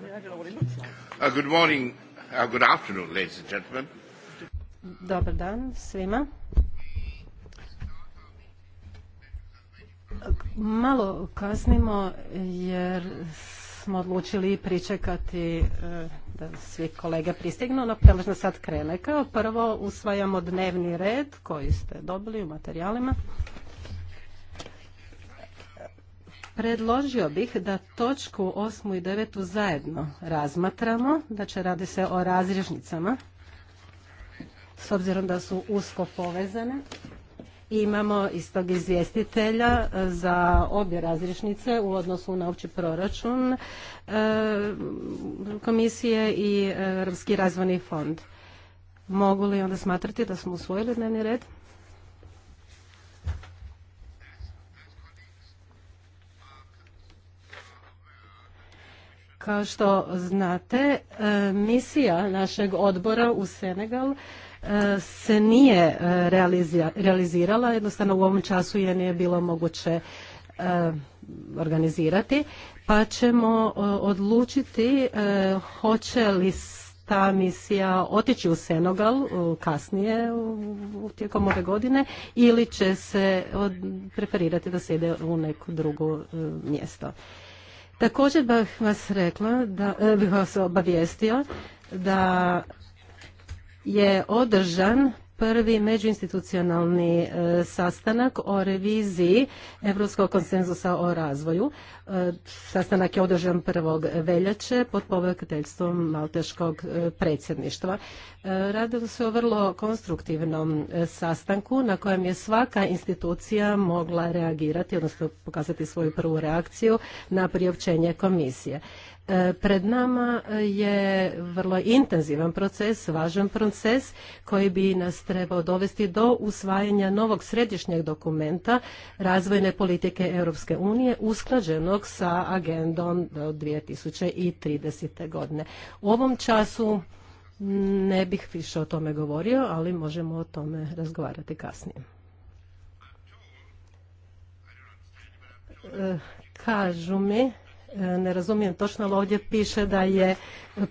Uh, I uh, Dobar dan svima. Malo kasnimo jer smo odlučili pričekati uh, da svi kolege pristignu, no prelažno sad krene. Kao prvo usvajamo dnevni red koji ste dobili u materijalima. Predložio bih da točku 8. i 9. zajedno razmatramo, da će radi se o razrižnicama, s obzirom da su usko povezane. Imamo istog izvjestitelja za obje razrišnice u odnosu na opći proračun e, komisije i e, Europski razvojni fond. Mogu li onda smatrati da smo usvojili dnevni red? Kao što znate, e, misija našeg odbora u Senegal e, se nije e, realizirala, jednostavno u ovom času je nije bilo moguće organizirati, pa ćemo odlučiti hoće li ta misija otići u Senegal kasnije tijekom ove godine ili će se preferirati da se ide u neko drugo mjesto. Također bih vas rekla, da, e, bih vas obavijestio da je održan prvi međuinstitucionalni e, sastanak o reviziji Europskog konsenzusa o razvoju. E, sastanak je održan 1. veljače pod povrkateljstvom Malteškog e, predsjedništva. Radilo se o vrlo konstruktivnom sastanku na kojem je svaka institucija mogla reagirati, odnosno pokazati svoju prvu reakciju na priopćenje komisije. E, pred nama e, je vrlo intenzivan proces, važan proces koji bi nas trebao dovesti do usvajanja novog središnjeg dokumenta razvojne politike Europske unije usklađenog sa agendom do 2030. godine. U ovom času ne bih više o tome govorio, ali možemo o tome razgovarati kasnije. E, kažu mi ne razumijem točno, ali ovdje piše da je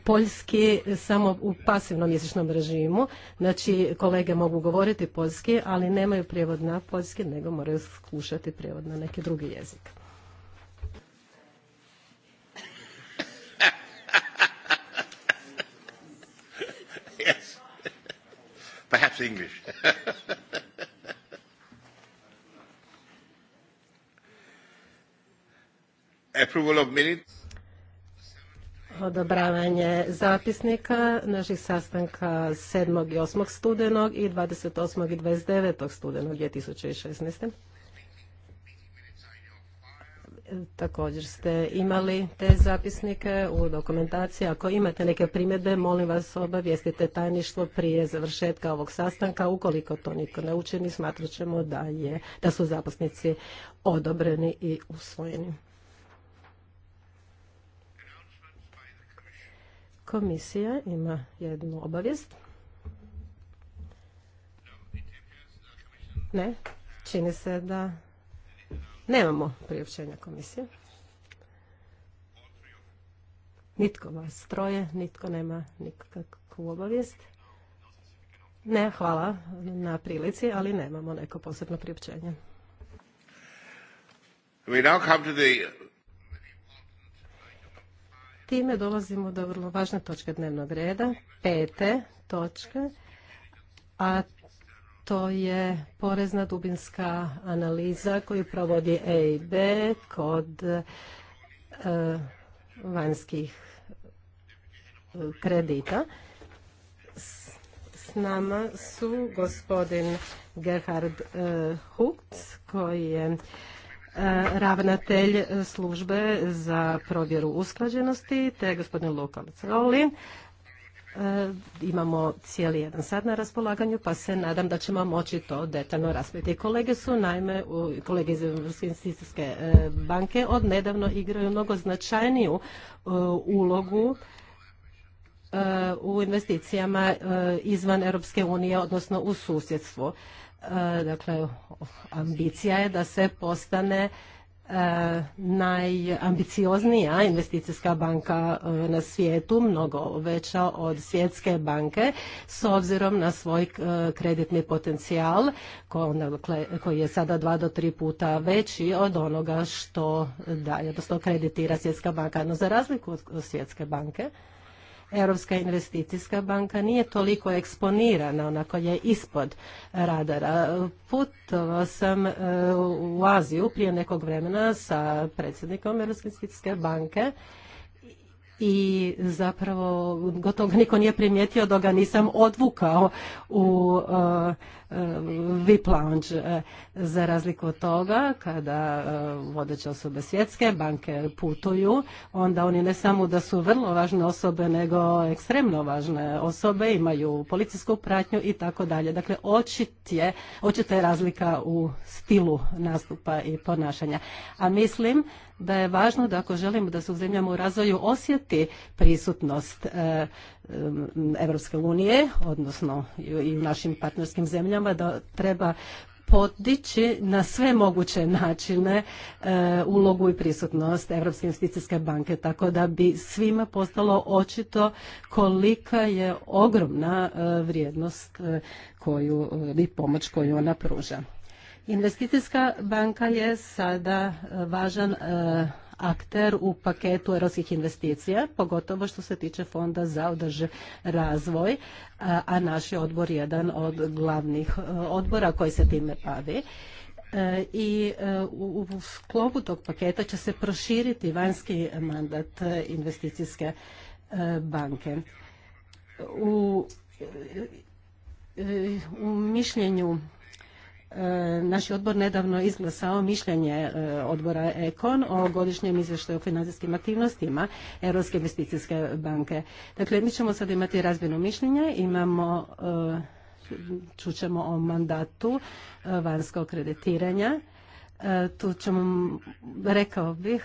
poljski samo u pasivnom jezičnom režimu. Znači, kolege mogu govoriti poljski, ali nemaju prijevod na poljski, nego moraju skušati prijevod na neki drugi jezik. Perhaps English. Odobravanje zapisnika naših sastanka 7. i 8. studenog i 28. i 29. studenog 2016. Također ste imali te zapisnike u dokumentaciji. Ako imate neke primjedbe, molim vas obavijestite tajništvo prije završetka ovog sastanka. Ukoliko to niko ne učini, smatrat ćemo da, je, da su zapisnici odobreni i usvojeni. Komisija ima jednu obavijest. Ne, čini se da nemamo priopćenja komisije. Nitko vas troje, nitko nema nikakvu obavijest. Ne, hvala na prilici, ali nemamo neko posebno priopćenje. Time dolazimo do vrlo važne točke dnevnog reda, pete točke, a to je porezna dubinska analiza koju provodi EIB kod e, vanjskih e, kredita. S nama su gospodin Gerhard e, Hukt koji je E, ravnatelj službe za provjeru usklađenosti, te gospodin Luka Rolin. E, imamo cijeli jedan sad na raspolaganju, pa se nadam da ćemo moći to detaljno raspraviti. Kolege su, naime, kolege iz Europske investicijske e, banke od nedavno igraju mnogo značajniju ulogu u investicijama izvan Europske unije, odnosno u susjedstvu. E, dakle, ambicija je da se postane e, najambicioznija investicijska banka e, na svijetu, mnogo veća od svjetske banke, s obzirom na svoj kreditni potencijal dakle, koji je sada dva do tri puta veći od onoga što odnosno kreditira svjetska banka. No za razliku od svjetske banke, Europska investicijska banka nije toliko eksponirana, onako je ispod radara. Putovao sam e, u Aziju prije nekog vremena sa predsjednikom Europske investicijske banke i zapravo gotovo niko nije primijetio da ga nisam odvukao u e, e, VIP lounge. E, za razliku od toga, kada vodeće osobe svjetske banke putuju, onda oni ne samo da su vrlo važne osobe, nego ekstremno važne osobe, imaju policijsku pratnju i tako dalje. Dakle, očit očita je razlika u stilu nastupa i ponašanja. A mislim da je važno da ako želimo da se u zemljama u razvoju osjeti prisutnost e, e, Evropske unije, odnosno i u našim partnerskim zemljama, da treba podići na sve moguće načine e, ulogu i prisutnost Europske investicijske banke, tako da bi svima postalo očito kolika je ogromna vrijednost koju i pomoć koju ona pruža. Investicijska banka je sada e, važan e, akter u paketu europskih investicija, pogotovo što se tiče fonda za održiv razvoj, a naš je odbor jedan od glavnih e, odbora koji se time bavi. I u sklopu tog paketa će se proširiti vanjski mandat investicijske banke. U, u mišljenju E, naš odbor nedavno izglasao mišljenje e, odbora Ekon o godišnjem izvještaju o financijskim aktivnostima Europske investicijske banke. Dakle, mi ćemo sad imati razbjeno mišljenje, imamo e, čućemo o mandatu vanjskog kreditiranja. Tu ćemo, rekao bih,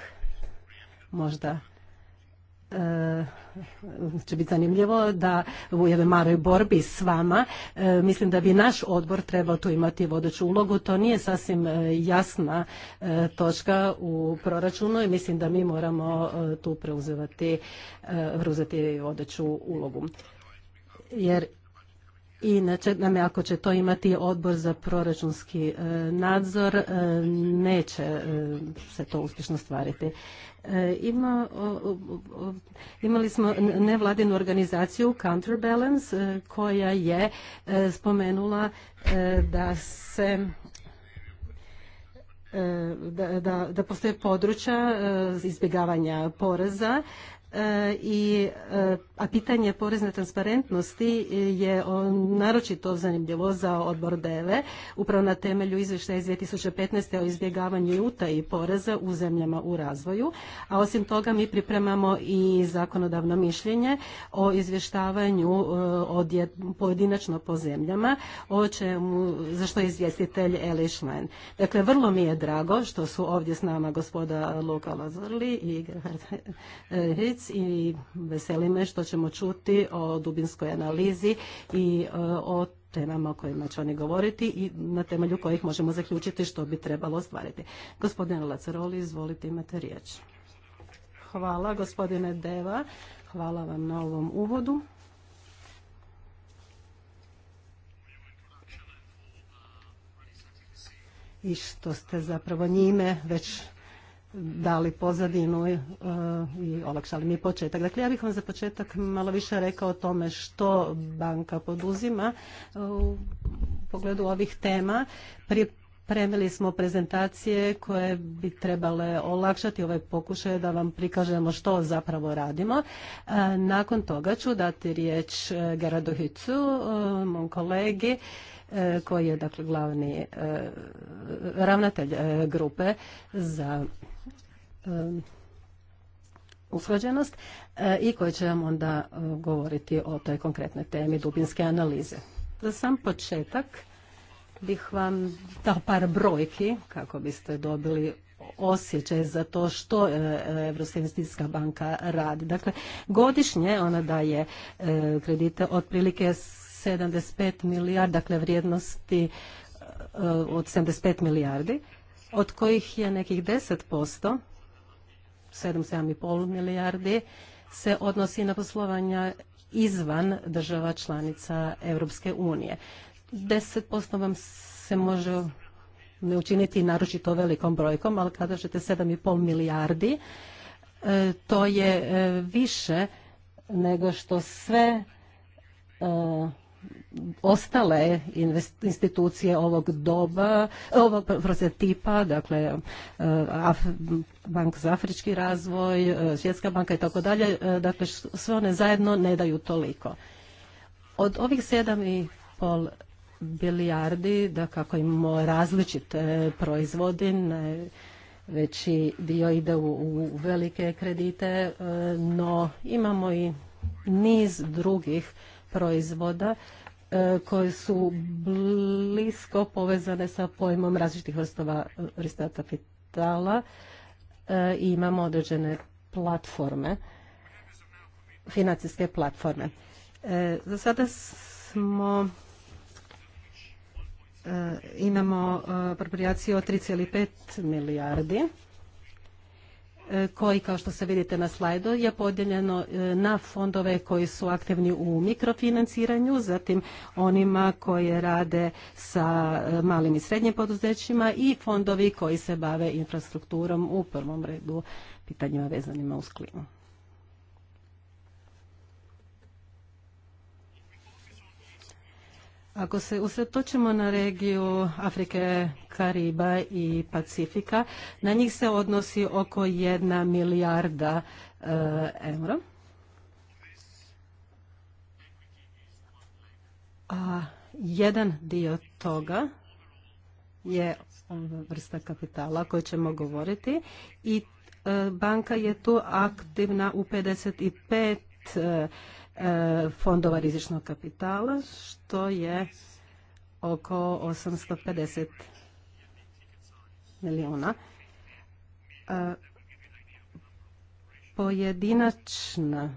možda E, će biti zanimljivo da u jednoj maroj borbi s vama e, mislim da bi naš odbor trebao tu imati vodeću ulogu. To nije sasvim e, jasna točka u proračunu i mislim da mi moramo tu preuzeti vodeću ulogu. Jer i nam ako će to imati odbor za proračunski e, nadzor, e, neće e, se to uspješno stvariti. Ima, imali smo nevladinu organizaciju Counterbalance koja je spomenula da se da, da, da postoje područja izbjegavanja poreza E, i e, a pitanje porezne transparentnosti je e, naročito zanimljivo za odbor DEVE, upravo na temelju izvještaja iz 2015. o izbjegavanju i poreza u zemljama u razvoju, a osim toga mi pripremamo i zakonodavno mišljenje o izvještavanju pojedinačno po zemljama, o čemu, za što je izvjestitelj Eli Schlein. Dakle, vrlo mi je drago što su ovdje s nama gospoda Luka Lazorli i Gerhard i veseli me što ćemo čuti o dubinskoj analizi i e, o temama o kojima će oni govoriti i na temelju kojih možemo zaključiti što bi trebalo ostvariti. Gospodine Lacaroli, izvolite, imate riječ. Hvala gospodine Deva, hvala vam na ovom uvodu. i što ste zapravo njime već dali pozadinu e, i olakšali mi početak. Dakle, ja bih vam za početak malo više rekao o tome što banka poduzima e, u pogledu ovih tema. Pripremili smo prezentacije koje bi trebale olakšati ovaj pokušaj da vam prikažemo što zapravo radimo. E, nakon toga ću dati riječ Gerardo Hicu, mom kolegi, koji je dakle glavni ravnatelj grupe za usklađenost e, i koji će vam onda e, govoriti o toj konkretnoj temi dubinske analize. Za sam početak bih vam dao par brojki kako biste dobili osjećaj za to što e, Evropska investicijska banka radi. Dakle, godišnje ona daje kredite otprilike 75 milijardi, dakle vrijednosti od 75 milijardi, od kojih je nekih 10% 75 milijardi se odnosi na poslovanja izvan država članica Europske unije. 10% vam se može ne učiniti naročito velikom brojkom, ali kada ćete 7,5 milijardi, e, to je e, više nego što sve e, ostale institucije ovog doba, ovog tipa, dakle eh, Af, Bank za afrički razvoj, eh, Svjetska banka i tako dalje, eh, dakle sve one zajedno ne daju toliko. Od ovih sedam i pol bilijardi, da kako imamo različite proizvode, veći dio ide u velike kredite, no imamo i niz drugih proizvoda e, koje su blisko povezane sa pojmom različitih vrstova vrsta kapitala e, i imamo određene platforme, financijske platforme. E, za sada smo imamo proprijaciju od 3,5 milijardi E, koji kao što se vidite na slajdu je podijeljeno e, na fondove koji su aktivni u mikrofinanciranju, zatim onima koje rade sa e, malim i srednjim poduzećima i fondovi koji se bave infrastrukturom u prvom redu pitanjima vezanima uz klimu. Ako se usredotočimo na regiju Afrike, Kariba i Pacifika, na njih se odnosi oko jedna milijarda eh, euro. A jedan dio toga je vrsta kapitala o ćemo govoriti i eh, banka je tu aktivna u 55 pet eh, E, fondova rizičnog kapitala, što je oko 850 milijuna. E, pojedinačna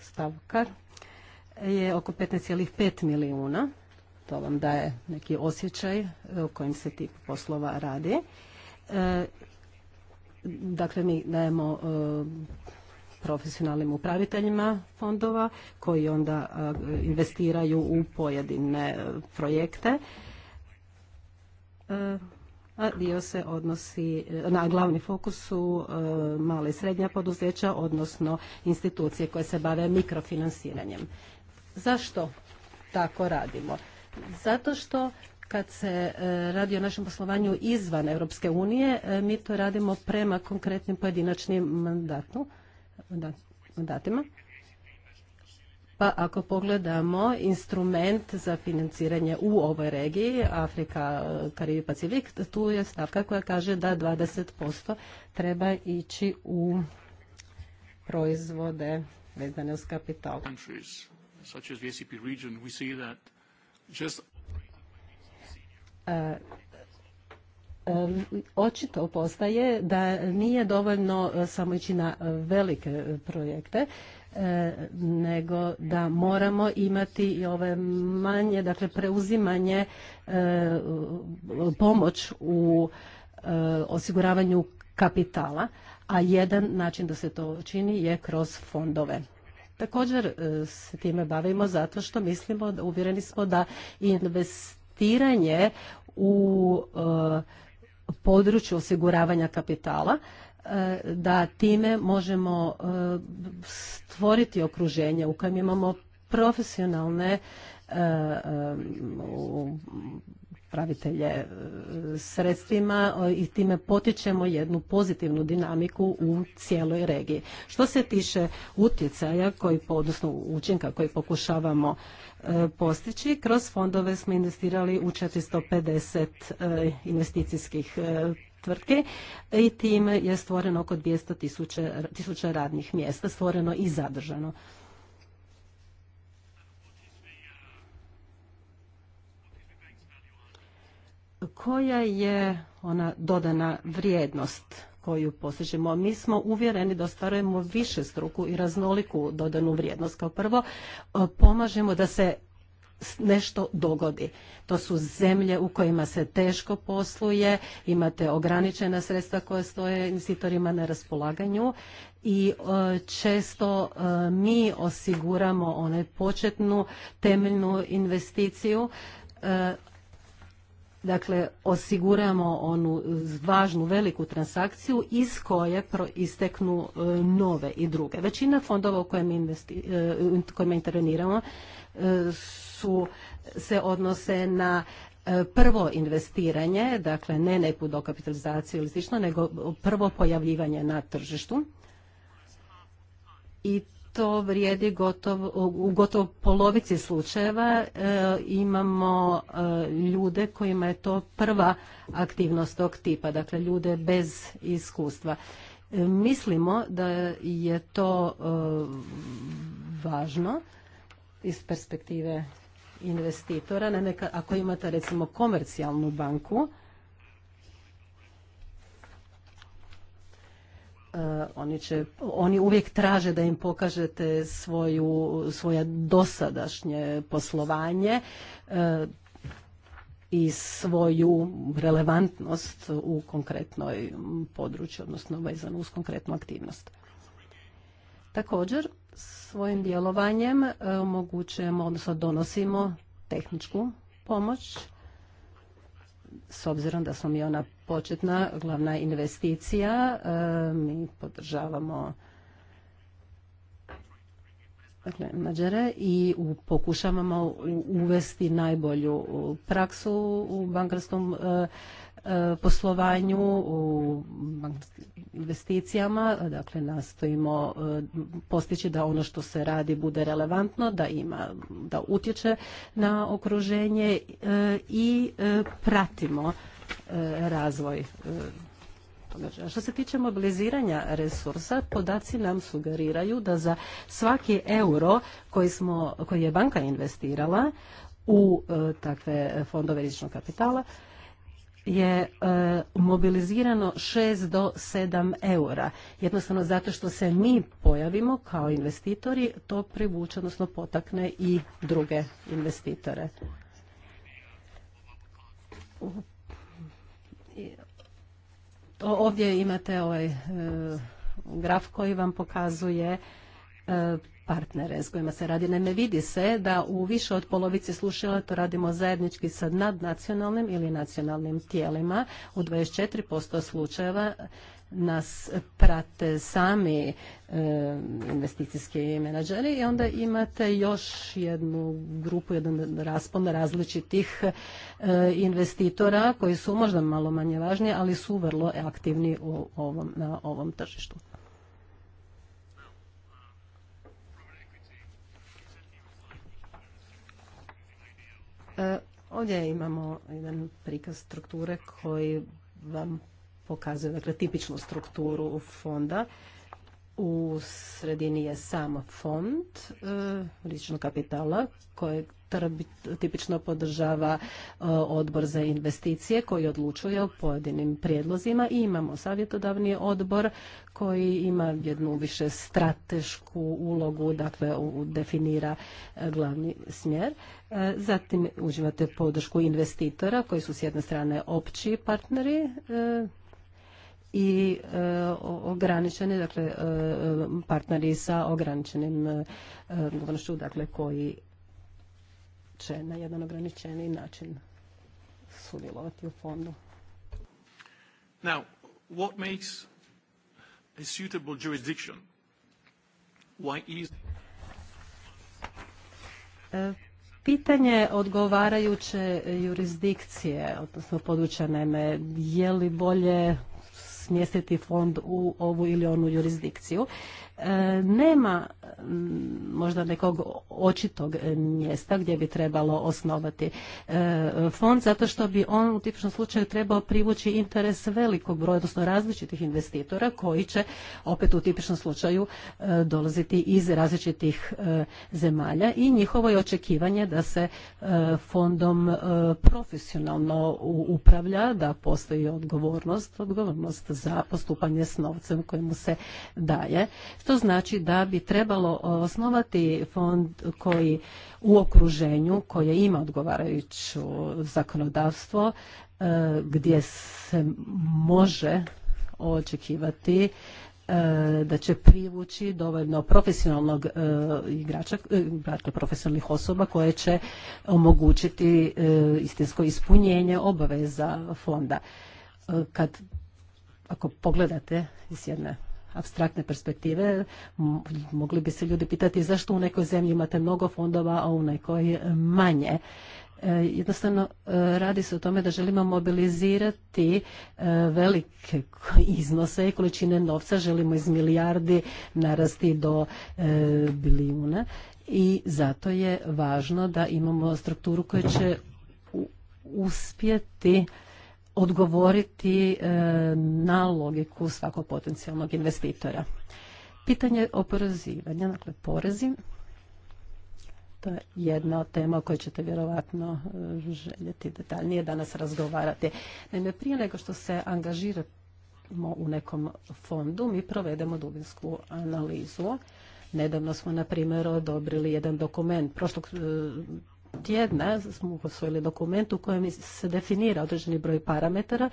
stavka je oko 15,5 milijuna. To vam daje neki osjećaj u kojim se tip poslova radi. E, dakle, mi dajemo profesionalnim upraviteljima fondova koji onda e, investiraju u pojedine e, projekte. E, a dio se odnosi, na glavni fokus su male i srednja poduzeća, odnosno institucije koje se bave mikrofinansiranjem. Zašto tako radimo? Zato što kad se radi o našem poslovanju izvan Europske unije, mi to radimo prema konkretnim pojedinačnim mandatu mandatima. Pa ako pogledamo instrument za financiranje u ovoj regiji, Afrika, i Pacifik, tu je stavka koja kaže da 20% treba ići u proizvode vezane uz kapital očito postaje da nije dovoljno e, samo ići na e, velike e, projekte, nego da moramo imati i ove manje, dakle preuzimanje pomoć u osiguravanju kapitala, a jedan način da se to čini je kroz fondove. Također se time bavimo zato što mislimo, uvjereni smo da investiranje u području osiguravanja kapitala e, da time možemo e, stvoriti okruženje u kojem imamo profesionalne e, pravitelje sredstvima i time potičemo jednu pozitivnu dinamiku u cijeloj regiji. Što se tiče utjecaja, koji, odnosno učinka koji pokušavamo E, postići. Kroz fondove smo investirali u 450 e, investicijskih e, tvrtke i tim je stvoreno oko 200 tisuća, tisuća radnih mjesta, stvoreno i zadržano. Koja je ona dodana vrijednost koju postižemo. Mi smo uvjereni da ostvarujemo više struku i raznoliku dodanu vrijednost. Kao prvo, e, pomažemo da se nešto dogodi. To su zemlje u kojima se teško posluje, imate ograničena sredstva koja stoje investitorima na raspolaganju i e, često e, mi osiguramo onaj početnu temeljnu investiciju dakle osiguramo onu važnu veliku transakciju iz koje isteknu e, nove i druge. Većina fondova u e, kojima, interveniramo e, su, se odnose na prvo investiranje, dakle ne neku dokapitalizaciju ili slično, nego prvo pojavljivanje na tržištu. I to vrijedi u gotovo polovici slučajeva e, imamo e, ljude kojima je to prva aktivnost tog tipa, dakle ljude bez iskustva. E, mislimo da je to važno iz perspektive investitora, neka, ako imate recimo komercijalnu banku Eh, oni, će, oni uvijek traže da im pokažete svoju, svoje dosadašnje poslovanje eh, i svoju relevantnost u konkretnoj području, odnosno vezano uz konkretnu aktivnost. Također, svojim djelovanjem eh, omogućujemo, odnosno donosimo tehničku pomoć s obzirom da smo mi ona početna glavna investicija, e, mi podržavamo dakle, i pokušavamo uvesti najbolju praksu u bankarskom e, E, poslovanju, u investicijama, dakle nastojimo e, postići da ono što se radi bude relevantno, da ima, da utječe na okruženje e, i pratimo razvoj što se tiče mobiliziranja resursa, podaci nam sugeriraju da za svaki euro koji, smo, koji je banka investirala u takve fondove rizičnog kapitala, je e, mobilizirano 6 do 7 eura. Jednostavno zato što se mi pojavimo kao investitori, to privuče, odnosno potakne i druge investitore. Ovdje imate ovaj e, graf koji vam pokazuje e, partnere s kojima se radi. Naime, vidi se da u više od polovici slušala to radimo zajednički sa nadnacionalnim ili nacionalnim tijelima. U 24% slučajeva nas prate sami e, investicijski menadžeri i onda imate još jednu grupu, jedan raspon različitih e, investitora koji su možda malo manje važni, ali su vrlo aktivni na ovom tržištu. E, ovdje imamo jedan prikaz strukture koji vam pokazuje dakle, tipičnu strukturu fonda u sredini je sam fond e, rizičnog kapitala kojeg tipično podržava e, odbor za investicije koji odlučuje o pojedinim prijedlozima i imamo savjetodavni odbor koji ima jednu više stratešku ulogu, dakle definira e, glavni smjer. Zatim uživate podršku investitora koji su s jedne strane opći partneri i e, ograničene, dakle e, partneri sa ograničenim e, dakle koji će na jedan ograničeni način sudjelovati u fondu. Now, what makes a suitable jurisdiction? Why is... E, pitanje odgovarajuće jurisdikcije, odnosno područja, naime, je li bolje smjestiti fond u ovu ili onu jurisdikciju nema mm, možda nekog očitog mjesta gdje bi trebalo osnovati e, fond zato što bi on u tipičnom slučaju trebao privući interes velikog broja, odnosno različitih investitora koji će opet u tipičnom slučaju e, dolaziti iz različitih e, zemalja i njihovo je očekivanje da se fondom profesionalno upravlja, da postoji odgovornost, odgovornost za postupanje s novcem kojemu se daje. To znači da bi trebalo osnovati fond koji u okruženju koje ima odgovarajuću zakonodavstvo e, gdje se može očekivati e, da će privući dovoljno profesionalnog e, igrača, dakle profesionalnih osoba koje će omogućiti istinsko ispunjenje obaveza fonda. Kad, ako pogledate iz jedne abstraktne perspektive mogli bi se ljudi pitati zašto u nekoj zemlji imate mnogo fondova, a u nekoj manje. E, jednostavno e, radi se o tome da želimo mobilizirati e, velike iznose i količine novca, želimo iz milijardi narasti do bilijuna i zato je važno da imamo strukturu koja će uspjeti odgovoriti e, na logiku svakog potencijalnog investitora. Pitanje oporezivanja, dakle porezi, to je jedna od tema o kojoj ćete vjerovatno e, željeti detaljnije danas razgovarati. Naime, prije nego što se angažiramo u nekom fondu, mi provedemo dubinsku analizu. Nedavno smo, na primjer, odobrili jedan dokument prošlog e, tjedna smo usvojili dokument u kojem se definira određeni broj parametara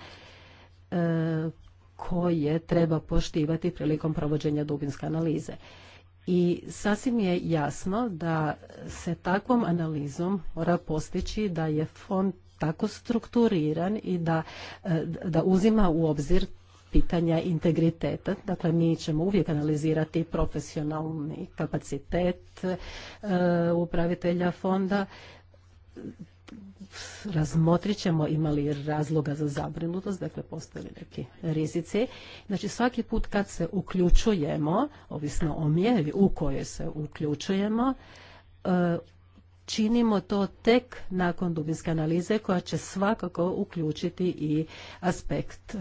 e, koje treba poštivati prilikom provođenja dubinske analize. I sasvim je jasno da se takvom analizom mora postići da je fond tako strukturiran i da, e, da uzima u obzir pitanja integriteta. Dakle, mi ćemo uvijek analizirati profesionalni kapacitet e, upravitelja fonda. Razmotrit ćemo imali razloga za zabrinutost, dakle postoje neki rizici. Znači svaki put kad se uključujemo, ovisno o mjeri u kojoj se uključujemo, e, činimo to tek nakon dubinske analize koja će svakako uključiti i aspekt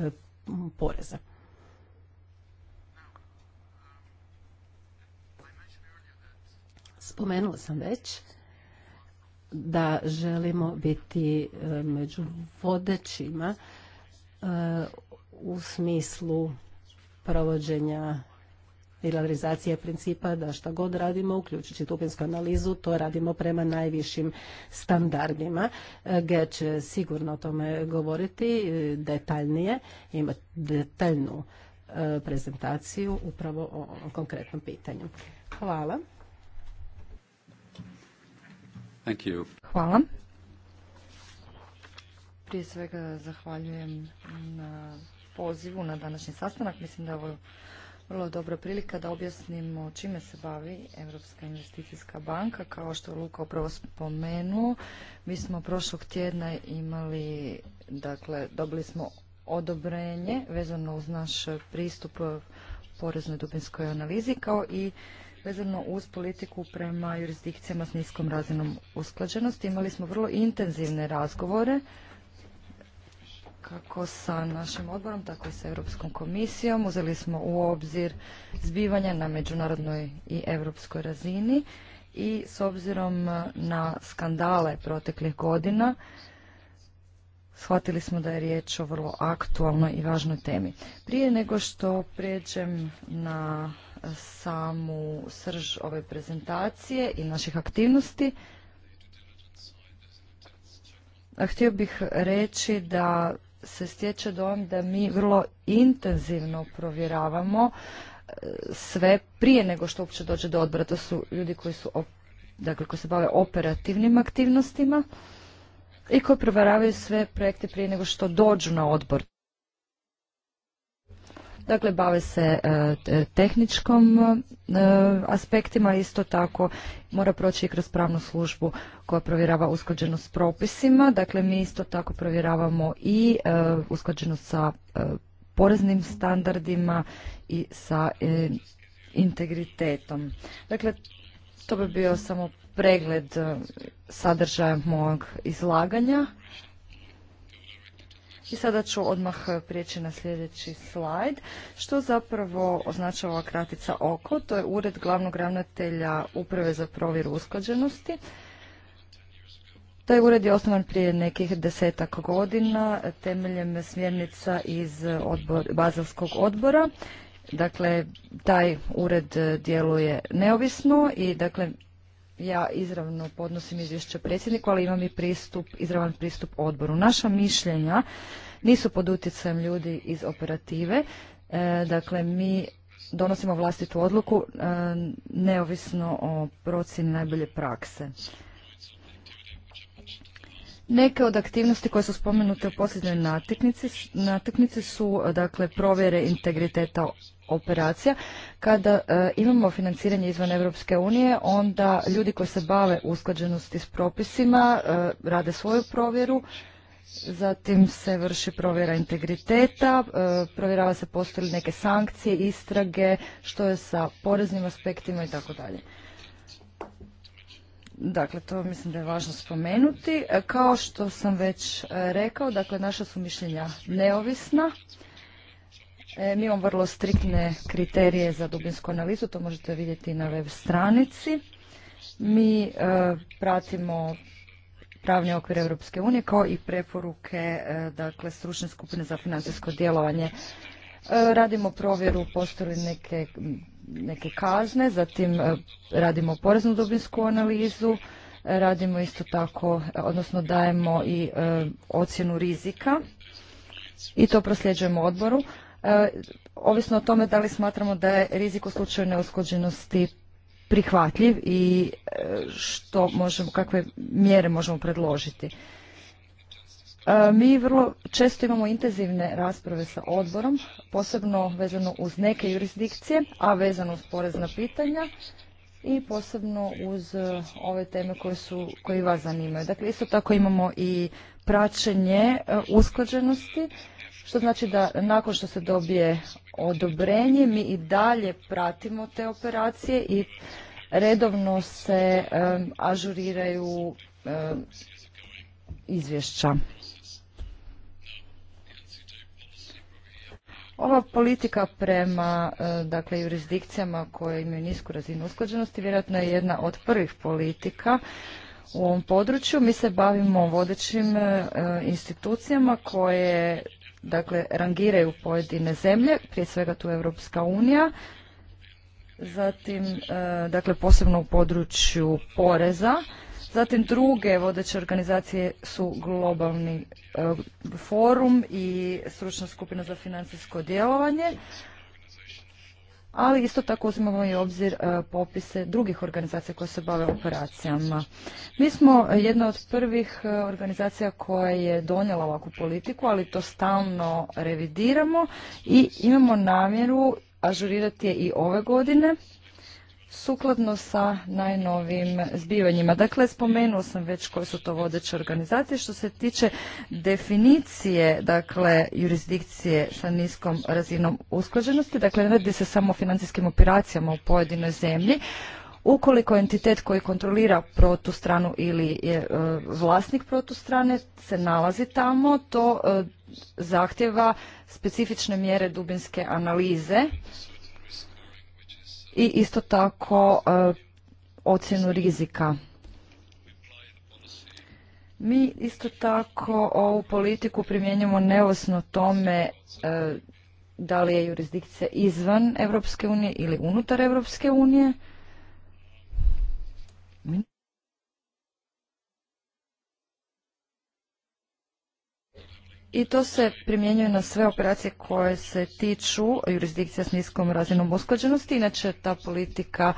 poreza. Spomenula sam već da želimo biti e, među vodećima e, u smislu provođenja i realizacije principa da šta god radimo, uključujući tupinsku analizu, to radimo prema najvišim standardima. gdje će sigurno o tome govoriti e, detaljnije, ima detaljnu e, prezentaciju upravo o konkretnom pitanju. Hvala. Thank you. Hvala. Prije svega zahvaljujem na pozivu na današnji sastanak. Mislim da ovo vrlo dobra prilika da objasnimo čime se bavi Europska investicijska banka. Kao što je Luka upravo spomenuo, mi smo prošlog tjedna imali, dakle, dobili smo odobrenje vezano uz naš pristup poreznoj dubinskoj analizi kao i vezano uz politiku prema jurisdikcijama s niskom razinom usklađenosti. Imali smo vrlo intenzivne razgovore kako sa našim odborom, tako i sa Europskom komisijom. Uzeli smo u obzir zbivanja na međunarodnoj i europskoj razini i s obzirom na skandale proteklih godina shvatili smo da je riječ o vrlo aktualnoj i važnoj temi. Prije nego što prijeđem na samu srž ove prezentacije i naših aktivnosti, Htio bih reći da se stječe dojam da mi vrlo intenzivno provjeravamo e, sve prije nego što uopće dođe do odbora. To su ljudi koji su dakle koji se bave operativnim aktivnostima i koji provjeravaju sve projekte prije nego što dođu na odbor. Dakle, bave se e, tehničkom e, aspektima, isto tako mora proći i kroz pravnu službu koja provjerava usklađenost s propisima. Dakle, mi isto tako provjeravamo i e, usklađenost sa poreznim standardima i sa integritetom. Dakle, to bi bio samo pregled sadržaja mog izlaganja. I sada ću odmah e, prijeći na sljedeći slajd, što zapravo označava kratica oko. To je Ured glavnog ravnatelja Uprave za provjeru usklađenosti. Taj ured je osnovan prije nekih desetak godina temeljem smjernica iz odbor, Bazelskog odbora. Dakle, taj ured e, djeluje neovisno i dakle ja izravno podnosim izvješće predsjedniku, ali imam i pristup, izravan pristup odboru. Naša mišljenja nisu pod utjecajem ljudi iz operative, e, dakle mi donosimo vlastitu odluku e, neovisno o procjeni najbolje prakse. Neke od aktivnosti koje su spomenute u posljednjoj natiknici su dakle provjere integriteta operacija. Kada e, imamo financiranje izvan Europske unije, onda ljudi koji se bave usklađenosti s propisima e, rade svoju provjeru, zatim se vrši provjera integriteta, e, provjerava se postoje neke sankcije, istrage, što je sa poreznim aspektima i tako dalje. Dakle, to mislim da je važno spomenuti. Kao što sam već rekao, dakle, naša su mišljenja neovisna E, mi imamo vrlo striktne kriterije za dubinsku analizu, to možete vidjeti na web stranici. Mi e, pratimo pravni okvir Europske unije kao i preporuke e, dakle, stručne skupine za financijsko djelovanje. Radimo provjeru, postoje neke, neke kazne, zatim radimo poreznu dubinsku analizu, radimo isto tako, odnosno dajemo i ocjenu rizika i to prosljeđujemo odboru. E, ovisno o tome da li smatramo da je rizik u slučaju neusklađenosti prihvatljiv i e, što možemo, kakve mjere možemo predložiti. E, mi vrlo često imamo intenzivne rasprave sa odborom, posebno vezano uz neke jurisdikcije, a vezano uz porezna pitanja i posebno uz ove teme koje, su, koje vas zanimaju. Dakle, isto tako imamo i praćenje usklađenosti što znači da nakon što se dobije odobrenje mi i dalje pratimo te operacije i redovno se ažuriraju izvješća. Ova politika prema dakle, jurisdikcijama koje imaju nisku razinu usklađenosti vjerojatno je jedna od prvih politika u ovom području. Mi se bavimo vodećim institucijama koje dakle rangiraju pojedine zemlje, prije svega tu Europska unija, zatim e, dakle posebno u području poreza, zatim druge vodeće organizacije su globalni e, forum i stručna skupina za financijsko djelovanje, ali isto tako uzimamo i obzir e, popise drugih organizacija koje se bave operacijama. Mi smo jedna od prvih e, organizacija koja je donijela ovakvu politiku, ali to stalno revidiramo i imamo namjeru ažurirati je i ove godine sukladno sa najnovim zbivanjima. Dakle, spomenuo sam već koje su to vodeće organizacije. Što se tiče definicije, dakle, jurisdikcije sa niskom razinom usklađenosti, dakle, ne radi se samo o financijskim operacijama u pojedinoj zemlji, Ukoliko entitet koji kontrolira protustranu ili je e, vlasnik protustrane se nalazi tamo, to e, zahtjeva specifične mjere dubinske analize i isto tako e, ocjenu rizika. Mi isto tako ovu politiku primjenjujemo neosno tome e, da li je jurisdikcija izvan Europske unije ili unutar Evropske unije. i to se primjenjuje na sve operacije koje se tiču jurisdikcija s niskom razinom usklađenosti. Inače, ta politika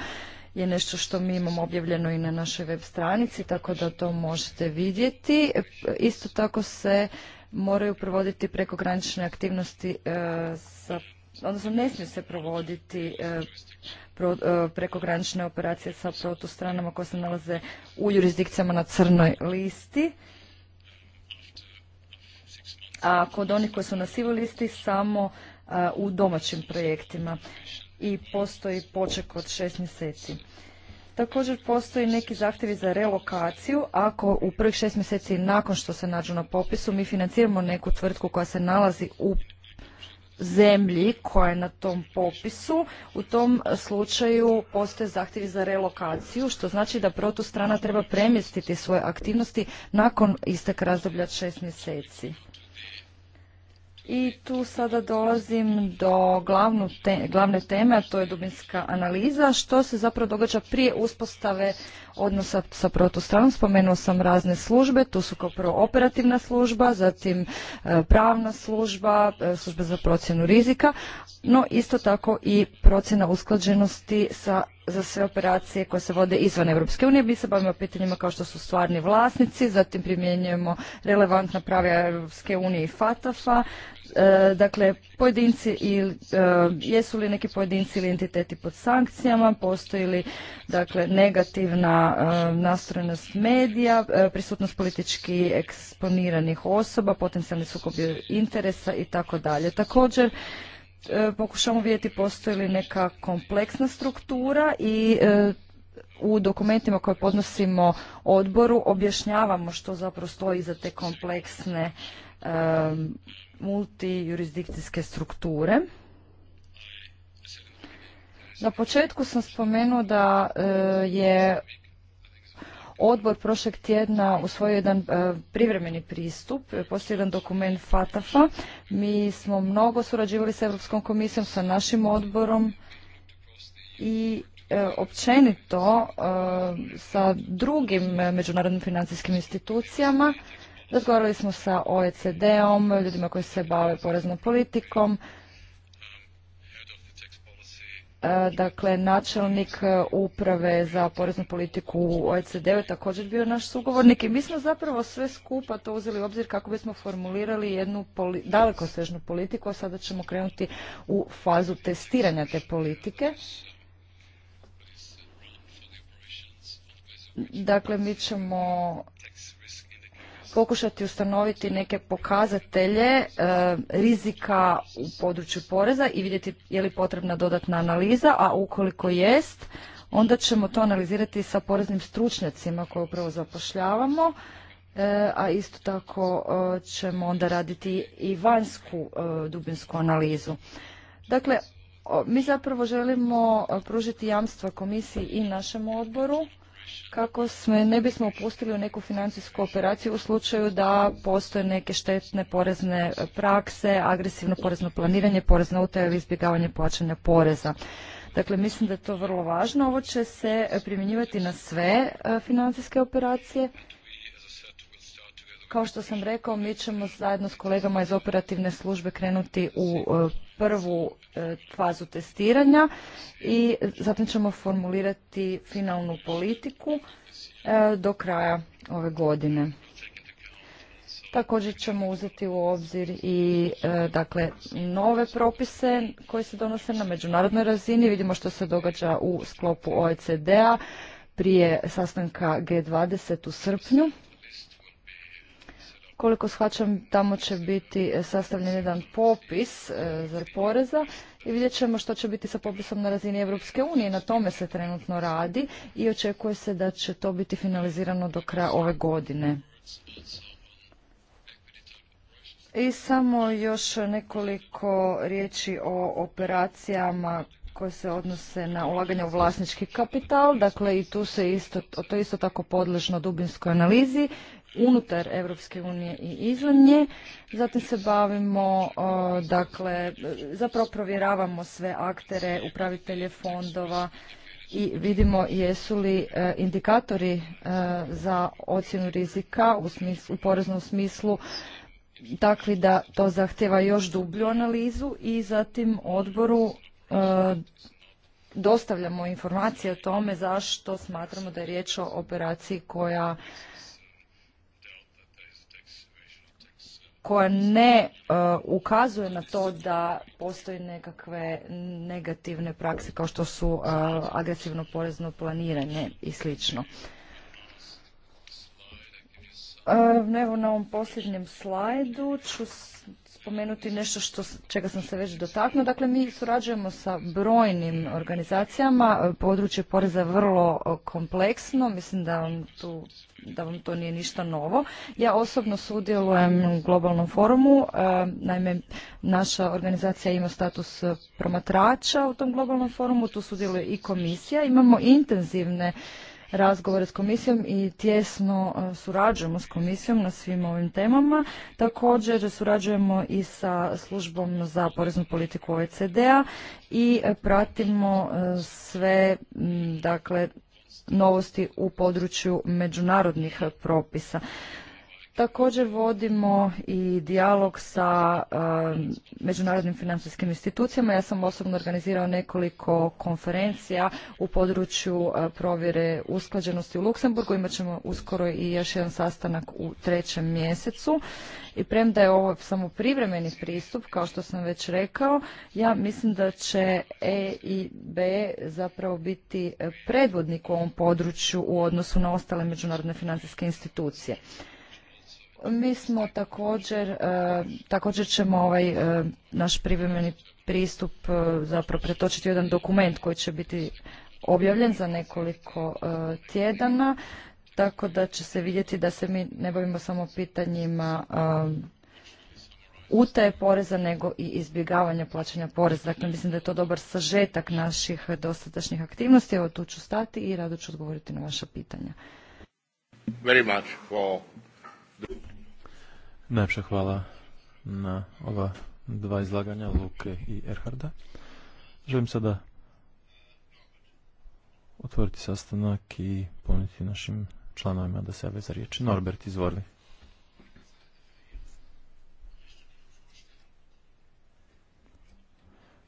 je nešto što mi imamo objavljeno i na našoj web stranici, tako da to možete vidjeti. Isto tako se moraju provoditi prekogranične aktivnosti e, sa odnosno ne smije se provoditi e, e, prekogranične operacije sa protustranama koje se nalaze u jurisdikcijama na crnoj listi a kod onih koji su na sivoj listi samo e, u domaćim projektima i postoji poček od šest mjeseci. Također postoji neki zahtjevi za relokaciju. Ako u prvih šest mjeseci nakon što se nađu na popisu mi financiramo neku tvrtku koja se nalazi u zemlji koja je na tom popisu, u tom slučaju postoje zahtjevi za relokaciju, što znači da protustrana treba premjestiti svoje aktivnosti nakon istek razdoblja šest mjeseci. I tu sada dolazim do glavne teme, a to je dubinska analiza, što se zapravo događa prije uspostave odnosa sa protostranom. Spomenuo sam razne službe, tu su kao prvo operativna služba, zatim e, pravna služba, e, služba za procjenu rizika, no isto tako i procjena usklađenosti sa za sve operacije koje se vode izvan Europske unije. Mi se bavimo pitanjima kao što su stvarni vlasnici, zatim primjenjujemo relevantna prava Europske unije i a E, dakle pojedinci i e, jesu li neki pojedinci ili entiteti pod sankcijama, postoji li dakle negativna e, nastrojenost medija, prisutnost politički eksponiranih osoba, potencijalni sukob interesa i tako dalje. Također pokušamo vidjeti postoji li neka kompleksna struktura i u dokumentima koje podnosimo odboru objašnjavamo što zapravo stoji iza te kompleksne multijurisdikcijske strukture. Na početku sam spomenuo da e, je odbor prošlog tjedna usvojio jedan e, privremeni pristup, postoji jedan dokument FATAFA. Mi smo mnogo surađivali sa Europskom komisijom, sa našim odborom i e, općenito sa drugim međunarodnim financijskim institucijama Razgovarali smo sa OECD-om, ljudima koji se bave poreznom politikom. E, dakle, načelnik e, uprave za poreznu politiku u OECD-u je također bio naš sugovornik i mi smo zapravo sve skupa to uzeli u obzir kako bismo formulirali jednu dalekosežnu politiku, a sada ćemo krenuti u fazu testiranja te politike. Dakle, mi ćemo pokušati ustanoviti neke pokazatelje e, rizika u području poreza i vidjeti je li potrebna dodatna analiza, a ukoliko jest, onda ćemo to analizirati sa poreznim stručnjacima koje upravo zapošljavamo, e, a isto tako e, ćemo onda raditi i vanjsku dubinsku analizu. Dakle, mi zapravo želimo pružiti jamstva komisiji i našem odboru kako smo ne bismo upustili u neku financijsku operaciju u slučaju da postoje neke štetne porezne prakse, agresivno porezno planiranje, porezna utaja ili izbjegavanje plaćanja poreza. Dakle, mislim da je to vrlo važno. Ovo će se primjenjivati na sve e, financijske operacije kao što sam rekao, mi ćemo zajedno s kolegama iz operativne službe krenuti u e, prvu e, fazu testiranja i zatim ćemo formulirati finalnu politiku e, do kraja ove godine. Također ćemo uzeti u obzir i dakle nove propise koji se donose na međunarodnoj razini. Vidimo što se događa u sklopu OECD-a prije sastanka G20 u srpnju. Koliko shvaćam, tamo će biti e, sastavljen jedan popis e, za poreza i vidjet ćemo što će biti sa popisom na razini Europske unije. Na tome se trenutno radi i očekuje se da će to biti finalizirano do kraja ove godine. I samo još nekoliko riječi o operacijama koje se odnose na ulaganje u vlasnički kapital. Dakle, i tu se isto, to isto tako podležno dubinskoj analizi unutar Europske unije i izvan nje. Zatim se bavimo, dakle, zapravo provjeravamo sve aktere, upravitelje fondova i vidimo jesu li e, indikatori e, za ocjenu rizika u, smislu, u poreznom smislu takvi da to zahtjeva još dublju analizu i zatim odboru e, dostavljamo informacije o tome zašto smatramo da je riječ o operaciji koja koja ne e, ukazuje na to da postoje nekakve negativne prakse kao što su e, agresivno porezno planiranje i slično. Uh, evo na ovom posljednjem slajdu ću spomenuti nešto što, čega sam se već dotaknuo. Dakle, mi surađujemo sa brojnim organizacijama. Područje poreza je vrlo kompleksno. Mislim da vam tu da vam to nije ništa novo. Ja osobno sudjelujem u globalnom forumu, e, naime naša organizacija ima status promatrača u tom globalnom forumu, tu sudjeluje i komisija. Imamo intenzivne razgovore s komisijom i tjesno e, surađujemo s komisijom na svim ovim temama. Također surađujemo i sa službom za poreznu politiku OECD-a i e, pratimo sve dakle novosti u području međunarodnih propisa. Također vodimo i dijalog sa e, međunarodnim financijskim institucijama. Ja sam osobno organizirao nekoliko konferencija u području e, provjere usklađenosti u Luksemburgu. Imat ćemo uskoro i još jedan sastanak u trećem mjesecu. I premda je ovo samo privremeni pristup, kao što sam već rekao, ja mislim da će E i B zapravo biti e, predvodnik u ovom području u odnosu na ostale međunarodne financijske institucije. Mi smo također, e, također ćemo ovaj e, naš privremeni pristup e, zapravo pretočiti u jedan dokument koji će biti objavljen za nekoliko tjedana, tako da će se vidjeti da se mi ne bavimo samo pitanjima utaje poreza nego i izbjegavanja plaćanja poreza. Dakle, mislim da je to dobar sažetak naših dosadašnjih aktivnosti. Evo tu ću stati i rado ću odgovoriti na vaša pitanja. Very much for... Najpša hvala na ova dva izlaganja Luke i Erharda. Želim sada otvoriti sastanak i poniti našim članovima da se jave za riječ. Norbert, izvoli.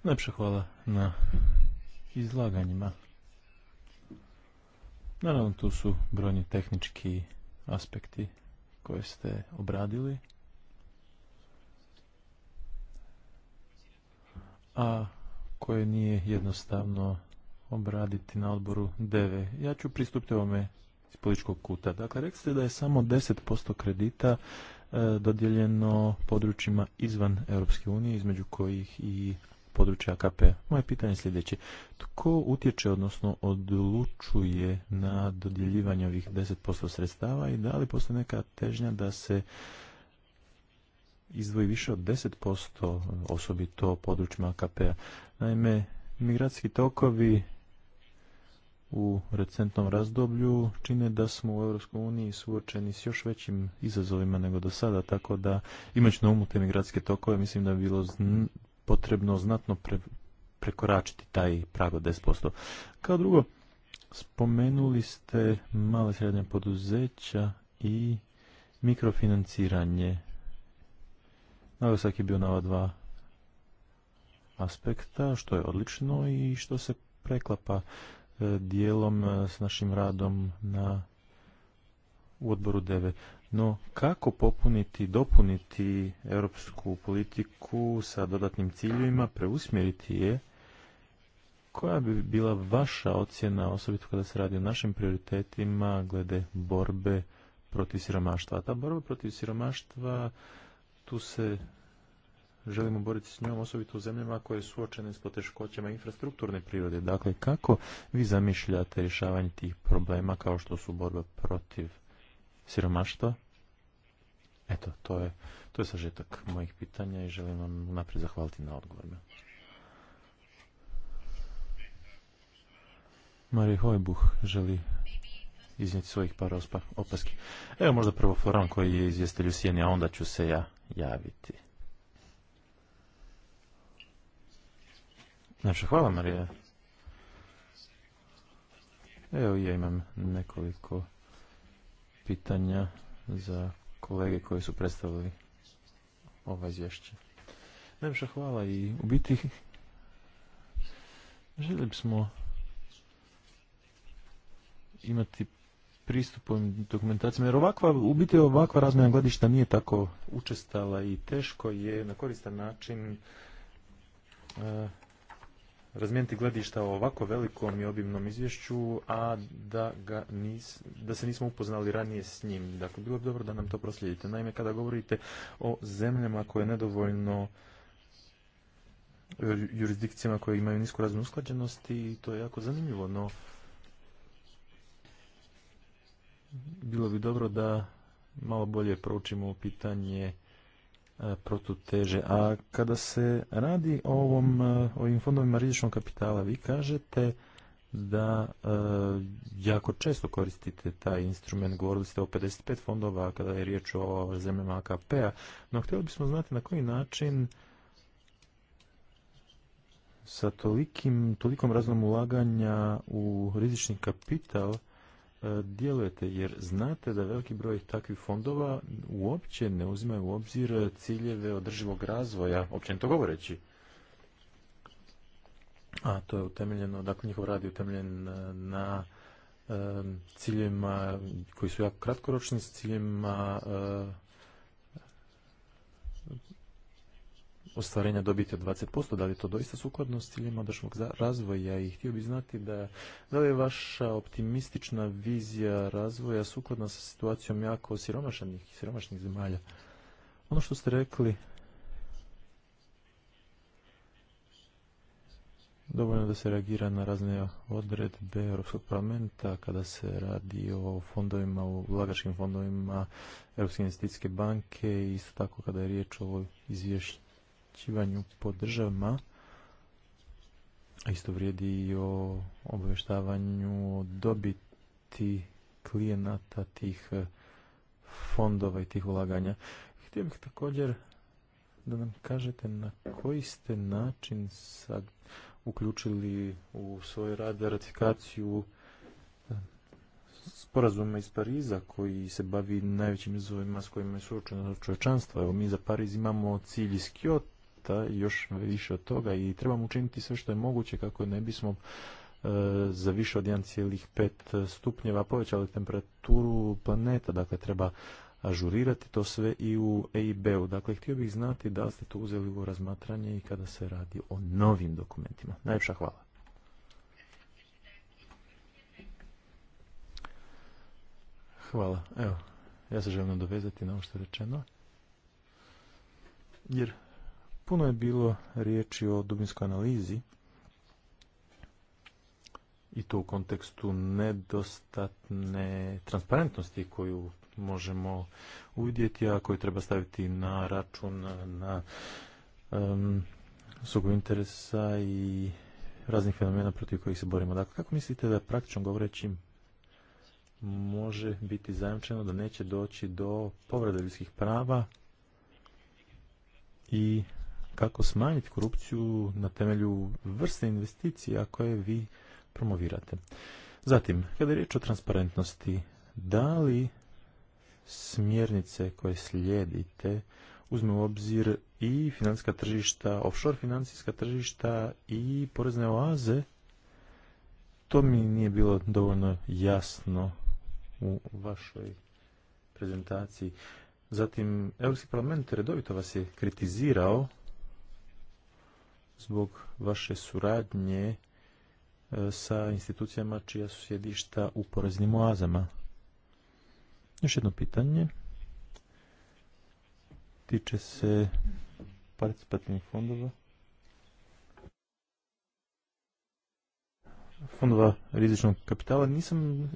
Najpša hvala na izlaganjima. Naravno, tu su brojni tehnički aspekti koje ste obradili. a koje nije jednostavno obraditi na odboru DV. Ja ću pristupiti ovome iz političkog kuta. Dakle, rekli ste da je samo 10% kredita dodjeljeno dodijeljeno područjima izvan Europske unije, između kojih i područja AKP. Moje pitanje je sljedeće. Tko utječe, odnosno odlučuje na dodjeljivanje ovih 10% sredstava i da li postoji neka težnja da se izdvoji više od 10% osobito područjima AKP-a. Naime, migracijski tokovi u recentnom razdoblju čine da smo u EU suočeni s još većim izazovima nego do sada, tako da imajući na umu te migracijske tokove mislim da bi bilo potrebno znatno prekoračiti taj prag od 10%. Kao drugo, spomenuli ste male srednje poduzeća i mikrofinanciranje Naglasak je bio na ova dva aspekta, što je odlično i što se preklapa e, dijelom e, s našim radom na u odboru DEVE. No, kako popuniti, dopuniti europsku politiku sa dodatnim ciljevima, preusmjeriti je, koja bi bila vaša ocjena, osobito kada se radi o našim prioritetima glede borbe protiv siromaštva? ta borba protiv siromaštva tu se želimo boriti s njom, osobito u zemljama koje su suočene s poteškoćama infrastrukturne prirode. Dakle, kako vi zamišljate rješavanje tih problema kao što su borba protiv siromaštva? Eto, to je, to je sažetak mojih pitanja i želim vam naprijed zahvaliti na odgovorima. Marija Hojbuh želi iznijeti svojih par opaski. Evo možda prvo Floran koji je izvjestelj u Sijeni, a onda ću se ja javiti. Znači, hvala Marija. Evo ja imam nekoliko pitanja za kolege koji su predstavili ova izvješće. Najviše hvala i u biti željeli bismo imati pristupom dokumentacijama, jer ovakva, u biti ovakva razmjena gledišta nije tako učestala i teško je na koristan način e, razmijeniti gledišta o ovako velikom i obimnom izvješću, a da, ga nis, da se nismo upoznali ranije s njim. Dakle, bilo bi dobro da nam to proslijedite. Naime, kada govorite o zemljama koje nedovoljno e, jurisdikcijama koje imaju nisku razinu usklađenosti, to je jako zanimljivo, no bilo bi dobro da malo bolje proučimo pitanje e, protuteže. A kada se radi o ovom, e, ovim fondovima rizičnog kapitala, vi kažete da e, jako često koristite taj instrument, govorili ste o 55 fondova kada je riječ o zemljama AKP-a, no htjeli bismo znati na koji način sa tolikim, tolikom raznom ulaganja u rizični kapital E, djelujete jer znate da veliki broj takvih fondova uopće ne uzimaju u obzir ciljeve održivog razvoja, to govoreći. A to je utemeljeno, dakle njihov rad je utemeljen e, na e, ciljevima koji su jako kratkoročni, s ciljevima ostvarenja dobiti od 20%, da li je to doista sukladno s ciljima održivog razvoja i htio bih znati da, da li je vaša optimistična vizija razvoja sukladna sa situacijom jako siromašnih, siromašnih zemalja. Ono što ste rekli, dovoljno da se reagira na razne odredbe Europskog parlamenta kada se radi o fondovima, o ulagačkim fondovima Europske investicijske banke i isto tako kada je riječ o izvješću izvješćivanju po državama, a isto vrijedi i o obavještavanju o dobiti klijenata tih eh, fondova i tih ulaganja. Htio bih također da nam kažete na koji ste način sad uključili u svoj rad ratifikaciju eh, sporazuma iz Pariza koji se bavi najvećim izazovima s kojima je suočeno čovječanstvo. Evo mi za Pariz imamo cilj iz još više od toga i trebamo učiniti sve što je moguće kako ne bismo e, za više od 1,5 stupnjeva povećali temperaturu planeta, dakle treba ažurirati to sve i u EIB-u. Dakle, htio bih znati da ste to uzeli u razmatranje i kada se radi o novim dokumentima. Najljepša hvala. Hvala. Evo, ja se želim dovezati na ovo što je rečeno. Jer Puno je bilo riječi o dubinskoj analizi i to u kontekstu nedostatne transparentnosti koju možemo uvidjeti, a koju treba staviti na račun na um, interesa i raznih fenomena protiv kojih se borimo. Dakle, kako mislite da praktično govoreći može biti zajamčeno da neće doći do povrede ljudskih prava i kako smanjiti korupciju na temelju vrste investicija koje vi promovirate. Zatim, kada je riječ o transparentnosti, da li smjernice koje slijedite uzme u obzir i financijska tržišta, offshore financijska tržišta i porezne oaze, to mi nije bilo dovoljno jasno u vašoj prezentaciji. Zatim, Europski parlament redovito vas je kritizirao zbog vaše suradnje e, sa institucijama čija su sjedišta u poreznim oazama. Još jedno pitanje. Tiče se participativnih fondova. fondova rizičnog kapitala, nisam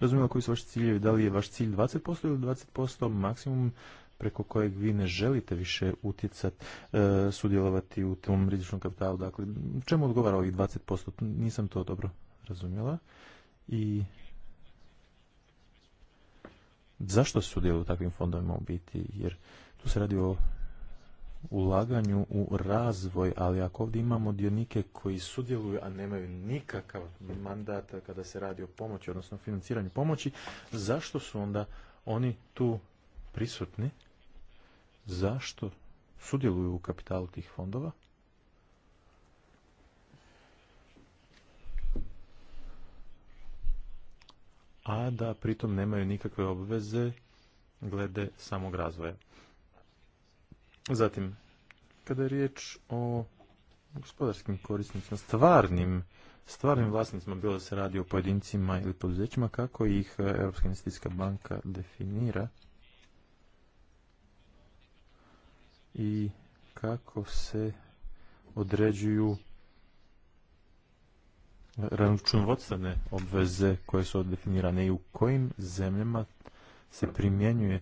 razumjela koji su vaši ciljevi, da li je vaš cilj 20% ili 20% maksimum preko kojeg vi ne želite više utjecati, e, sudjelovati u tom rizičnom kapitalu. Dakle, čemu odgovara ovih 20%? Nisam to dobro razumjela. I zašto se sudjeluju u takvim fondovima u biti? Jer tu se radi o ulaganju u razvoj, ali ako ovdje imamo dionike koji sudjeluju, a nemaju nikakav mandat kada se radi o pomoći, odnosno financiranju pomoći, zašto su onda oni tu prisutni? zašto sudjeluju u kapitalu tih fondova. a da pritom nemaju nikakve obveze glede samog razvoja. Zatim, kada je riječ o gospodarskim korisnicima, stvarnim, stvarnim vlasnicima, bilo da se radi o pojedincima ili poduzećima, kako ih Europska investicijska banka definira, i kako se određuju računovodstvene obveze koje su definirane i u kojim zemljama se primjenjuje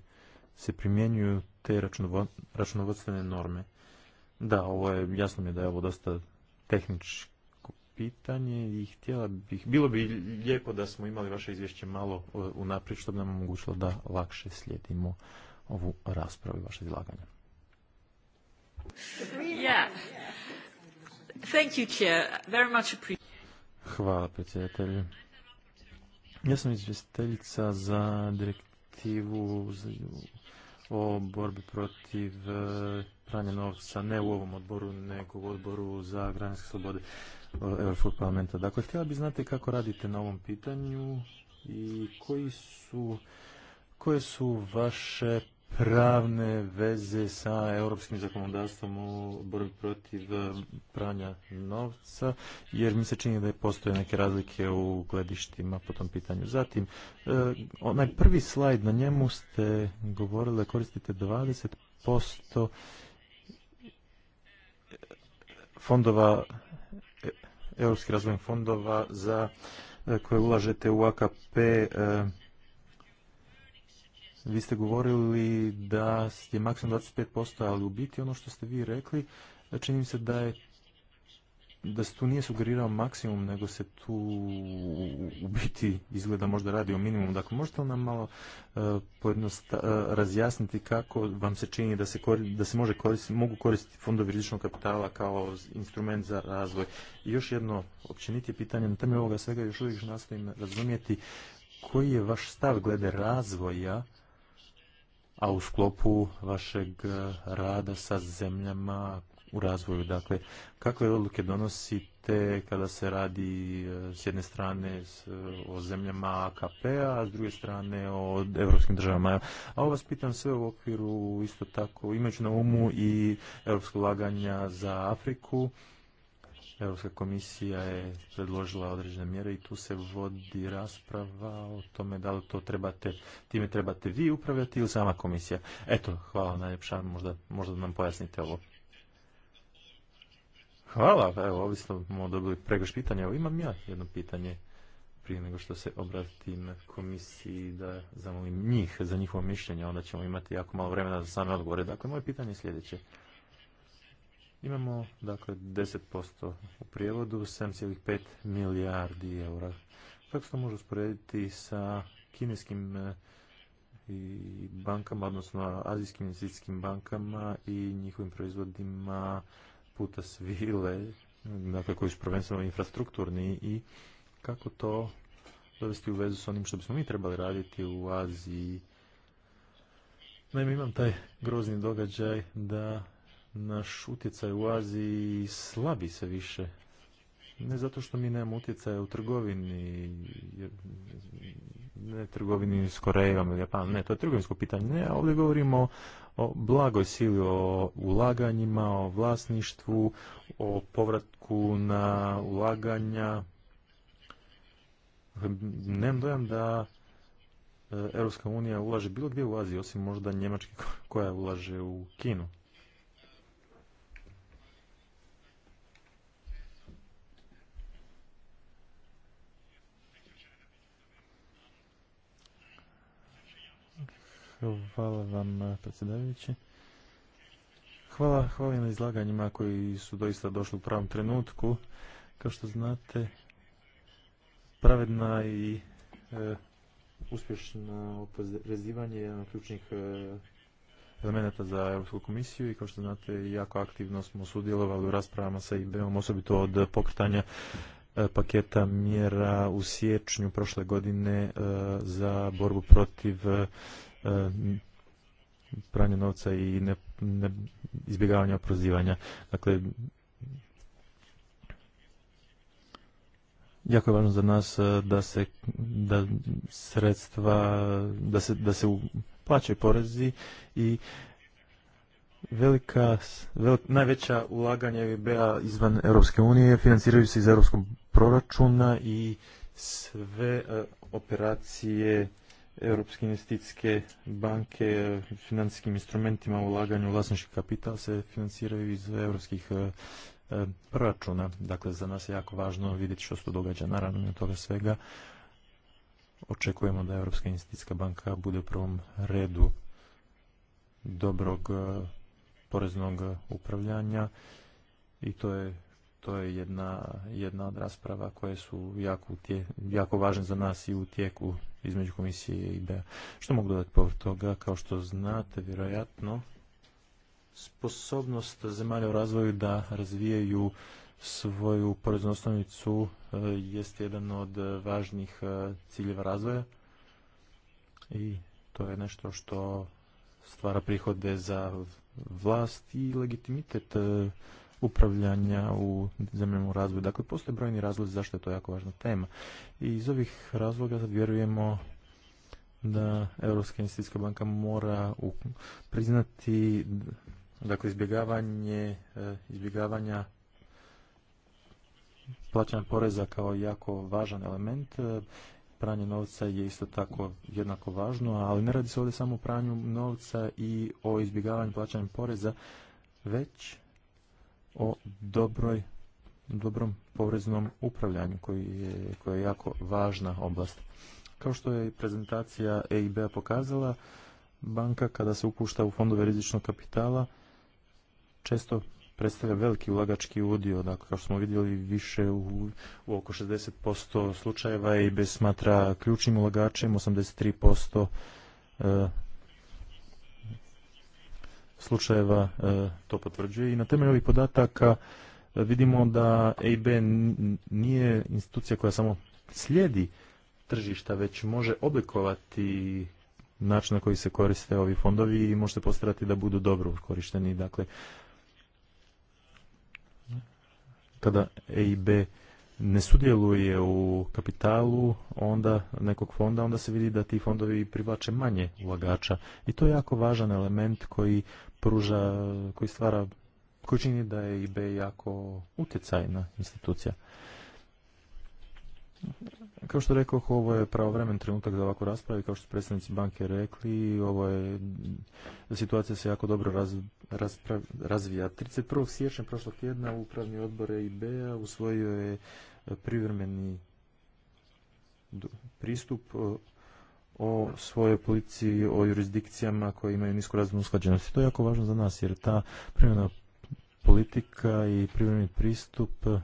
se primjenjuju te računovodstvene norme. Da, ovo je, jasno mi je da je ovo dosta tehničko pitanje i htjela bih, bilo bi lijepo da smo imali vaše izvješće malo e, unaprijed što bi nam omogućilo da lakše slijedimo ovu raspravu i vaše izlaganje. Hvala, predsjedatelju. Ja sam izvjestiteljica za direktivu o borbi protiv e, pranja novca, ne u ovom odboru, nego u odboru za građanske slobode e, Europskog parlamenta. Dakle, htjela bi znati kako radite na ovom pitanju i koji su, koje su vaše pravne veze sa europskim zakonodavstvom u borbi protiv eh, pranja novca, jer mi se čini da je postoje neke razlike u gledištima po tom pitanju. Zatim, eh, onaj prvi slajd, na njemu ste govorili da koristite 20% fondova, eh, europskih razvojnih fondova za koje ulažete u AKP vi ste govorili da je maksimum 25%, ali u biti ono što ste vi rekli, čini mi se da je da se tu nije sugerirao maksimum, nego se tu u biti izgleda možda radi o minimum Dakle, možete li nam malo uh, razjasniti kako vam se čini da se, da se može mogu koristiti fondovi rizičnog kapitala kao instrument za razvoj? I još jedno općenitije pitanje, na temelju ovoga svega još uvijek nastojim razumjeti koji je vaš stav glede razvoja a u sklopu vašeg e, rada sa zemljama u razvoju. Dakle, kakve odluke donosite kada se radi e, s jedne strane e, o zemljama AKP-a, a s druge strane o evropskim državama? A ovo vas pitam sve u okviru isto tako, imajući na umu i evropske ulaganja za Afriku, Europska komisija je predložila određene mjere i tu se vodi rasprava o tome da li to trebate, time trebate vi upravljati ili sama komisija. Eto, hvala najljepša, možda, možda nam pojasnite ovo. Hvala, evo, ovisno smo dobili pregoš pitanja, evo imam ja jedno pitanje prije nego što se obratim komisiji da zamolim njih za njihovo mišljenje, onda ćemo imati jako malo vremena za same odgovore. Dakle, moje pitanje je sljedeće. Imamo dakle 10% u prijevodu, 7,5 milijardi eura. Kako se to može usporediti sa kineskim eh, i bankama, odnosno azijskim investicijskim bankama i njihovim proizvodima puta svile, dakle koji su prvenstveno infrastrukturni i kako to dovesti u vezu s onim što bismo mi trebali raditi u Aziji. Naime, imam taj grozni događaj da naš utjecaj u Aziji slabi se više. Ne zato što mi nemamo utjecaja u trgovini, ne trgovini s Korejom ili Japanom, ne, to je trgovinsko pitanje. Ne, a ovdje govorimo o, o blagoj sili, o ulaganjima, o vlasništvu, o povratku na ulaganja. Nemam dojam da e, Europska unija ulaže bilo gdje u Aziji, osim možda Njemačke koja ulaže u Kinu. Hvala vam, eh, predsjedavajući. Hvala, hvala na izlaganjima koji su doista došli u pravom trenutku. Kao što znate, pravedna i e, eh, uspješno oporezivanje je od ključnih eh, elemenata za Europsku komisiju i kao što znate jako aktivno smo sudjelovali u raspravama sa ibm om osobito od pokretanja paketa mjera u siječnju prošle godine za borbu protiv E, pranje novca i ne, ne izbjegavanja oprozivanja. Dakle, jako je važno za nas e, da se da sredstva, da se, da se plaćaju porezi i velika, najveća ulaganja IBA izvan Europske unije financiraju se iz europskog proračuna i sve e, operacije Europske investicijske banke financijskim instrumentima ulaganju u vlasnički kapital se financiraju iz europskih e, e, proračuna. Dakle, za nas je jako važno vidjeti što se događa. Naravno, od toga svega očekujemo da Europska investicijska banka bude u prvom redu dobrog e, poreznog upravljanja i to je to je jedna, jedna od rasprava koje su jako, utje, jako važne za nas i u tijeku između komisije i da što mogu dodati povrt toga kao što znate vjerojatno sposobnost zemalja u razvoju da razvijaju svoju poreznu osnovicu e, jest jedan od važnih e, ciljeva razvoja i to je nešto što stvara prihode za vlast i legitimitet e, upravljanja u zemljama u razvoju. Dakle, postoje brojni razlozi zašto je to jako važna tema. I iz ovih razloga vjerujemo da Europska investicijska banka mora priznati dakle izbjegavanje e, izbjegavanja plaćanja poreza kao jako važan element e, pranje novca je isto tako jednako važno, ali ne radi se ovdje samo o pranju novca i o izbjegavanju plaćanja poreza, već o dobroj, dobrom poreznom upravljanju koji je, koja je jako važna oblast. Kao što je i prezentacija EIB-a pokazala, banka kada se upušta u fondove rizičnog kapitala često predstavlja veliki ulagački udio, dakle kao što smo vidjeli više u, u oko 60% slučajeva EIB smatra ključnim ulagačem, 83% slučajeva e, to potvrđuje i na temelju ovih podataka e, vidimo da EIB nije institucija koja samo slijedi tržišta, već može oblikovati način na koji se koriste ovi fondovi i možete postarati da budu dobro korišteni. Dakle, kada EIB ne sudjeluje u kapitalu onda nekog fonda, onda se vidi da ti fondovi privlače manje ulagača. I to je jako važan element koji pruža, koji stvara, koji čini da je IB jako utjecajna institucija. Kao što rekao, ovo je pravovremen trenutak za ovakvu raspravu, kao što su predstavnici banke rekli, ovo je, situacija se jako dobro raz, razvija. 31. siječnja prošlog tjedna upravni odbor EIB-a usvojio je e, privremeni pristup e, o svojoj policiji, o jurisdikcijama koje imaju nisku razinu usklađenosti. To je jako važno za nas jer ta primjena politika i privremeni pristup e,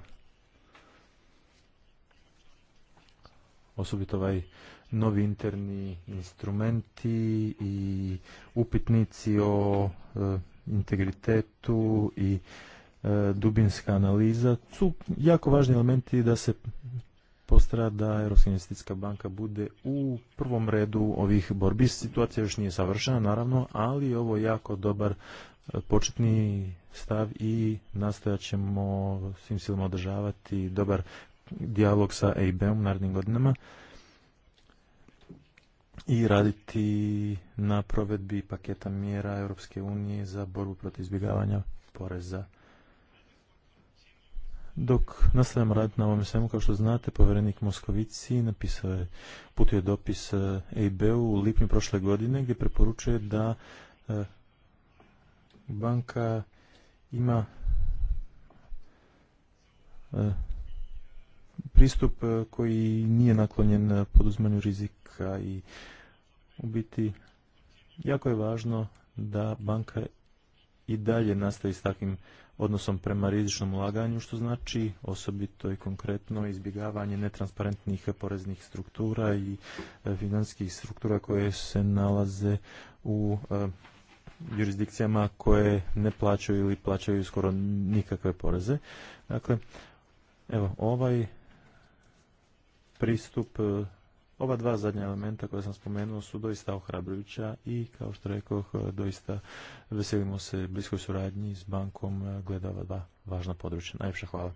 osobito ovaj novi interni instrumenti i upitnici o integritetu i e, dubinska analiza su jako važni elementi da se postara da Europska investicijska banka bude u prvom redu ovih borbi. Situacija još nije savršena, naravno, ali ovo je jako dobar e, početni stav i nastojat ćemo svim silama održavati dobar dijalog sa EIB-om u narednim godinama i raditi na provedbi paketa mjera Europske unije za borbu protiv izbjegavanja poreza. Dok nastavljamo raditi na ovome svemu, kao što znate, povjerenik Moskovici napisao je, je dopis e, EIB-u u lipnju prošle godine gdje preporučuje da e, banka ima e, pristup e, koji nije naklonjen e, poduzmanju rizika i u biti jako je važno da banka i dalje nastavi s takvim odnosom prema rizičnom ulaganju, što znači osobito i konkretno izbjegavanje netransparentnih poreznih struktura i e, financijskih struktura koje se nalaze u jurisdikcijama koje ne plaćaju ili plaćaju skoro nikakve poreze. Dakle, evo, ovaj pristup. E, ova dva zadnja elementa koja sam spomenuo su doista ohrabrujuća i kao što rekoh e, doista veselimo se bliskoj suradnji s bankom e, gledava dva važna područja. Najljepša hvala.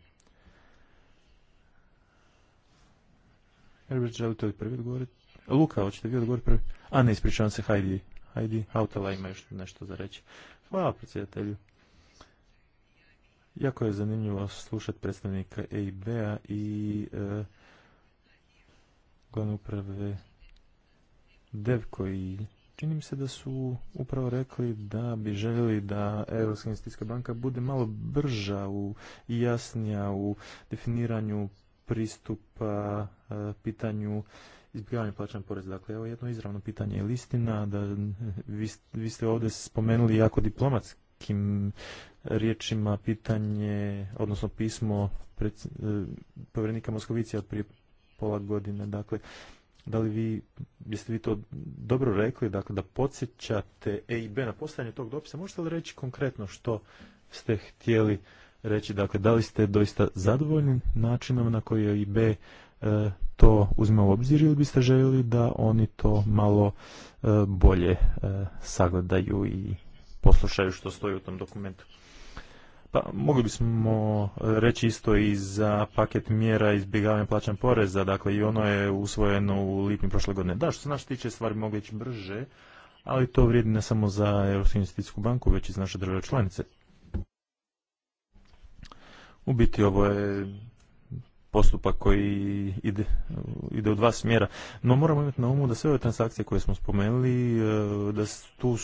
Herbert, želite li prvi odgovoriti? Luka, hoćete vi odgovoriti prvi? A ne, ispričavam se, hajdi. Hajdi, Hautala ima još nešto za reći. Hvala predsjedatelju. Jako je zanimljivo slušati predstavnika EIB-a i glavne uprave Devko i čini mi se da su upravo rekli da bi željeli da Europska investicijska banka bude malo brža u, i jasnija u definiranju pristupa e, pitanju izbjegavanja plaćanja poreza. Dakle, evo jedno izravno pitanje je listina da vi, vi ste ovdje spomenuli jako diplomatskim riječima pitanje, odnosno pismo pred, e, povjerenika Moskovicija prije pola godine. Dakle, da li vi, jeste vi to dobro rekli, dakle da podsjećate EIB na postavljanje tog dopisa, možete li reći konkretno što ste htjeli reći, dakle da li ste doista zadovoljni načinom na koji EIB e, to uzme u obzir ili biste željeli da oni to malo e, bolje e, sagledaju i poslušaju što stoji u tom dokumentu. Pa mogli bismo reći isto i za paket mjera izbjegavanja plaćanja poreza, dakle i ono je usvojeno u lipnju prošle godine. Da, što se naše tiče stvari mogu ići brže, ali to vrijedi ne samo za Europsku investicijsku banku, već i za naše države članice. U biti ovo je postupak koji ide, ide u dva smjera. No moramo imati na umu da sve ove transakcije koje smo spomenuli, e, da tu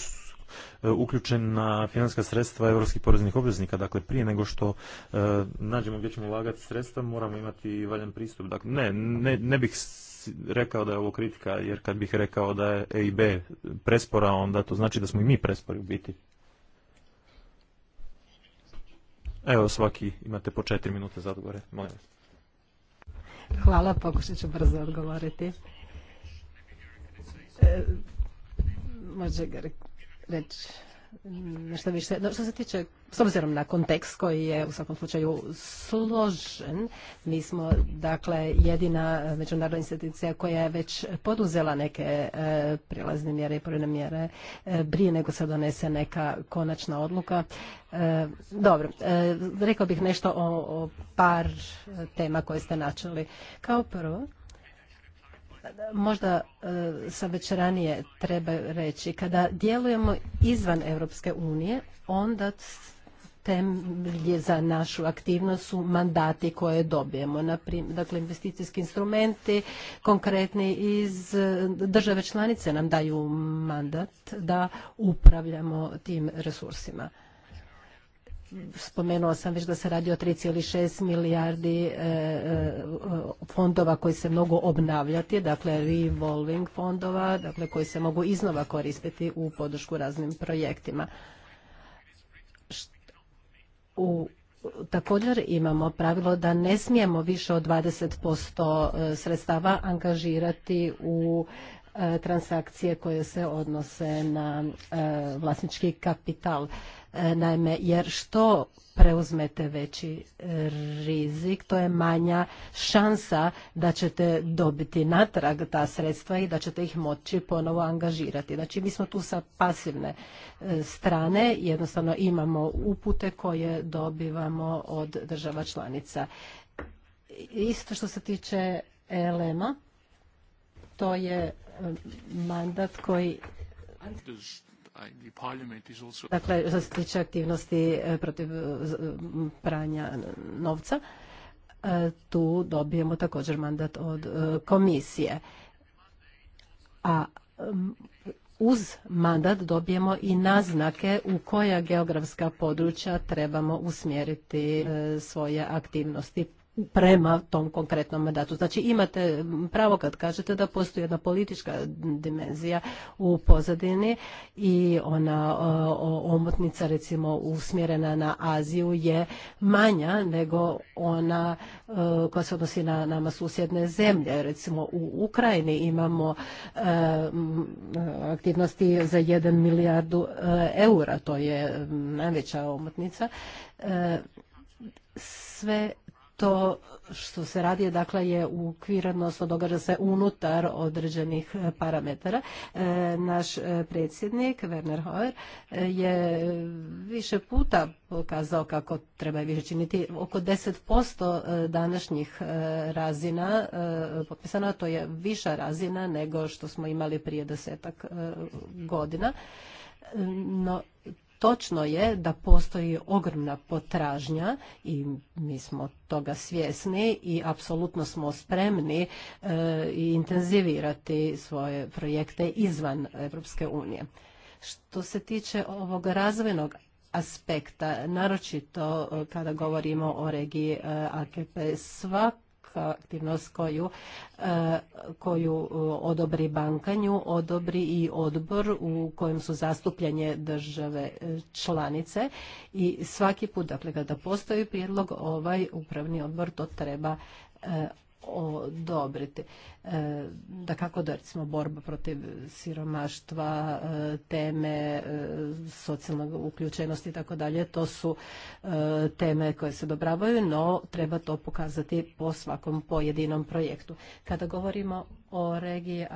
E, uključena finanska sredstva europskih poreznih obveznika. Dakle, prije nego što e, nađemo gdje ćemo ulagati sredstva, moramo imati valjan pristup. Dakle, ne, ne, ne bih rekao da je ovo kritika, jer kad bih rekao da je EIB prespora, onda to znači da smo i mi prespori u biti. Evo, svaki imate po četiri minute za odgovore. Molim Hvala, pokušat ću brzo odgovoriti. E, može već, nešto više. No, što se tiče, s obzirom na kontekst koji je u svakom slučaju složen, mi smo dakle jedina međunarodna institucija koja je već poduzela neke e, prilazne mjere i poredne mjere e, prije nego se donese neka konačna odluka. E, dobro, e, rekao bih nešto o, o par tema koje ste načeli. Kao prvo, možda e, sam već ranije treba reći, kada djelujemo izvan Europske unije, onda temelje za našu aktivnost su mandati koje dobijemo, dakle investicijski instrumenti, konkretni iz e, države članice nam daju mandat da upravljamo tim resursima spomenuo sam već da se radi o 3,6 milijardi e, e, fondova koji se mogu obnavljati, dakle revolving fondova, dakle koji se mogu iznova koristiti u podršku raznim projektima. U Također imamo pravilo da ne smijemo više od 20% e, sredstava angažirati u E, transakcije koje se odnose na e, vlasnički kapital. E, naime, jer što preuzmete veći rizik, to je manja šansa da ćete dobiti natrag ta sredstva i da ćete ih moći ponovo angažirati. Znači, mi smo tu sa pasivne strane, jednostavno imamo upute koje dobivamo od država članica. Isto što se tiče elema. To je e, mandat koji dakle, što se tiče aktivnosti e, protiv e, pranja novca, tu dobijemo također mandat od komisije. A uz mandat dobijemo i naznake u koja geografska područja trebamo usmjeriti svoje aktivnosti prema tom konkretnom mandatu. Znači imate pravo kad kažete da postoji jedna politička dimenzija u pozadini i ona e, omotnica recimo usmjerena na Aziju je manja nego ona e, koja se odnosi na nama susjedne zemlje. Recimo u Ukrajini imamo e, aktivnosti za 1 milijardu eura, to je najveća omotnica sve to što se radi dakle je ukvirano, odnosno događa se unutar određenih e, parametara. E, naš e, predsjednik Werner Hoer je više puta pokazao kako treba više činiti. Oko 10% današnjih razina potpisano, to je viša razina nego što smo imali prije desetak godina. No, Točno je da postoji ogromna potražnja i mi smo toga svjesni i apsolutno smo spremni e, i intenzivirati svoje projekte izvan Europske unije. Što se tiče ovog razvojnog aspekta, naročito e, kada govorimo o regiji e, AKP, svak aktivnost koju, e, koju e, odobri bankanju, odobri i odbor u kojem su zastupljanje države e, članice i svaki put, dakle, kada postoji prijedlog, ovaj upravni odbor to treba odobriti. E, da kako da recimo borba protiv siromaštva, e, teme e, socijalnog uključenosti i tako dalje, to su teme koje se dobravaju, no treba to pokazati po svakom pojedinom projektu. Kada govorimo o regiji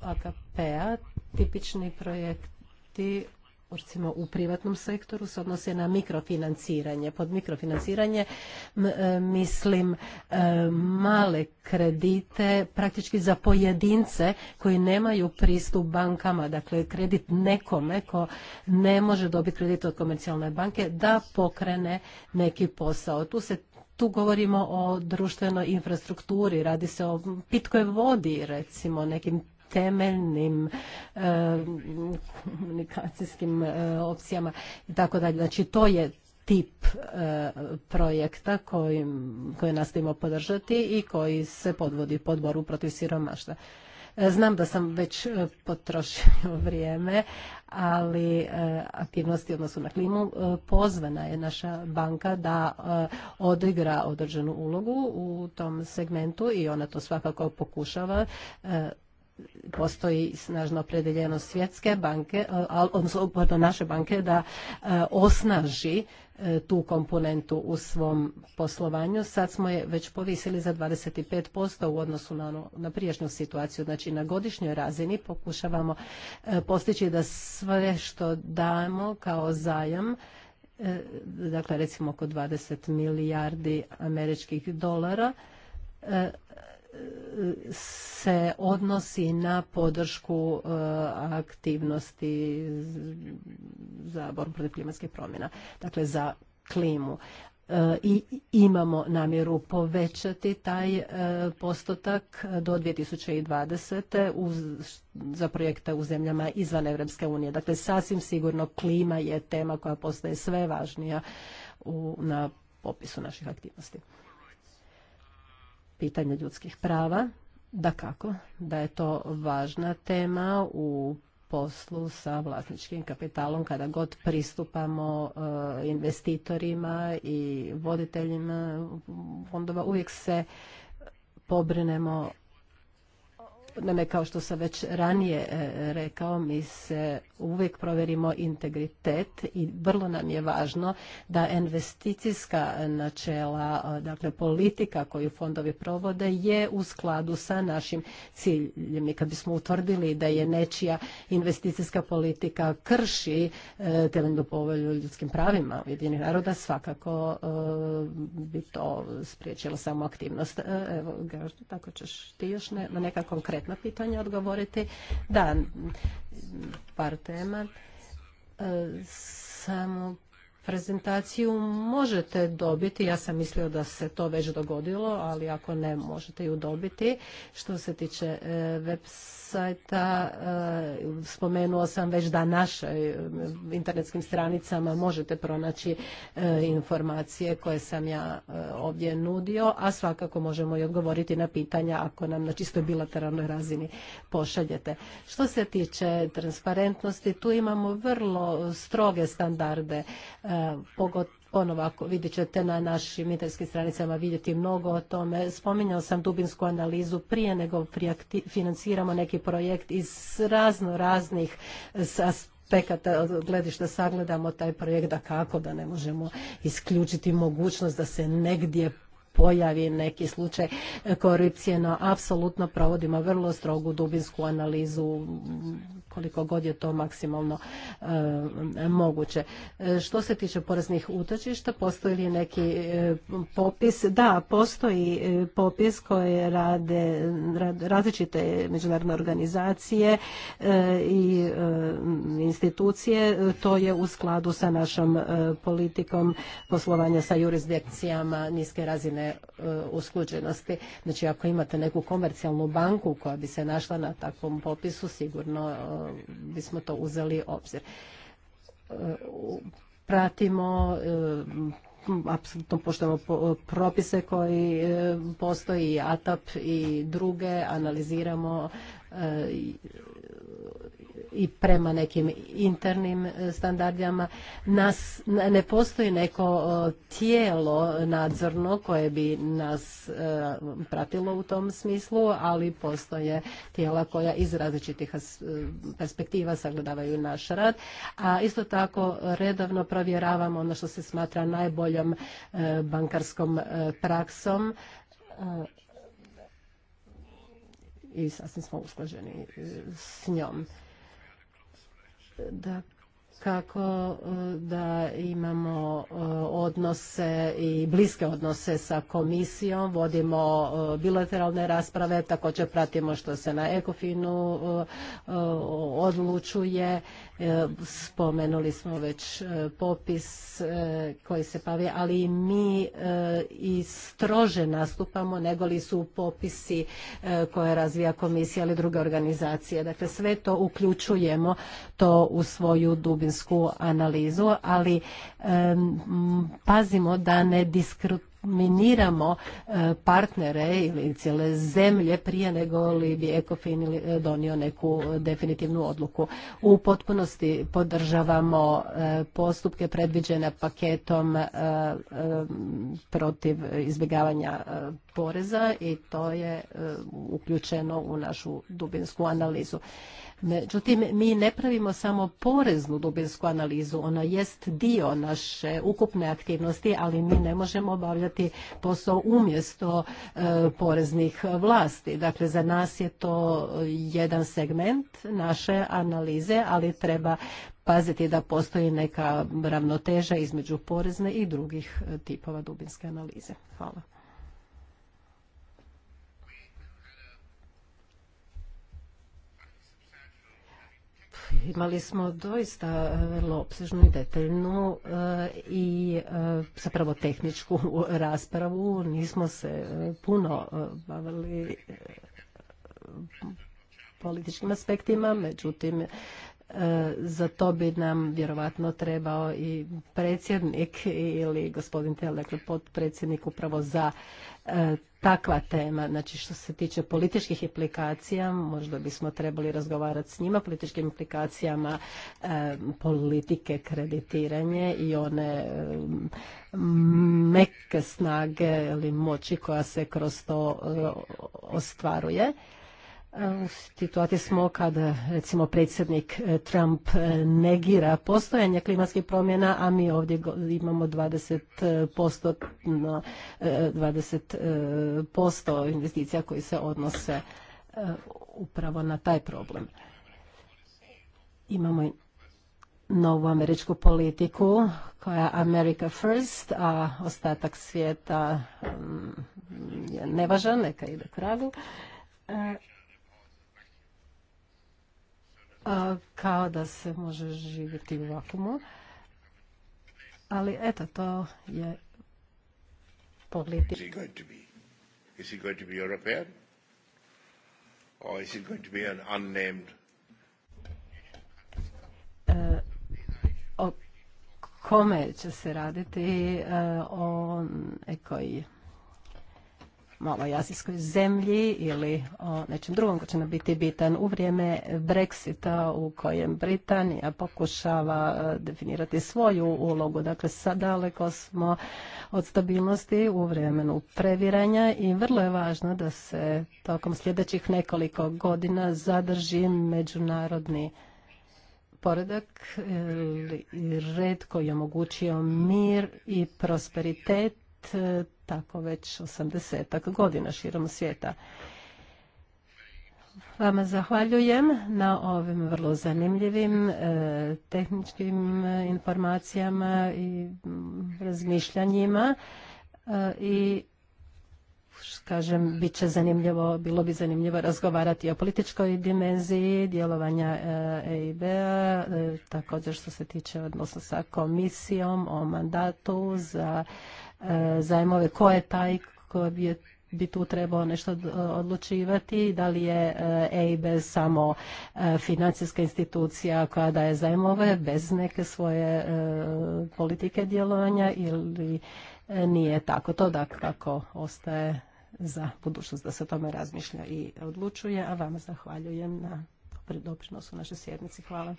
AKP-a, tipični projekti recimo u privatnom sektoru se odnose na mikrofinanciranje. Pod mikrofinanciranje e, mislim e, male kredite praktički za pojedince koji nemaju pristup bankama, dakle kredit nekome ko ne može dobiti kredit od komercijalne banke da pokrene neki posao. Tu se tu govorimo o društvenoj infrastrukturi, radi se o pitkoj vodi, recimo nekim temeljnim e, komunikacijskim e, opcijama i tako dalje. Znači to je tip e, projekta koji, koje nastojimo podržati i koji se podvodi pod boru protiv siromaštva. Znam da sam već potrošio vrijeme, ali aktivnosti odnosu na klimu pozvana je naša banka da odigra određenu ulogu u tom segmentu i ona to svakako pokušava postoji snažna opredeljenost svjetske banke, e, odnosno naše banke da e, osnaži e, tu komponentu u svom poslovanju. Sad smo je već povisili za 25% u odnosu na, ono, prijašnju situaciju. Znači na godišnjoj razini pokušavamo postići da sve što damo kao zajam dakle recimo oko 20 milijardi američkih dolara se odnosi na podršku e, aktivnosti za borbu protiv klimatskih promjena, dakle za klimu. E, I imamo namjeru povećati taj e, postotak do 2020. za projekte u zemljama izvan Europske unije. Dakle, sasvim sigurno klima je tema koja postaje sve važnija na popisu naših aktivnosti pitanje ljudskih prava. Da kako, da je to važna tema u poslu sa vlasničkim kapitalom kada god pristupamo e, investitorima i voditeljima fondova uvijek se pobrinemo Naime, kao što sam već ranije e, rekao, mi se uvijek proverimo integritet i vrlo nam je važno da investicijska načela, e, dakle politika koju fondovi provode je u skladu sa našim ciljem. I kad bismo utvrdili da je nečija investicijska politika krši e, temeljnu povolju ljudskim pravima Ujedinjenih naroda, svakako bi to spriječilo samo aktivnost. Evo, tako ćeš ti još na neka konkretna konkretno pitanje odgovoriti. Da, par tema. E, Samo prezentaciju možete dobiti. Ja sam mislio da se to već dogodilo, ali ako ne, možete ju dobiti. Što se tiče e, web sajta. E, spomenuo sam već da našoj e, internetskim stranicama možete pronaći e, informacije koje sam ja ovdje nudio, a svakako možemo i odgovoriti na pitanja ako nam na čistoj bilateralnoj razini pošaljete. Što se tiče transparentnosti, tu imamo vrlo stroge standarde, pogotovo Ponovo, vidjet ćete na našim internetskim stranicama vidjeti mnogo o tome. Spominjao sam dubinsku analizu prije nego financiramo neki projekt iz razno raznih aspekata gledišta sagledamo taj projekt da kako da ne možemo isključiti mogućnost da se negdje pojavi neki slučaj korupcije, no apsolutno provodimo vrlo strogu dubinsku analizu koliko god je to maksimalno e, moguće. E, što se tiče poreznih utočišta, postoji li neki e, popis? Da, postoji popis koje rade različite međunarodne organizacije i institucije. To je u skladu sa našom politikom poslovanja sa jurisdikcijama niske razine usluđenosti. Znači, ako imate neku komercijalnu banku koja bi se našla na takvom popisu, sigurno bismo to uzeli obzir. E, pratimo e, apsolutno poštujemo propise koji e, postoji ATAP i druge, analiziramo i prema nekim internim e, standardima. Nas, ne postoji neko e, tijelo nadzorno koje bi nas e, pratilo u tom smislu, ali postoje tijela koja iz različitih perspektiva sagledavaju naš rad. A isto tako redovno provjeravamo ono što se smatra najboljom bankarskom praksom i sasvim smo usklađeni s njom da kako e, da imamo e, odnose i bliske odnose sa komisijom, vodimo e, bilateralne rasprave, također pratimo što se na Ekofinu odlučuje E, spomenuli smo već e, popis e, koji se pavi ali i mi i strože nastupamo nego li su popisi koje razvija komisija ili druge organizacije. Dakle, sve to uključujemo to u svoju dubinsku analizu, ali pazimo da ne diskrutujemo miniramo e, partnere ili cijele zemlje prije nego li bi ECOFIN e, donio neku definitivnu odluku. U potpunosti podržavamo e, postupke predviđene paketom protiv izbjegavanja poreza i to je uključeno u našu dubinsku analizu. Međutim, mi ne pravimo samo poreznu dubinsku analizu, ona jest dio naše ukupne aktivnosti, ali mi ne možemo obavljati posao umjesto e, poreznih vlasti. Dakle, za nas je to jedan segment naše analize, ali treba paziti da postoji neka ravnoteža između porezne i drugih e, tipova dubinske analize. Hvala. imali smo doista e, vrlo opsežnu i detaljnu e, i e, zapravo tehničku raspravu. Nismo se puno bavili političkim aspektima, međutim za to bi nam vjerovatno trebao i predsjednik ili gospodin Tel, dakle potpredsjednik upravo za E, takva tema, znači što se tiče političkih implikacija, možda bismo trebali razgovarati s njima, političkim implikacijama e, politike kreditiranje i one e, meke snage ili moći koja se kroz to e, ostvaruje. U situaciji smo kada recimo predsjednik e, Trump e, negira postojanje klimatskih promjena, a mi ovdje imamo 20%, e, posto investicija koji se odnose upravo na taj problem. Imamo i novu američku politiku koja America first, a ostatak svijeta mm, je nevažan, neka ide kragu kao da se može živjeti u vakumu. Ali eto, to je politika. Is it going to be European? Or is it going to be an unnamed? E, o kome će se raditi? E, o nekoj maloj azijskoj zemlji ili o nečem drugom koji će nam biti bitan u vrijeme Brexita u kojem Britanija pokušava e, definirati svoju ulogu. Dakle, sad daleko smo od stabilnosti u vremenu previranja i vrlo je važno da se tokom sljedećih nekoliko godina zadrži međunarodni poredak e, red koji je omogućio mir i prosperitet e, tako već 80 godina širom svijeta. Vama zahvaljujem na ovim vrlo zanimljivim e, tehničkim e, informacijama i mm, razmišljanjima e, i kažem, bit zanimljivo, bilo bi zanimljivo razgovarati o političkoj dimenziji djelovanja EIB-a, također što se tiče odnosno sa komisijom, o mandatu za E, zajmove, ko je taj ko bi, bi tu trebao nešto e, odlučivati, da li je EIB e samo financijska institucija koja daje zajmove bez neke svoje politike djelovanja ili nije tako. To kako ostaje za budućnost da se o tome razmišlja i odlučuje, a vama zahvaljujem na doprinosu naše sjednici. Hvala.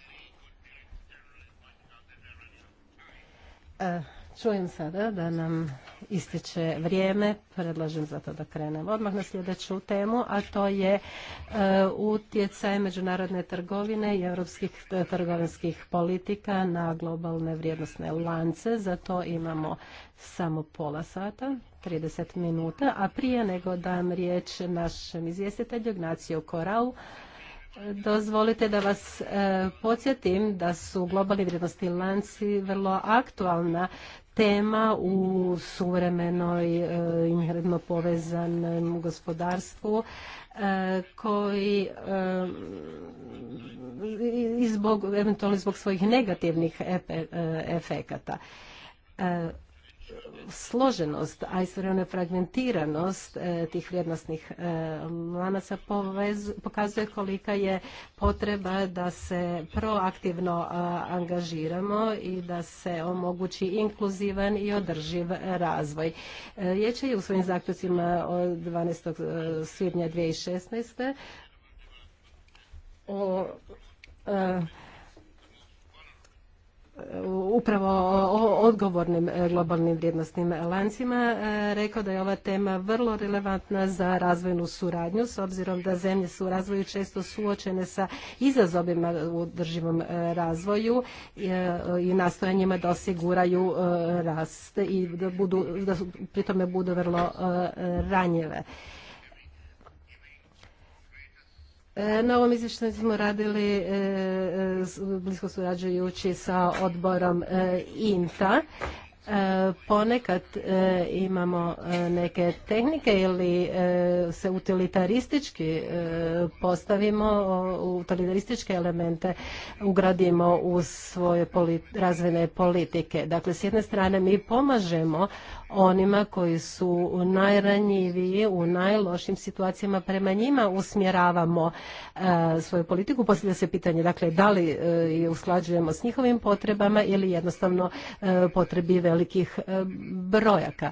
Čujem sada da nam ističe vrijeme, predlažem zato da krenemo odmah na sljedeću temu, a to je e, utjecaj međunarodne trgovine i europskih e, trgovinskih politika na globalne vrijednosne lance. Za to imamo samo pola sata, 30 minuta, a prije nego dam riječ našem izvjestitelju Ignacio Korau, Dozvolite da vas e, podsjetim da su globalni vrijednosti lanci vrlo aktualna tema u suvremenoj e, inherentno povezanom gospodarstvu e, koji i zbog, eventualno zbog svojih negativnih efekata složenost, a istovremeno fragmentiranost e, tih vrijednostnih e, lanaca pokazuje kolika je potreba da se proaktivno angažiramo i da se omogući inkluzivan i održiv razvoj. E, vijeće je u svojim zaključcima od 12. svibnja 2016. o upravo o odgovornim e, globalnim vrijednostnim lancima e, rekao da je ova tema vrlo relevantna za razvojnu suradnju s obzirom da zemlje su u razvoju često suočene sa izazovima u održivom e, razvoju i nastojanjima da osiguraju rast i da, budu, da pri tome budu vrlo ranjive. E, na ovom izvještaju smo radili e, e, blisko surađujući sa odborom INTA. Ponekad imamo neke tehnike ili se utilitaristički postavimo, utilitarističke elemente ugradimo u svoje razvojne politike. Dakle, s jedne strane mi pomažemo onima koji su najranjiviji, u najlošim situacijama prema njima usmjeravamo e, svoju politiku. Postavlja se pitanje dakle, da li e, je usklađujemo s njihovim potrebama ili jednostavno e, potrebi velikih brojaka.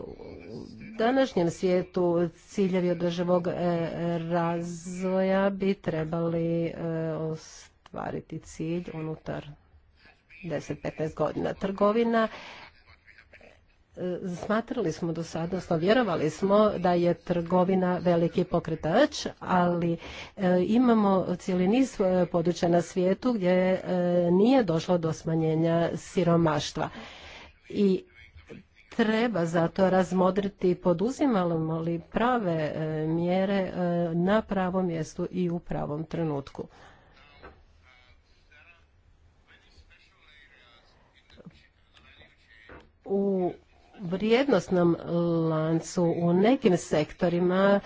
U današnjem svijetu ciljevi održivog razvoja bi trebali ostvariti cilj unutar 10-15 godina. Trgovina Smatrali smo do sada, odnosno vjerovali smo da je trgovina veliki pokretač, ali e, imamo cijeli niz e, područja na svijetu gdje e, nije došlo do smanjenja siromaštva. I treba zato razmodriti poduzimamo li prave mjere na pravom mjestu i u pravom trenutku. U vrijednostnom lancu u nekim sektorima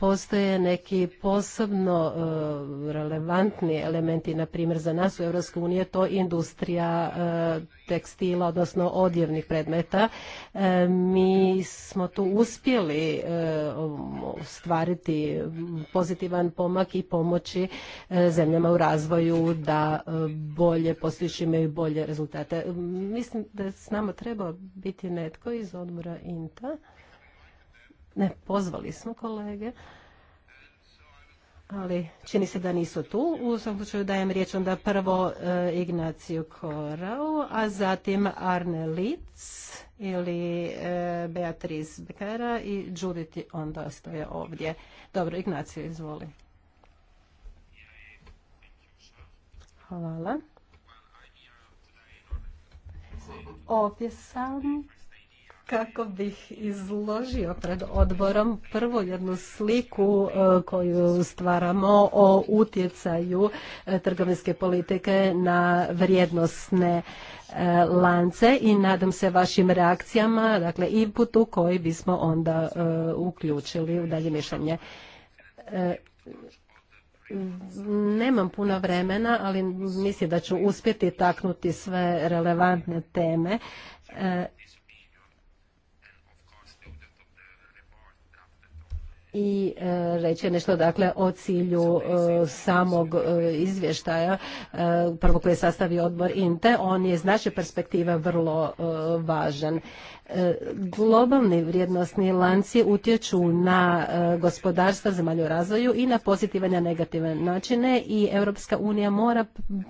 postoje neki posebno e, relevantni elementi, na primjer za nas u EU to industrija e, tekstila, odnosno odjevnih predmeta. E, mi smo tu uspjeli stvariti pozitivan pomak i pomoći zemljama u razvoju da bolje postići imaju bolje rezultate. Mislim da s nama treba biti netko iz odmora INTA. Ne, pozvali smo kolege, ali čini se da nisu tu. U svom slučaju dajem riječ onda prvo eh, Ignaciju Korau, a zatim Arne Litz ili eh, Beatriz Bekera i Judith onda stoje ovdje. Dobro, Ignaciju, izvoli. Hvala. Ovdje sam kako bih izložio pred odborom prvo jednu sliku e, koju stvaramo o utjecaju e, trgovinske politike na vrijednosne e, lance i nadam se vašim reakcijama, dakle inputu koji bismo onda uključili u dalje mišljenje. Nemam puno vremena, ali mislim da ću uspjeti taknuti sve relevantne teme. i e, reći nešto dakle o cilju e, samog e, izvještaja prvo koje je sastavio odbor INTE. On je iz naše perspektive vrlo važan. E, globalni vrijednostni lanci utječu na e, gospodarstva zemalju razvoju i na pozitivne negativne načine i Europska unija mora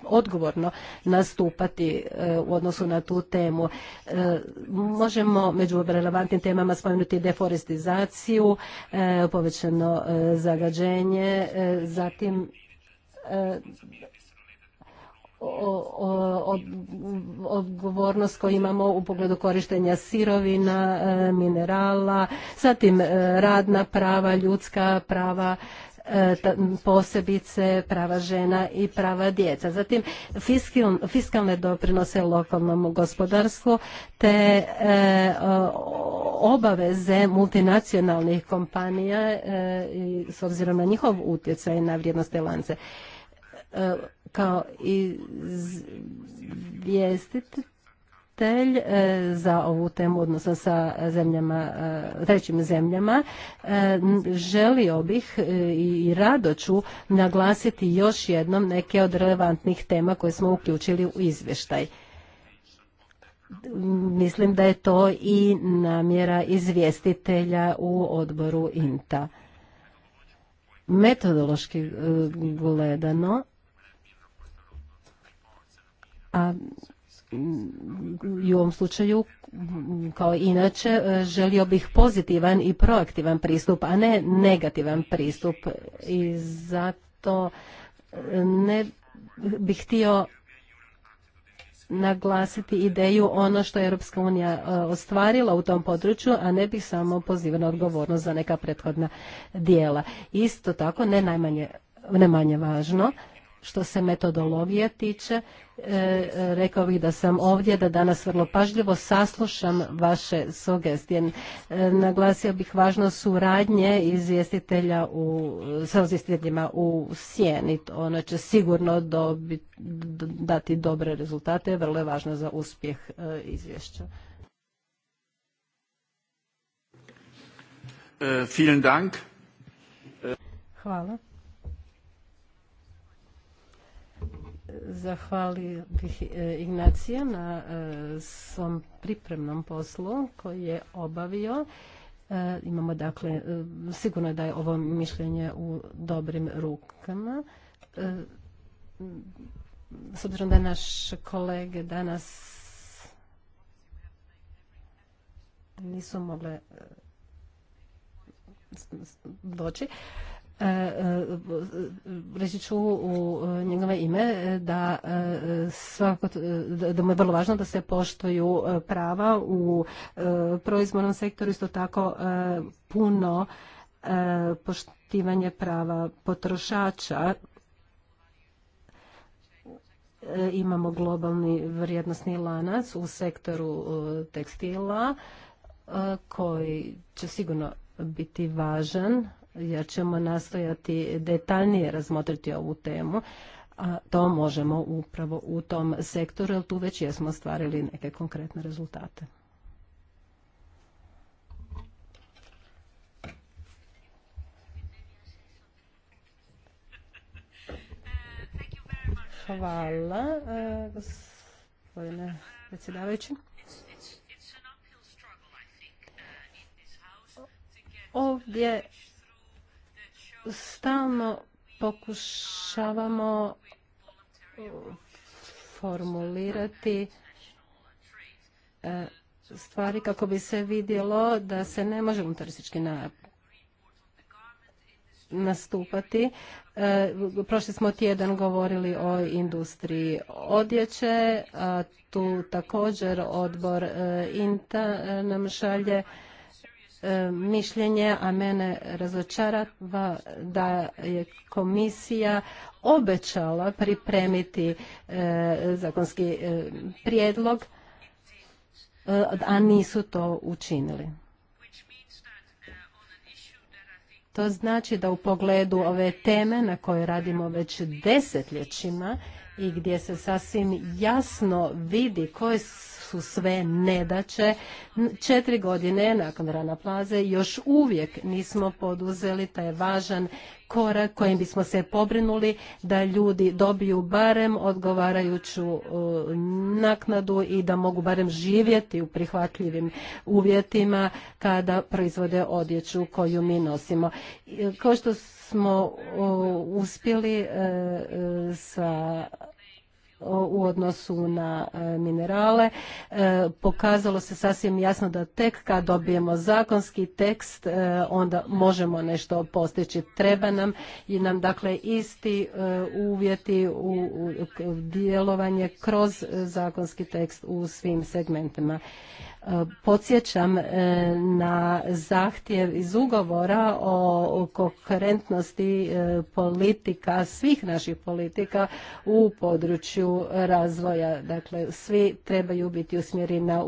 odgovorno nastupati e, u odnosu na tu temu. Možemo među relevantnim temama spomenuti deforestizaciju, povećano zagađenje, zatim odgovornost koju imamo u pogledu korištenja sirovina, e, minerala, zatim e, radna prava, ljudska prava, e, posebice prava žena i prava djeca. Zatim fiskalne doprinose lokalnom gospodarstvu te obaveze multinacionalnih kompanija s obzirom na njihov utjecaj na vrijednost lance kao izvjestitelj e, za ovu temu odnosno sa zemljama, e, trećim zemljama. E, želio bih i rado ću naglasiti još jednom neke od relevantnih tema koje smo uključili u izvještaj. Mislim da je to i namjera izvjestitelja u odboru INTA. Metodološki gledano, a mm, i u ovom slučaju mm, kao inače e, želio bih pozitivan i proaktivan pristup, a ne negativan pristup i zato e, ne bih htio naglasiti ideju ono što je Europska unija e, ostvarila u tom području, a ne bih samo pozivna odgovornost za neka prethodna dijela. Isto tako, ne najmanje ne manje važno, što se metodologije tiče, E, rekao bih da sam ovdje, da danas vrlo pažljivo saslušam vaše sugestije. E, naglasio bih važnost suradnje izvjestitelja u, sa izvjestiteljima u sjeni. Ona će sigurno dobit, dati dobre rezultate, vrlo je važno za uspjeh e, izvješća. Hvala. Zahvalio bih e, Ignacija na e, svom pripremnom poslu koji je obavio. E, imamo dakle, sigurno da je ovo mišljenje u dobrim rukama. S obzirom da naš kolege danas nisu mogle doći. E, e, reći ću u njegove ime e, da svako, da mu je vrlo važno da se poštuju prava u proizvodnom sektoru isto tako puno poštivanje prava potrošača imamo globalni vrijednosni lanac u sektoru tekstila koji će sigurno biti važan jer ćemo nastojati detaljnije razmotriti ovu temu, a to možemo upravo u tom sektoru, jer tu već jesmo stvarili neke konkretne rezultate. Hvala, eh, gospodine predsjedavajući. Ovdje stalno pokušavamo formulirati e, stvari kako bi se vidjelo da se ne može unutaristički nastupati. E, prošli smo tjedan govorili o industriji odjeće, tu također odbor e, INTA nam šalje E, mišljenje, a mene razočarava da je komisija obećala pripremiti e, zakonski e, prijedlog, a nisu to učinili. To znači da u pogledu ove teme na kojoj radimo već desetljećima i gdje se sasvim jasno vidi koje su sve nedaće. Četiri godine nakon rana plaze još uvijek nismo poduzeli taj važan korak kojim bismo se pobrinuli da ljudi dobiju barem odgovarajuću e, naknadu i da mogu barem živjeti u prihvatljivim uvjetima kada proizvode odjeću koju mi nosimo. Kao što smo uspjeli e, e, sa u odnosu na e, minerale. E, pokazalo se sasvim jasno da tek kad dobijemo zakonski tekst e, onda možemo nešto postići. Treba nam i nam dakle isti uvjeti u djelovanje kroz zakonski tekst u svim segmentima. Podsjećam e, na zahtjev iz ugovora o konkurentnosti e, politika, svih naših politika u području razvoja. Dakle, svi trebaju biti usmjereni na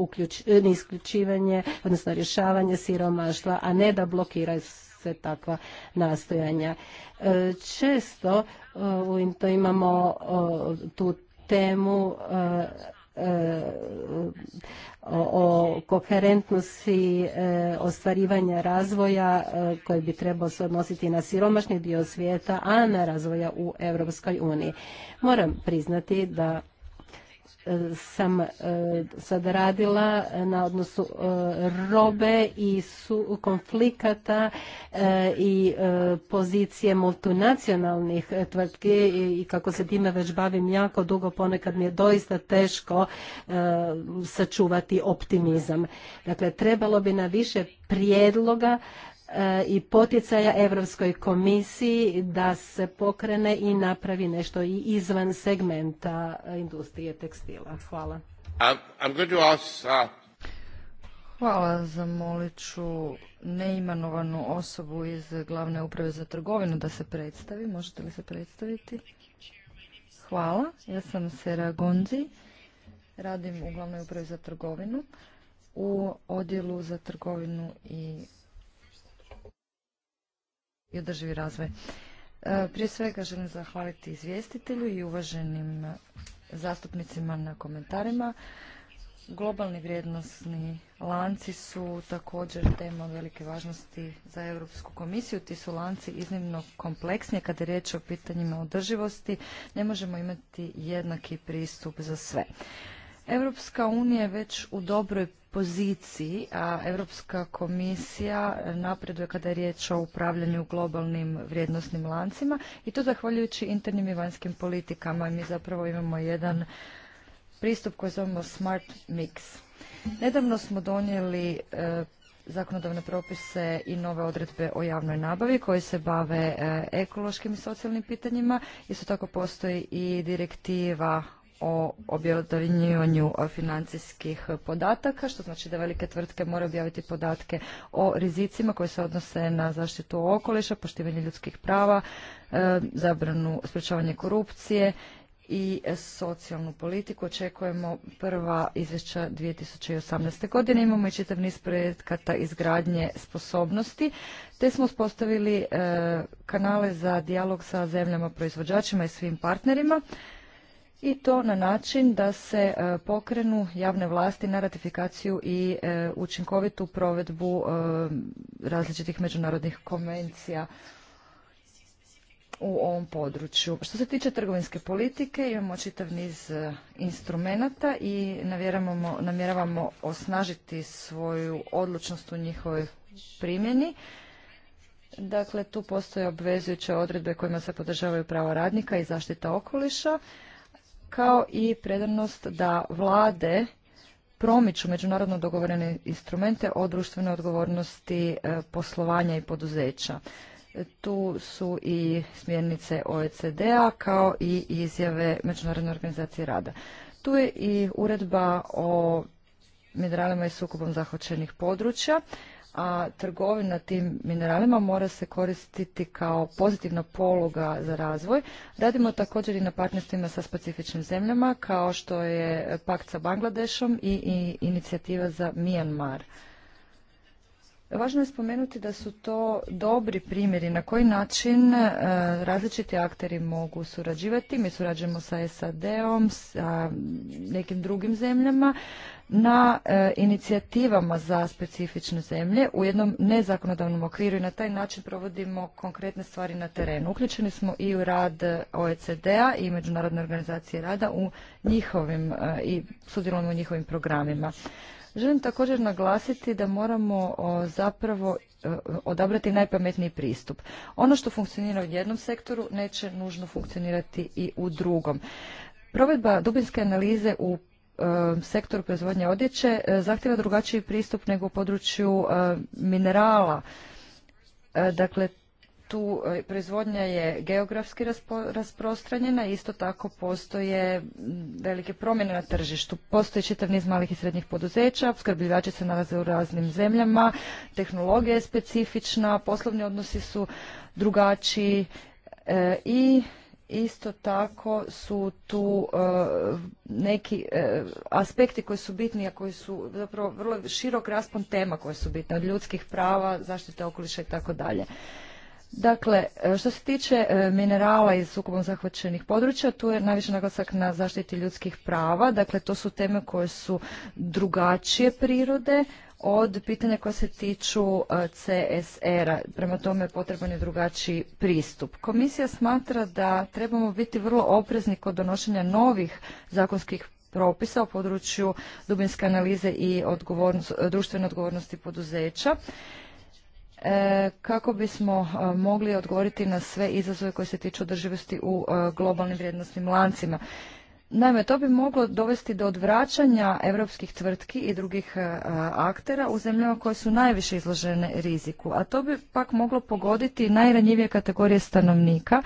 e, isključivanje, odnosno rješavanje siromaštva, a ne da blokiraju se takva nastojanja. Često to imamo tu temu o koherentnosti e, ostvarivanja razvoja e, koji bi trebao se odnositi na siromašni dio svijeta, a na razvoja u Europskoj uniji. Moram priznati da sam e, sad radila na odnosu e, robe i konflikata e, i pozicije multinacionalnih tvrtki i kako se time već bavim jako dugo ponekad mi je doista teško sačuvati optimizam. Dakle, trebalo bi na više prijedloga i poticaja Europskoj komisiji da se pokrene i napravi nešto i izvan segmenta industrije tekstila. Hvala. Uh, Hvala, zamolit ću neimanovanu osobu iz glavne uprave za trgovinu da se predstavi. Možete li se predstaviti? Hvala, ja sam Sera Gonzi, radim u glavnoj upravi za trgovinu u odjelu za trgovinu i i održivi razvoj. E, prije svega želim zahvaliti izvjestitelju i uvaženim zastupnicima na komentarima. Globalni vrijednosni lanci su također tema velike važnosti za Europsku komisiju. Ti su lanci iznimno kompleksni kada je riječ o pitanjima održivosti. Ne možemo imati jednaki pristup za sve. Europska unija je već u dobroj poziciji, a Europska komisija napreduje kada je riječ o upravljanju globalnim vrijednosnim lancima i to zahvaljujući internim i vanjskim politikama. Mi zapravo imamo jedan pristup koji zovemo smart mix. Nedavno smo donijeli e, zakonodavne propise i nove odredbe o javnoj nabavi koje se bave e, ekološkim i socijalnim pitanjima. Isto tako postoji i direktiva o objavljivanju financijskih podataka, što znači da velike tvrtke moraju objaviti podatke o rizicima koji se odnose na zaštitu okoliša, poštivanje ljudskih prava, e, zabranu sprečavanje korupcije i socijalnu politiku. Očekujemo prva izvješća 2018. godine. Imamo i čitav niz projekata izgradnje sposobnosti, te smo uspostavili e, kanale za dijalog sa zemljama proizvođačima i svim partnerima i to na način da se e, pokrenu javne vlasti na ratifikaciju i e, učinkovitu provedbu e, različitih međunarodnih konvencija u ovom području. Što se tiče trgovinske politike, imamo čitav niz instrumenata i namjeravamo osnažiti svoju odlučnost u njihovoj primjeni. Dakle, tu postoje obvezujuće odredbe kojima se podržavaju prava radnika i zaštita okoliša kao i predanost da vlade promiču međunarodno dogovorene instrumente o društvenoj odgovornosti e, poslovanja i poduzeća. Tu su i smjernice OECD-a kao i izjave Međunarodne organizacije rada. Tu je i uredba o mineralima i sukobom zahvaćenih područja a trgovina tim mineralima mora se koristiti kao pozitivna poluga za razvoj. Radimo također i na partnerstvima sa specifičnim zemljama kao što je pakt sa Bangladešom i, i inicijativa za Mijanmar. Važno je spomenuti da su to dobri primjeri na koji način e, različiti akteri mogu surađivati. Mi surađujemo sa SAD-om, sa nekim drugim zemljama na e, inicijativama za specifične zemlje u jednom nezakonodavnom okviru i na taj način provodimo konkretne stvari na terenu. Uključeni smo i u rad OECD-a i Međunarodne organizacije rada u njihovim e, i sudjelujemo u njihovim programima. Želim također naglasiti da moramo zapravo e, odabrati najpametniji pristup. Ono što funkcionira u jednom sektoru neće nužno funkcionirati i u drugom. Provedba dubinske analize u e, sektoru proizvodnje odjeće e, zahtjeva drugačiji pristup nego u području minerala. Dakle, tu e, proizvodnja je geografski rasprostranjena, isto tako postoje velike promjene na tržištu. Postoji čitav niz malih i srednjih poduzeća, opskrbljivači se nalaze u raznim zemljama, tehnologija je specifična, poslovni odnosi su drugačiji e, i isto tako su tu e, neki aspekti koji su bitni, a koji su zapravo vrlo širok raspon tema koje su bitne, od ljudskih prava, zaštite okoliša i tako dalje. Dakle, e, što se tiče e, minerala iz sukobom zahvaćenih područja, tu je najviše naglasak na zaštiti ljudskih prava. Dakle, to su teme koje su drugačije prirode od pitanja koja se tiču e, CSR-a. Prema tome potreban je drugačiji pristup. Komisija smatra da trebamo biti vrlo oprezni kod donošenja novih zakonskih propisa u području dubinske analize i društvene odgovornosti poduzeća E, kako bismo e, mogli odgovoriti na sve izazove koje se tiču održivosti u e, globalnim vrijednosnim lancima. Naime, to bi moglo dovesti do odvraćanja europskih tvrtki i drugih e, aktera u zemljama koje su najviše izložene riziku, a to bi pak moglo pogoditi najranjivije kategorije stanovnika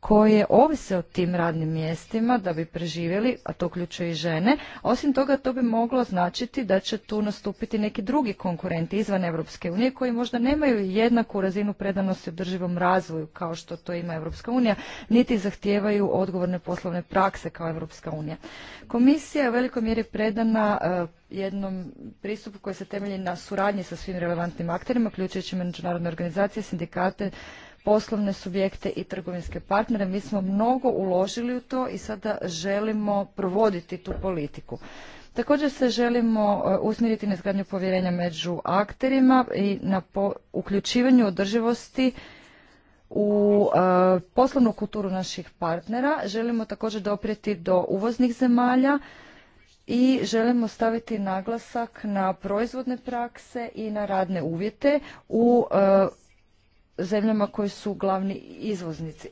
koje ovise o tim radnim mjestima da bi preživjeli, a to uključuje i žene. Osim toga, to bi moglo značiti da će tu nastupiti neki drugi konkurenti izvan Europske unije koji možda nemaju jednaku razinu predanosti održivom razvoju kao što to ima Europska unija, niti zahtijevaju odgovorne poslovne prakse kao Europska unija. Komisija je u velikoj mjeri predana e, jednom pristupu koji se temelji na suradnji sa svim relevantnim akterima, uključujući međunarodne organizacije, sindikate, poslovne subjekte i trgovinske partnere. Mi smo mnogo uložili u to i sada želimo provoditi tu politiku. Također se želimo e, usmjeriti na izgradnju povjerenja među akterima i na uključivanju održivosti u e, poslovnu kulturu naših partnera. Želimo također doprijeti do uvoznih zemalja i želimo staviti naglasak na proizvodne prakse i na radne uvjete u e, zemljama koji su glavni izvoznici.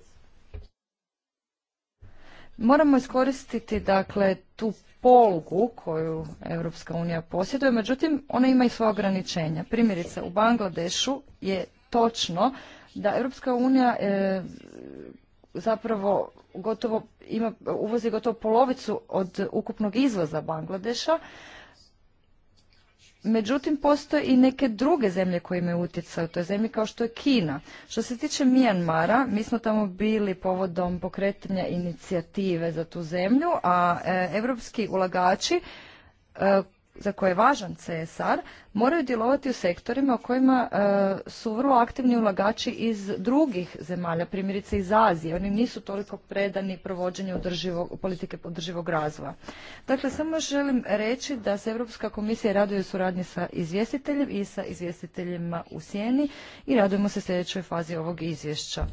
Moramo iskoristiti dakle tu polugu koju Europska unija posjeduje, međutim ona ima i svoje ograničenja. Primjerice u Bangladešu je točno da Europska unija e, zapravo gotovo ima, uvozi gotovo polovicu od ukupnog izvoza Bangladeša. Međutim, postoje i neke druge zemlje koje imaju utjecaj u toj zemlji, kao što je Kina. Što se tiče Mijanmara, mi smo tamo bili povodom pokretanja inicijative za tu zemlju, a europski ulagači e, za koje je važan CSR moraju djelovati u sektorima u kojima e, su vrlo aktivni ulagači iz drugih zemalja, primjerice iz Azije. Oni nisu toliko predani provođenju održivog, politike podrživog razvoja. Dakle, samo želim reći da se Europska komisija raduje u suradnji sa izvjestiteljem i sa izvjestiteljima u Sjeni i radujemo se sljedećoj fazi ovog izvješća.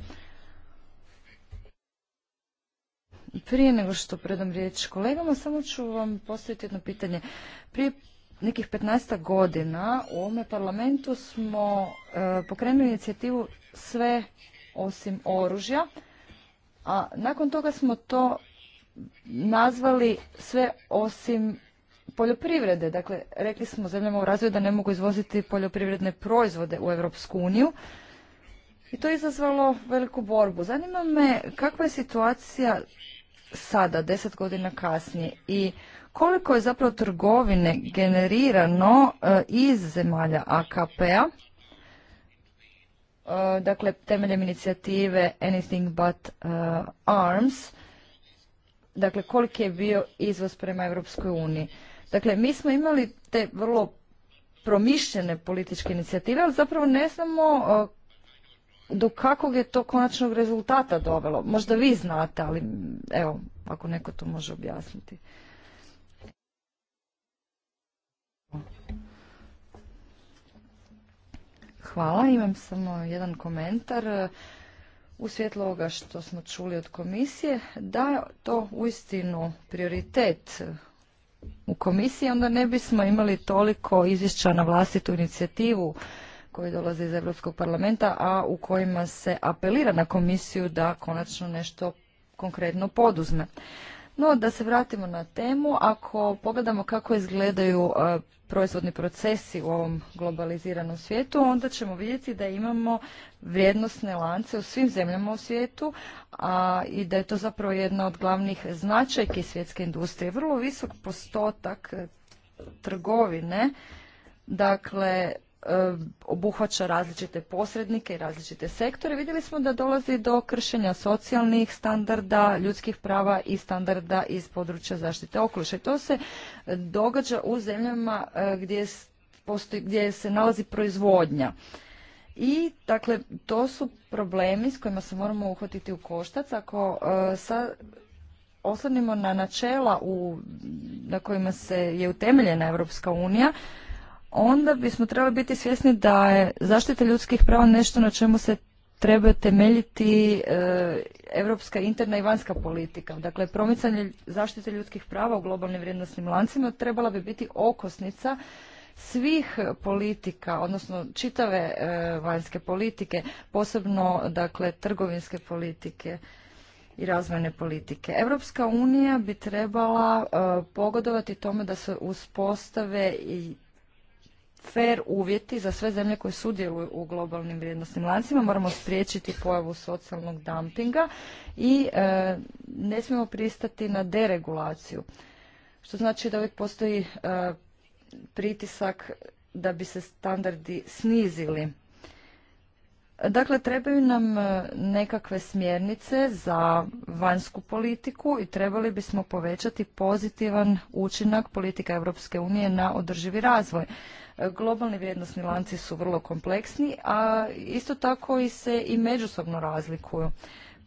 Prije nego što predam riječ kolegama, samo ću vam postaviti jedno pitanje. Prije nekih 15 godina u ovome parlamentu smo e, pokrenuli inicijativu sve osim oružja, a nakon toga smo to nazvali sve osim poljoprivrede. Dakle, rekli smo zemljama u razvoju da ne mogu izvoziti poljoprivredne proizvode u Europsku uniju. I to je izazvalo veliku borbu. Zanima me kakva je situacija sada, deset godina kasnije i koliko je zapravo trgovine generirano e, iz zemalja AKP-a, e, dakle temeljem inicijative Anything But e, Arms, dakle koliki je bio izvoz prema Europskoj uniji. Dakle, mi smo imali te vrlo promišljene političke inicijative, ali zapravo ne znamo do kakvog je to konačnog rezultata dovelo? Možda vi znate, ali evo, ako neko to može objasniti. Hvala, imam samo jedan komentar. U svjetlu ovoga što smo čuli od komisije, da je to uistinu prioritet u komisiji, onda ne bismo imali toliko izvješća na vlastitu inicijativu koji dolaze iz Europskog parlamenta, a u kojima se apelira na komisiju da konačno nešto konkretno poduzme. No, da se vratimo na temu, ako pogledamo kako izgledaju e, proizvodni procesi u ovom globaliziranom svijetu, onda ćemo vidjeti da imamo vrijednosne lance u svim zemljama u svijetu a, i da je to zapravo jedna od glavnih značajki svjetske industrije. Vrlo visok postotak e, trgovine, dakle, E, obuhvaća različite posrednike i različite sektore. Vidjeli smo da dolazi do kršenja socijalnih standarda, ljudskih prava i standarda iz područja zaštite okoliša. I to se događa u zemljama e, gdje, gdje se nalazi proizvodnja. I, dakle, to su problemi s kojima se moramo uhvatiti u koštac. Ako e, sa osadnimo na načela u, na kojima se je utemeljena Europska unija, onda bismo trebali biti svjesni da je zaštita ljudskih prava nešto na čemu se treba temeljiti europska interna i vanjska politika. Dakle, promicanje zaštite ljudskih prava u globalnim vrijednosnim lancima trebala bi biti okosnica svih politika, odnosno čitave e, vanjske politike, posebno dakle trgovinske politike i razvojne politike. Europska unija bi trebala e, pogodovati tome da se uspostave i fer uvjeti za sve zemlje koje sudjeluju u globalnim vrijednostnim lancima, moramo spriječiti pojavu socijalnog dumpinga i e, ne smijemo pristati na deregulaciju. Što znači da uvijek postoji e, pritisak da bi se standardi snizili. Dakle, trebaju nam e, nekakve smjernice za vanjsku politiku i trebali bismo povećati pozitivan učinak politika Europske unije na održivi razvoj. Globalni vrijednosni lanci su vrlo kompleksni, a isto tako i se i međusobno razlikuju.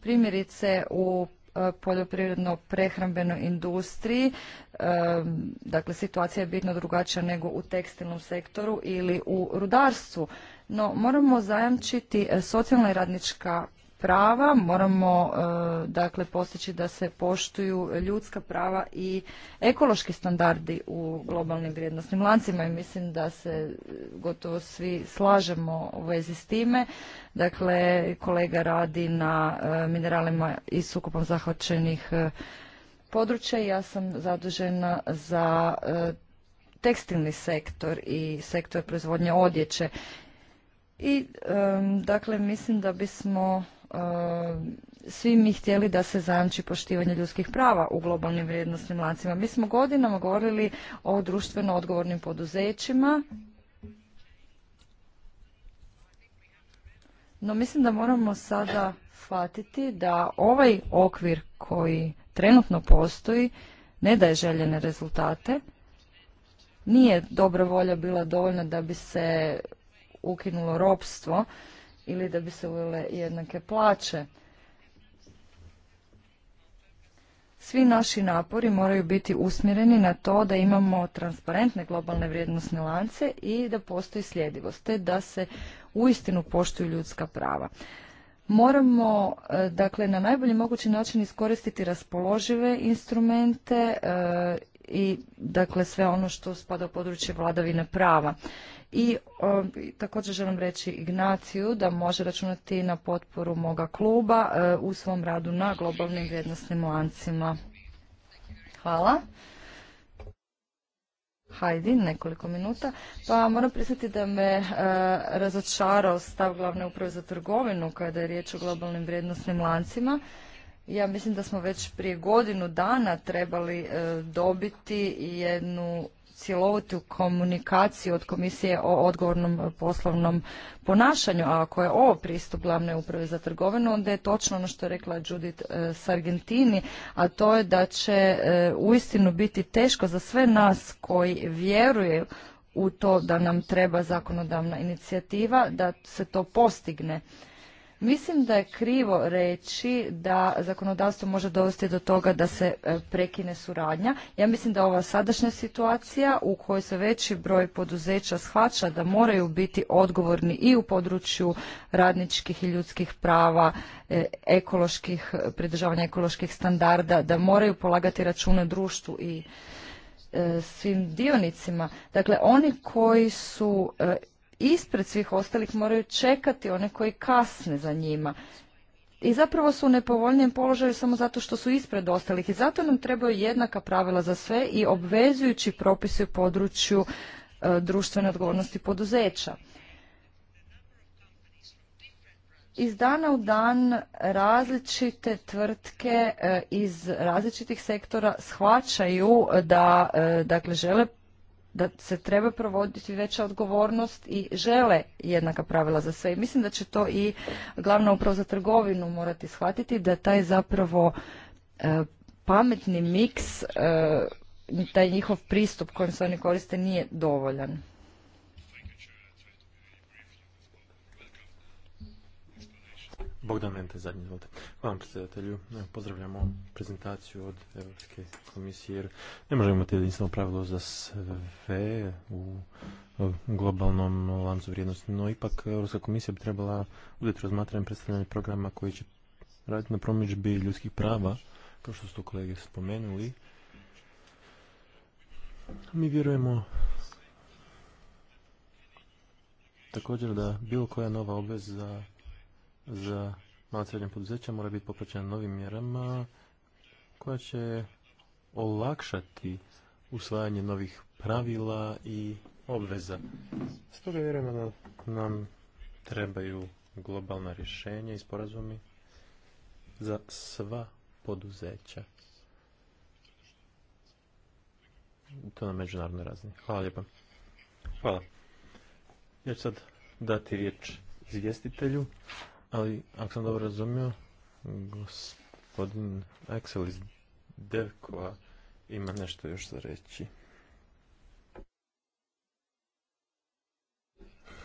Primjerice u e, poljoprivredno-prehrambenoj industriji. E, dakle, situacija je bitno drugačija nego u tekstilnom sektoru ili u rudarstvu. No, moramo zajamčiti e, socijalna i radnička prava, moramo e, dakle postići da se poštuju ljudska prava i ekološki standardi u globalnim vrijednosnim lancima i mislim da se e, gotovo svi slažemo u vezi s time. Dakle, kolega radi na e, mineralima i sukupom zahvaćenih područja i ja sam zadužena za tekstilni sektor i sektor proizvodnje odjeće. I, dakle, mislim da bismo E, svi mi htjeli da se zajamči poštivanje ljudskih prava u globalnim vrijednostnim lancima. Mi smo godinama govorili o društveno odgovornim poduzećima, no mislim da moramo sada shvatiti da ovaj okvir koji trenutno postoji ne daje željene rezultate. Nije dobra volja bila dovoljna da bi se ukinulo ropstvo ili da bi se uvele jednake plaće. Svi naši napori moraju biti usmjereni na to da imamo transparentne globalne vrijednosne lance i da postoji sljedivost, te da se uistinu poštuju ljudska prava. Moramo e, dakle na najbolji mogući način iskoristiti raspoložive instrumente e, i dakle sve ono što spada u područje vladavine prava. I također želim reći Ignaciju da može računati na potporu moga kluba e, u svom radu na globalnim vrijednostnim lancima. Hvala. Hajdi, nekoliko minuta. Pa moram priznati da me e, razočarao stav glavne uprave za trgovinu kada je riječ o globalnim vrijednostnim lancima. Ja mislim da smo već prije godinu dana trebali e, dobiti jednu cjelovitu komunikaciju od komisije o odgovornom poslovnom ponašanju, a ako je ovo pristup glavne uprave za trgovinu, onda je točno ono što je rekla Judith e, Sargentini, a to je da će e, uistinu biti teško za sve nas koji vjeruju u to da nam treba zakonodavna inicijativa, da se to postigne Mislim da je krivo reći da zakonodavstvo može dovesti do toga da se e, prekine suradnja. Ja mislim da ova sadašnja situacija u kojoj se veći broj poduzeća shvaća da moraju biti odgovorni i u području radničkih i ljudskih prava, e, ekoloških, pridržavanja ekoloških standarda, da moraju polagati račune društvu i e, svim dionicima. Dakle, oni koji su ispred svih ostalih moraju čekati one koji kasne za njima. I zapravo su u nepovoljnijem položaju samo zato što su ispred ostalih. I zato nam trebaju jednaka pravila za sve i obvezujući propisi u području e, društvene odgovornosti poduzeća. Iz dana u dan različite tvrtke e, iz različitih sektora shvaćaju da e, dakle, žele da se treba provoditi veća odgovornost i žele jednaka pravila za sve. mislim da će to i glavna upravo za trgovinu morati shvatiti da taj zapravo e, pametni miks, e, taj njihov pristup kojim se oni koriste nije dovoljan. Bogdan Mente, zadnji, izvolite. Hvala predsjedatelju. Pozdravljamo prezentaciju od Europske komisije jer ne možemo imati jedinstveno pravilo za sve u globalnom lancu vrijednosti, no ipak Europska komisija bi trebala uzeti razmatranje predstavljanje programa koji će raditi na promičbi ljudskih prava, kao što su to kolege spomenuli. Mi vjerujemo također da bilo koja nova obveza za malo srednje poduzeća mora biti popraćena novim mjerama koja će olakšati usvajanje novih pravila i obveza. Stoga vjerujemo da nam trebaju globalna rješenja i sporazumi za sva poduzeća. To na međunarodnoj razini. Hvala lijepa. Hvala. Ja ću sad dati riječ izvjestitelju. Ali, ako sam dobro razumio, gospodin Axel iz Devkova ima nešto još za reći.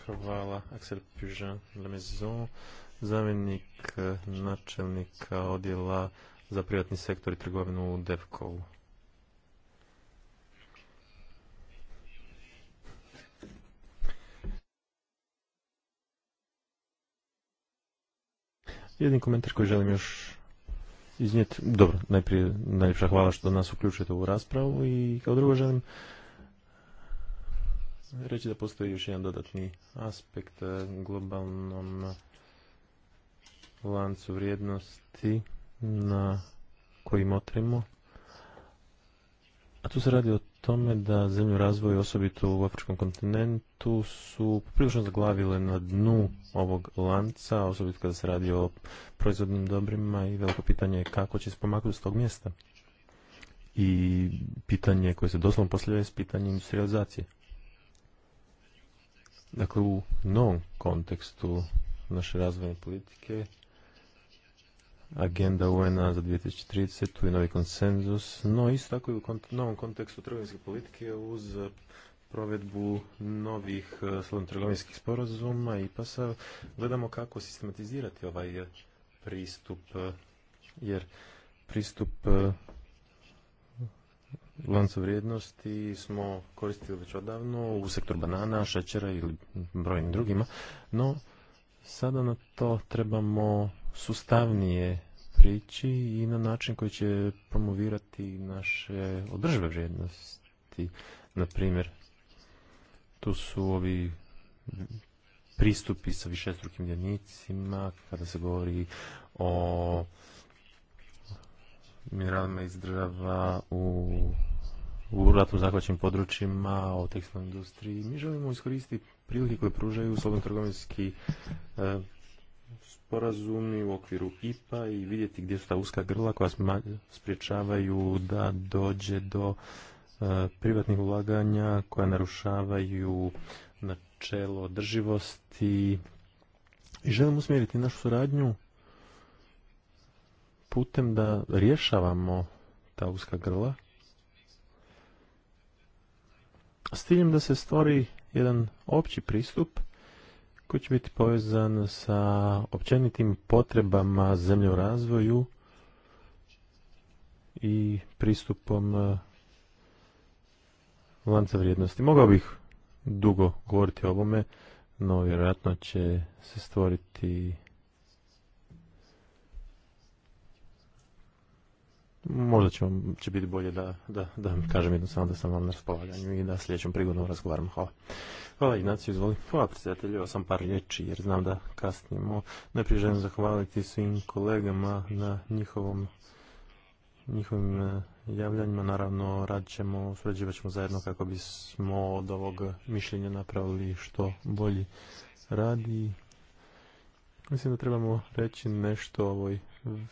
Hvala, Aksel Pujan Maison, zamjenik eh, načelnika odjela za privatni sektor i trgovinu u Devkovu. Jedin komentar koji želim još iznijeti. Dobro, najprije najljepša hvala što nas uključujete u ovu raspravu i kao drugo želim reći da postoji još jedan dodatni aspekt e, globalnom lancu vrijednosti na koji motrimo. A tu se radi o tome da zemlje razvoju, osobito u Afričkom kontinentu, su poprilično zaglavile na dnu ovog lanca, osobito kada se radi o proizvodnim dobrima i veliko pitanje je kako će se pomaknuti s tog mjesta. I pitanje koje se doslovno postavlja je pitanje industrializacije. Dakle, u novom kontekstu naše razvojne politike agenda UNA za 2030, tu je novi konsenzus, no isto tako i u kont novom kontekstu trgovinske politike uz provedbu novih e, slobodno-trgovinskih sporazuma i pa gledamo kako sistematizirati ovaj e, pristup, e, jer pristup lancu vrijednosti smo koristili već odavno u sektor banana, šećera ili brojnim drugima, no sada na to trebamo sustavnije prići i na način koji će promovirati naše održive vrijednosti. Na primjer, tu su ovi pristupi sa višestrukim djenicima kada se govori o mineralima iz država u u ratom zahvaćenim područjima, o tekstilnoj industriji. Mi želimo iskoristiti prilike koje pružaju slobodno trgovinski eh, sporazumi u okviru IPA i vidjeti gdje su ta uska grla koja spriječavaju da dođe do e, privatnih ulaganja koja narušavaju načelo održivosti i želim usmjeriti našu suradnju putem da rješavamo ta uska grla s ciljem da se stvori jedan opći pristup koji će biti povezan sa općenitim potrebama zemlje u razvoju i pristupom e, lanca vrijednosti. Mogao bih dugo govoriti o ovome, no vjerojatno će se stvoriti Možda će, vam, biti bolje da, da, da vam kažem jednostavno da sam vam na raspolaganju i da sljedećom prigodom razgovaramo. Hvala. Hvala Ignacio, izvoli. Hvala predsjedatelju, sam par riječi jer znam da kasnimo. Najprije želim zahvaliti svim kolegama na njihovom njihovim e, javljanjima. Naravno, rad ćemo, surađivat ćemo zajedno kako bismo od ovog mišljenja napravili što bolji radi. Mislim da trebamo reći nešto o ovoj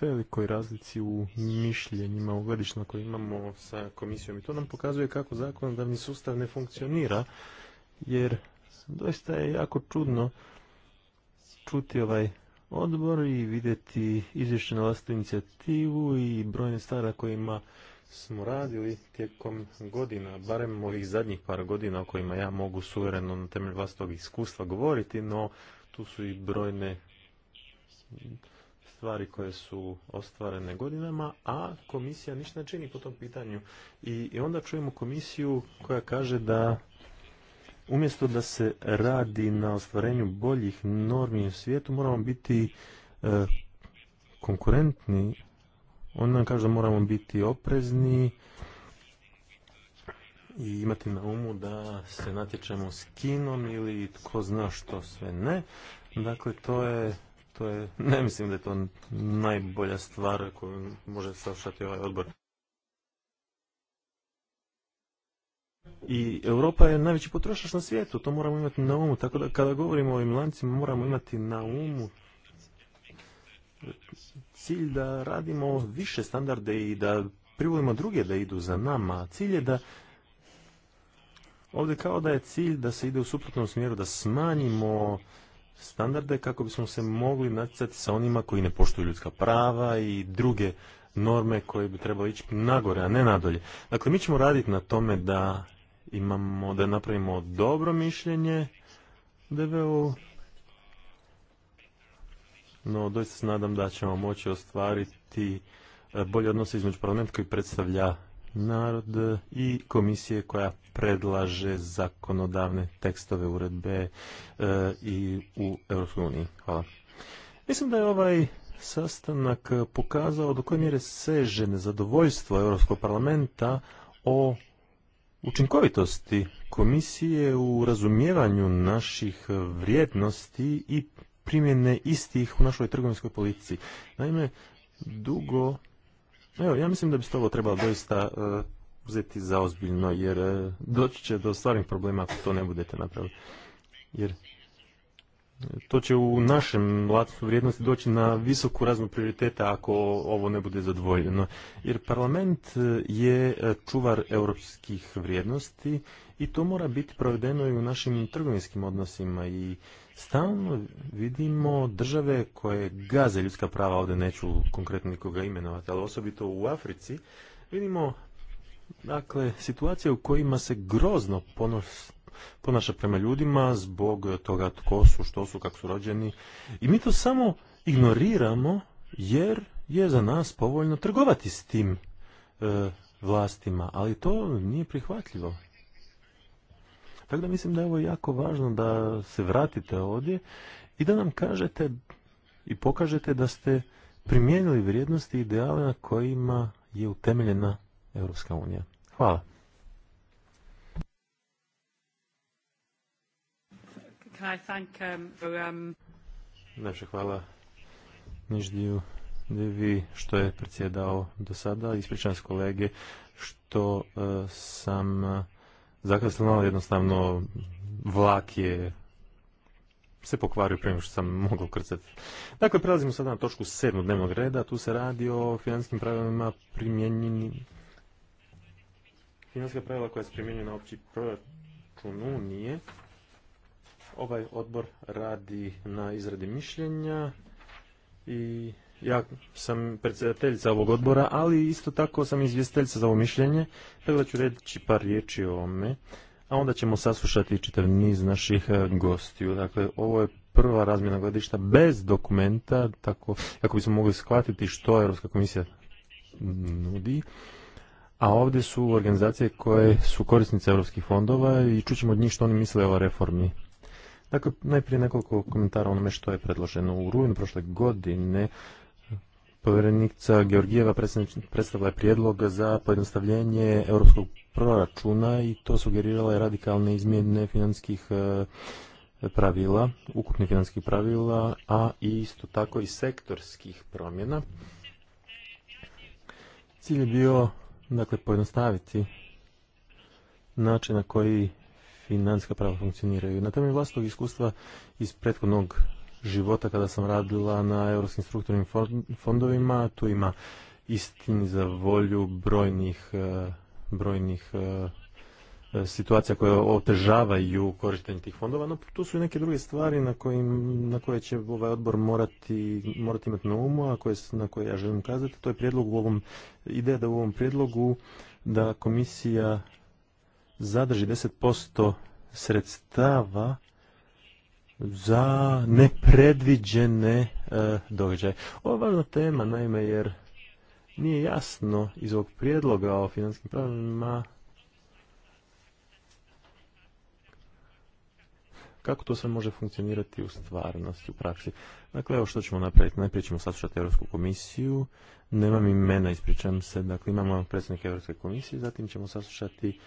velikoj razlici u mišljenjima gledišnjima koje imamo sa komisijom i to nam pokazuje kako zakonodavni sustav ne funkcionira jer doista je jako čudno čuti ovaj odbor i vidjeti izvješće na vlastnu inicijativu i brojne stvari na kojima smo radili tijekom godina, barem ovih zadnjih par godina o kojima ja mogu suvereno na temelju vlastnog iskustva govoriti, no tu su i brojne stvari koje su ostvarene godinama, a komisija ništa ne čini po tom pitanju. i onda čujemo komisiju koja kaže da umjesto da se radi na ostvarenju boljih normi u svijetu, moramo biti e, konkurentni. On nam kaže da moramo biti oprezni i imati na umu da se natječemo s kinom ili tko zna što sve ne. Dakle, to je, to je ne mislim da je to najbolja stvar koju može savšati ovaj odbor. i Europa je najveći potrošač na svijetu, to moramo imati na umu. Tako da kada govorimo o ovim lancima moramo imati na umu cilj da radimo više standarde i da privolimo druge da idu za nama. Cilj je da ovdje kao da je cilj da se ide u suprotnom smjeru, da smanjimo standarde kako bismo se mogli natjecati sa onima koji ne poštuju ljudska prava i druge norme koje bi trebalo ići nagore, a ne nadolje. Dakle, mi ćemo raditi na tome da imamo, da napravimo dobro mišljenje DVO. No, doista se nadam da ćemo moći ostvariti e, bolje odnose između parlamenta koji predstavlja narod i komisije koja predlaže zakonodavne tekstove uredbe e, i u EU. Hvala. Mislim da je ovaj sastanak pokazao do koje mjere seže nezadovoljstvo Europskog parlamenta o učinkovitosti komisije u razumijevanju naših vrijednosti i primjene istih u našoj trgovinskoj politici. Naime, dugo... Evo, ja mislim da bi se ovo trebalo doista uh, uzeti zaozbiljno, jer e, doći će do stvarnih problema ako to ne budete napravili. Jer to će u našem lancu vrijednosti doći na visoku raznu prioriteta ako ovo ne bude zadvojeno. Jer parlament e, je e, čuvar europskih vrijednosti i to mora biti provedeno i u našim trgovinskim odnosima i stalno vidimo države koje gaze ljudska prava, ovdje neću konkretno nikoga imenovati, ali osobito u Africi, vidimo dakle situacije u kojima se grozno ponos ponaša prema ljudima zbog toga tko su, što su, kako su rođeni. I mi to samo ignoriramo jer je za nas povoljno trgovati s tim e, vlastima, ali to nije prihvatljivo. Tako da mislim da je ovo jako važno da se vratite ovdje i da nam kažete i pokažete da ste primijenili vrijednosti i ideale na kojima je utemeljena Europska Hvala. I hvala um, um, hvala Niždiju što je predsjedao do sada. Ispričam s kolege što e, sam uh, e, zakasnila, jednostavno vlak je se pokvario prema što sam mogao krcati. Dakle, prelazimo sada na točku 7. dnevnog reda. Tu se radi o finanskim pravilima primjenjenim finanska pravila koja se primjenjuju na opći proračun Unije. Ovaj odbor radi na izradi mišljenja i ja sam predsjedateljica ovog odbora, ali isto tako sam izvjestiteljica za ovo mišljenje, tako da ću reći par riječi o ovome, a onda ćemo saslušati čitav niz naših e, gostiju. Dakle, ovo je prva razmjena gledišta bez dokumenta, tako kako bismo mogli shvatiti što Europska komisija nudi. A ovdje su organizacije koje su korisnice europskih fondova i čućemo od njih što oni misle o reformi. Dakle, najprije nekoliko komentara onome što je predloženo. U rujnu prošle godine povjerenica Georgijeva predstavila je prijedlog za pojednostavljenje europskog proračuna i to sugerirala je radikalne izmjene financijskih e, pravila, ukupnih financijskih pravila, a isto tako i sektorskih promjena. Cilj je bio dakle, pojednostaviti način na koji financijska prava funkcioniraju. Na temelju vlastnog iskustva iz prethodnog života kada sam radila na europskim strukturnim fondovima, tu ima istini za volju brojnih, e, brojnih e, e, situacija koje otežavaju korištenje tih fondova, no tu su i neke druge stvari na, kojim, na koje će ovaj odbor morati, morati imati na umu, a koje, na koje ja želim kazati. To je prijedlog u ovom, ideja da u ovom prijedlogu da komisija zadrži 10% sredstava za nepredviđene e, događaje. Ovo je važna tema, naime, jer nije jasno iz ovog prijedloga o financijskim pravilima kako to sve može funkcionirati u stvarnosti, u praksi. Dakle, evo što ćemo napraviti. Najprije ćemo saslušati Europsku komisiju. Nemam imena, ispričam se. Dakle, imamo predsjednika Europske komisije, zatim ćemo saslušati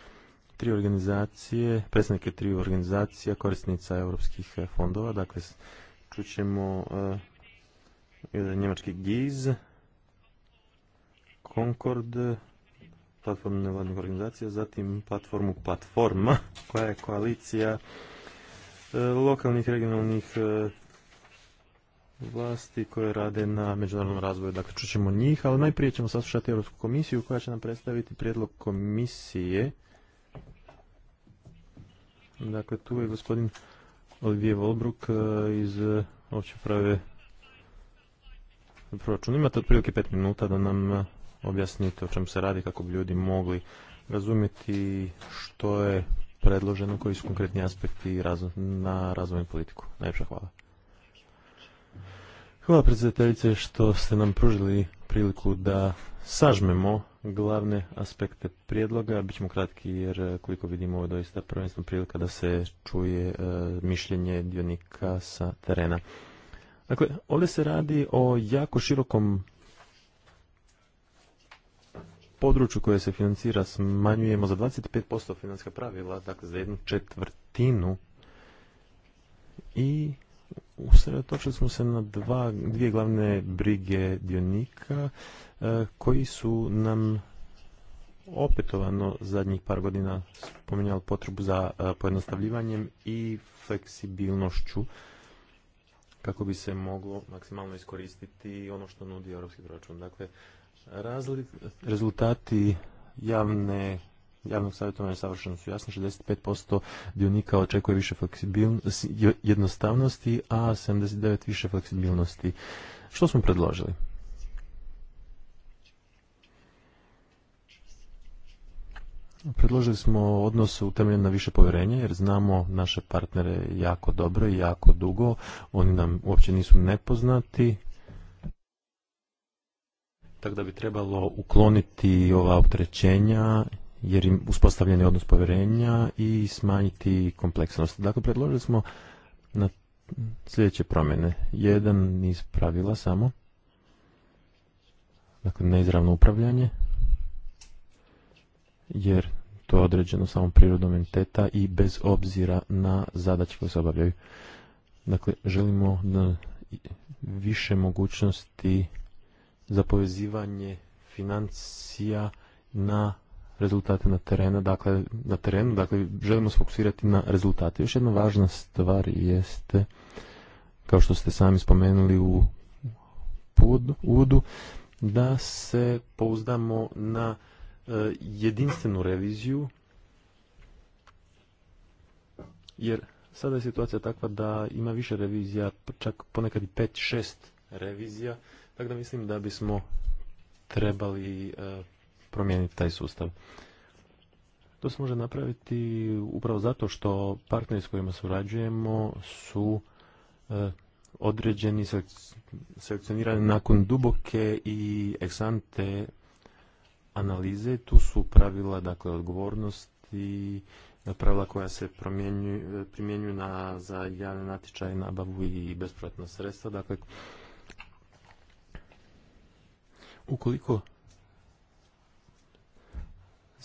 tri organizacije, predstavnike tri organizacija korisnica europskih eh, fondova. Dakle, čućemo uh, eh, njemački GIZ, Concord, platformu nevladnih organizacija, zatim platformu Platforma, koja je koalicija eh, lokalnih regionalnih vlasti koje rade na međunarodnom razvoju. Dakle, čućemo njih, ali najprije ćemo saslušati Europsku komisiju koja će nam predstaviti prijedlog komisije Dakle, tu je gospodin Olivier Volbruk e, iz e, opće prave proračun. Imate otprilike pet minuta da nam e, objasnite o čemu se radi, kako bi ljudi mogli razumjeti što je predloženo, koji su konkretni aspekti na razvojnu politiku. Najljepša hvala. Hvala predsjedateljice što ste nam pružili priliku da sažmemo glavne aspekte prijedloga. Bićemo kratki jer e, koliko vidimo ovo je doista prvenstveno prilika da se čuje e, mišljenje dionika sa terena. Dakle, ovdje se radi o jako širokom području koje se financira smanjujemo za 25% financijska pravila, dakle za jednu četvrtinu i usredotočili smo se na dva, dvije glavne brige dionika e, koji su nam opetovano zadnjih par godina spominjali potrebu za e, pojednostavljivanjem i fleksibilnošću kako bi se moglo maksimalno iskoristiti ono što nudi europski proračun. Dakle, rezultati javne javnog savjetovanja savršeno su jasni, 65% dionika očekuje više jednostavnosti, a 79% više fleksibilnosti. Što smo predložili? Predložili smo odnos utemeljen na više povjerenja jer znamo naše partnere jako dobro i jako dugo. Oni nam uopće nisu nepoznati. Tako da bi trebalo ukloniti ova opterećenja jer im uspostavljeni odnos povjerenja i smanjiti kompleksnost. Dakle, predložili smo na sljedeće promjene. Jedan niz pravila samo, dakle, neizravno upravljanje, jer to je određeno samo prirodom entiteta i bez obzira na zadaće koje se obavljaju. Dakle, želimo više mogućnosti za povezivanje financija na rezultate na terenu, dakle, na terenu, dakle, želimo se fokusirati na rezultate. Još jedna važna stvar jeste, kao što ste sami spomenuli u uvodu, da se pouzdamo na e, jedinstvenu reviziju, jer sada je situacija takva da ima više revizija, čak ponekad i 5-6 revizija, tako da mislim da bismo trebali e, promijeniti taj sustav. To se može napraviti upravo zato što partneri s kojima surađujemo su e, određeni, selekcionirani nakon duboke i eksante analize. Tu su pravila, dakle, odgovornosti, pravila koja se primjenjuju na, za javne natječaje, nabavu i bespovratna sredstva. Dakle, ukoliko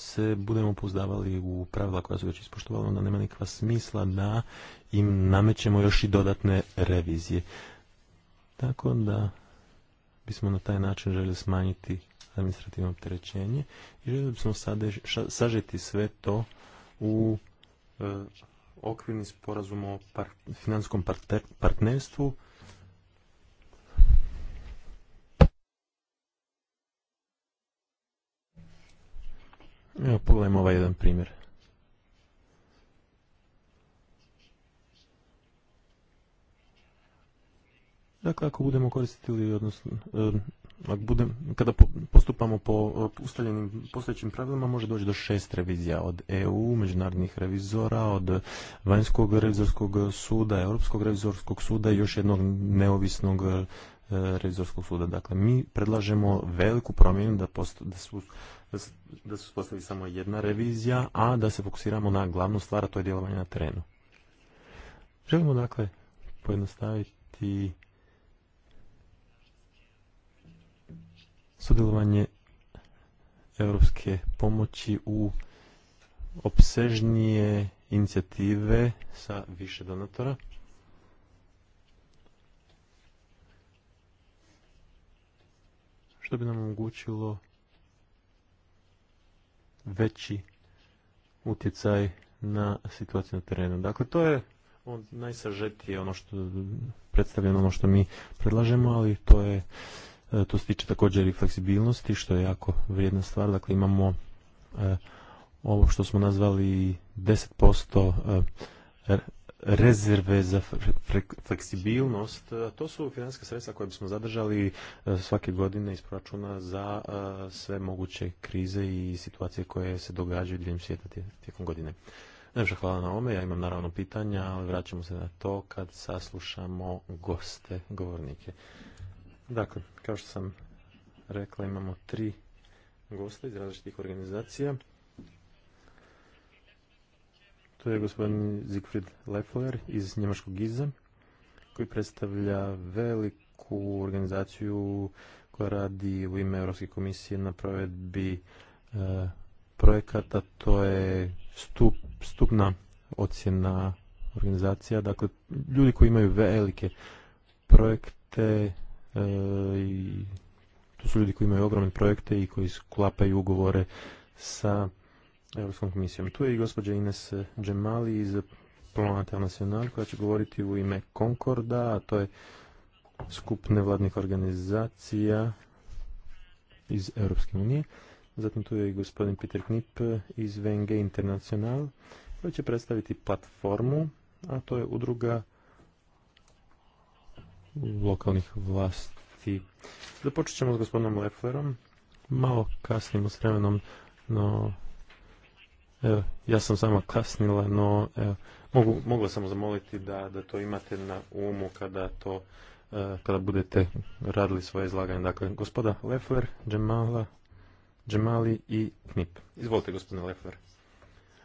se budemo pozdavali u pravila koja su već ispoštovala, onda nema nikakva smisla da im namećemo još i dodatne revizije. Tako da bismo na taj način željeli smanjiti administrativno opterećenje i željeli bismo sažeti sve to u e, okvirni sporazum o financijskom partnerstvu Evo, pogledajmo ovaj jedan primjer. Dakle, ako budemo koristili, odnosno, kada postupamo po eh, ustaljenim postojećim pravilima, može doći do šest revizija od EU, međunarodnih revizora, od vanjskog revizorskog suda, europskog revizorskog suda i još jednog neovisnog eh, revizorskog suda. Dakle, mi predlažemo veliku promjenu da, da su da se uspostavi samo jedna revizija, a da se fokusiramo na glavnu stvar, a to je djelovanje na terenu. Želimo dakle pojednostaviti sudjelovanje europske pomoći u opsežnije inicijative sa više donatora. Što bi nam omogućilo veći utjecaj na situaciju na terenu. Dakle, to je on najsažetije ono što predstavljeno ono što mi predlažemo, ali to je e, to se tiče također i fleksibilnosti što je jako vrijedna stvar. Dakle, imamo e, ovo što smo nazvali 10% rezerve za fleksibilnost, to su financijska sredstva koje bismo zadržali e, svake godine iz proračuna za e, sve moguće krize i situacije koje se događaju diljem svijeta tijekom godine. Najviše hvala na ome, ja imam naravno pitanja, ali vraćamo se na to kad saslušamo goste, govornike. Dakle, kao što sam rekla, imamo tri goste iz različitih organizacija. To je gospodin Siegfried Leffler iz Njemačkog Giza, koji predstavlja veliku organizaciju koja radi u ime Europske komisije na provedbi e, projekata. To je stup, stupna ocjena organizacija. Dakle, ljudi koji imaju velike projekte e, i to su ljudi koji imaju ogromne projekte i koji sklapaju ugovore sa Europskom komisijom. Tu je i gospođa Ines Džemali iz Plan Nacional koja će govoriti u ime Konkorda, a to je skup nevladnih organizacija iz Europske unije. Zatim tu je i gospodin Peter Knip iz VNG International koji će predstaviti platformu, a to je udruga lokalnih vlasti. Započet ćemo s gospodinom Lefflerom, malo kasnimo s vremenom, no Evo, ja sam samo kasnila, no evo, mogu, mogla sam zamoliti da, da to imate na umu kada to e, kada budete radili svoje izlaganje. Dakle, gospoda Leffler, Džemala, Džemali i Knip. Izvolite, gospodine Leffler.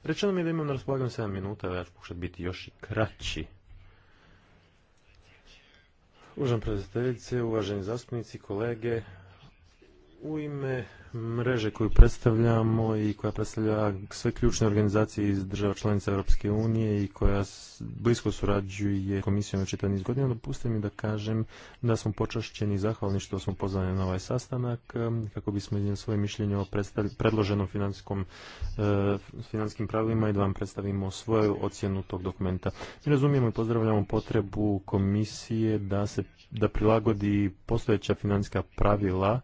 Rečeno mi je da imam na raspolaganju 7 minuta, ja ću pokušati biti još i kraći. Užan predstavljice, uvaženi zastupnici, kolege, u ime mreže koju predstavljamo i koja predstavlja sve ključne organizacije iz država članica Europske unije i koja blisko surađuje komisijom već čitav niz godina, dopustite mi da kažem da smo počašćeni i zahvalni što smo pozvani na ovaj sastanak um, kako bismo iznijeli svoje mišljenje o predloženom financijskom uh, financijskim pravilima i da vam predstavimo svoju ocjenu tog dokumenta. Mi razumijemo i pozdravljamo potrebu komisije da se da prilagodi postojeća financijska pravila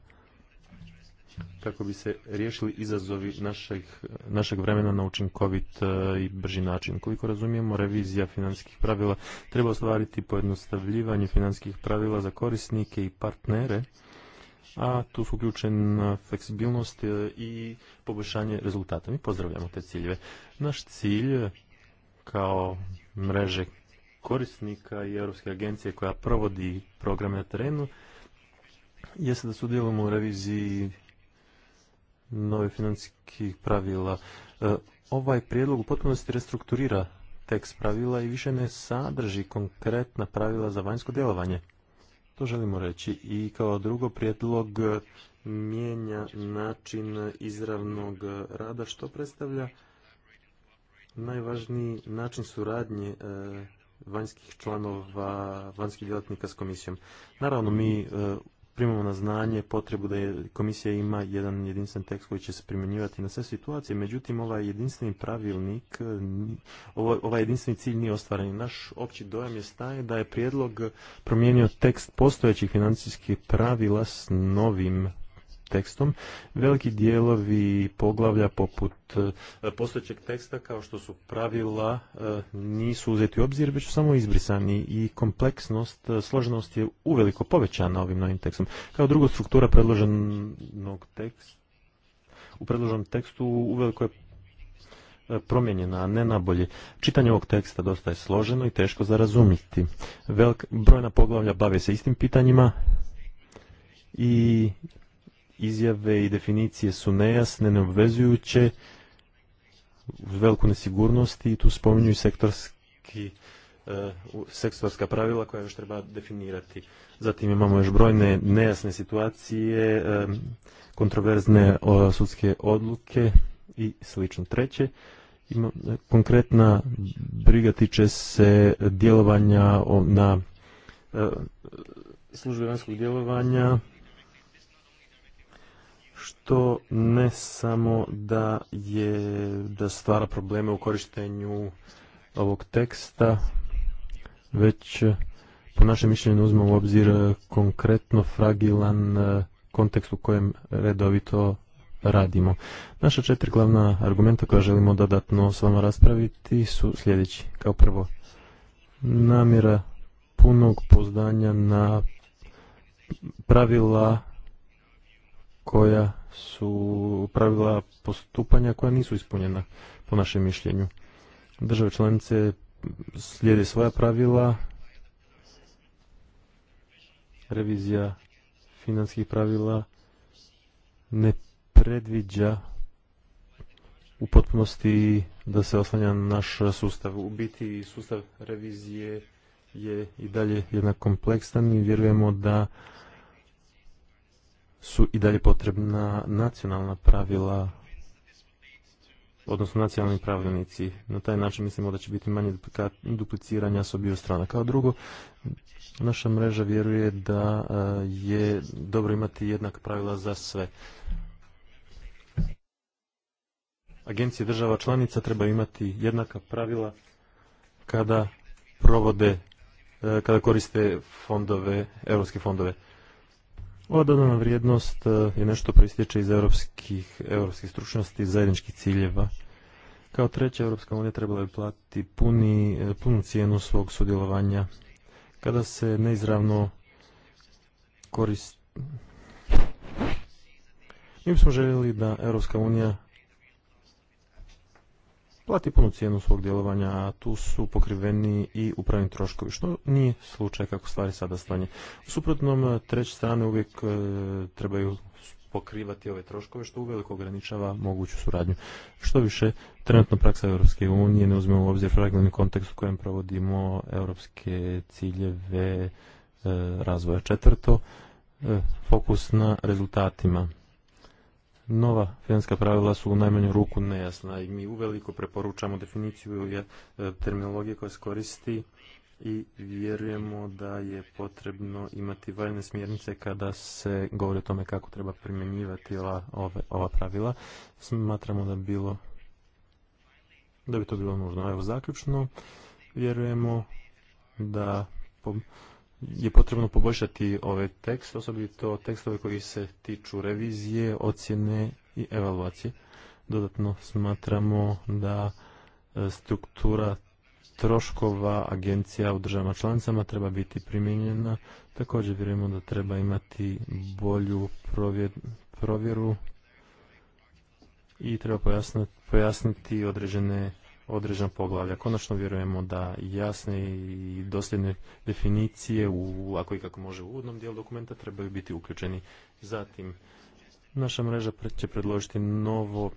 kako bi se riješili izazovi našeg, našeg vremena na učinkovit e, i brži način. Koliko razumijemo, revizija financijskih pravila treba ostvariti pojednostavljivanje financijskih pravila za korisnike i partnere, a tu su uključena fleksibilnost e, i poboljšanje rezultata. Mi pozdravljamo te ciljeve. Naš cilj kao mreže korisnika i Europske agencije koja provodi programe na terenu jeste da sudjelujemo u reviziji novih financijskih pravila. E, ovaj prijedlog u potpunosti restrukturira tekst pravila i više ne sadrži konkretna pravila za vanjsko djelovanje. To želimo reći. I kao drugo, prijedlog mijenja način izravnog rada, što predstavlja najvažniji način suradnje e, vanjskih članova, vanjskih djelatnika s komisijom. Naravno, mi e, primamo na znanje potrebu da je, komisija ima jedan jedinstven tekst koji će se primjenjivati na sve situacije, međutim ovaj jedinstveni pravilnik, eh, ovaj, ovaj jedinstveni cilj nije ostvaren. Naš opći dojam je staje da je prijedlog promijenio tekst postojećih financijskih pravila s novim tekstom. Veliki dijelovi poglavlja poput e, postojećeg teksta kao što su pravila e, nisu uzeti u obzir, već su samo izbrisani i kompleksnost, e, složenost je uveliko povećana ovim novim tekstom. Kao drugo, struktura predloženog teksta u predloženom tekstu uveliko je promijenjena, a ne nabolje. Čitanje ovog teksta dosta je složeno i teško za razumjeti. brojna poglavlja bave se istim pitanjima i izjave i definicije su nejasne, neobvezujuće, uz veliku nesigurnosti i tu spominju i sektorski e, sektorska pravila koja još treba definirati. Zatim imamo još brojne nejasne situacije, e, kontroverzne sudske odluke i slično. Treće, e, konkretna briga tiče se djelovanja na službe vanjskog djelovanja što ne samo da je da stvara probleme u korištenju ovog teksta, već po našem mišljenju uzmemo u obzir konkretno fragilan e, kontekst u kojem redovito radimo. Naša četiri glavna argumenta koja želimo dodatno s vama raspraviti su sljedeći. Kao prvo, namjera punog pozdanja na pravila koja su pravila postupanja koja nisu ispunjena po našem mišljenju. Države članice slijede svoja pravila, revizija financijskih pravila ne predviđa u potpunosti da se oslanja naš sustav. U biti sustav revizije je i dalje jednak kompleksan i vjerujemo da su i dalje potrebna nacionalna pravila odnosno nacionalni pravilnici. Na taj način mislimo da će biti manje dupliciranja s obiju strana. Kao drugo, naša mreža vjeruje da e, je dobro imati jednak pravila za sve. Agencije država članica trebaju imati jednaka pravila kada provode, e, kada koriste fondove, europske fondove. Ova dodana vrijednost e, je nešto proistječe iz europskih, stručnosti zajedničkih ciljeva. Kao treća, Europska unija trebala bi platiti puni, e, punu cijenu svog sudjelovanja kada se neizravno koristi. Mi bismo željeli da Europska unija plati punu cijenu svog djelovanja, a tu su pokriveni i upravni troškovi, što nije slučaj kako stvari sada stanje. U suprotnom, treće strane uvijek e, trebaju pokrivati ove troškove, što uveliko ograničava moguću suradnju. Što više, trenutno praksa Europske unije ne uzme u obzir fragilni kontekst u kojem provodimo europske ciljeve e, razvoja. Četvrto, e, fokus na rezultatima nova finska pravila su u najmanju ruku nejasna i mi uveliko preporučamo definiciju e, terminologije koja se koristi i vjerujemo da je potrebno imati valjne smjernice kada se govori o tome kako treba primjenjivati ova, ova pravila. Smatramo da bilo da bi to bilo nužno. Evo zaključno, vjerujemo da po, je potrebno poboljšati ove ovaj tekst, osobito tekstove koji se tiču revizije, ocjene i evaluacije. Dodatno smatramo da e, struktura troškova agencija u državama članicama treba biti primijenjena. Također vjerujemo da treba imati bolju provjeru i treba pojasniti određene određena poglavlja. Konačno vjerujemo da jasne i dosljedne definicije, u, ako i kako može u uvodnom dijelu dokumenta, trebaju biti uključeni. Zatim, naša mreža će predložiti novo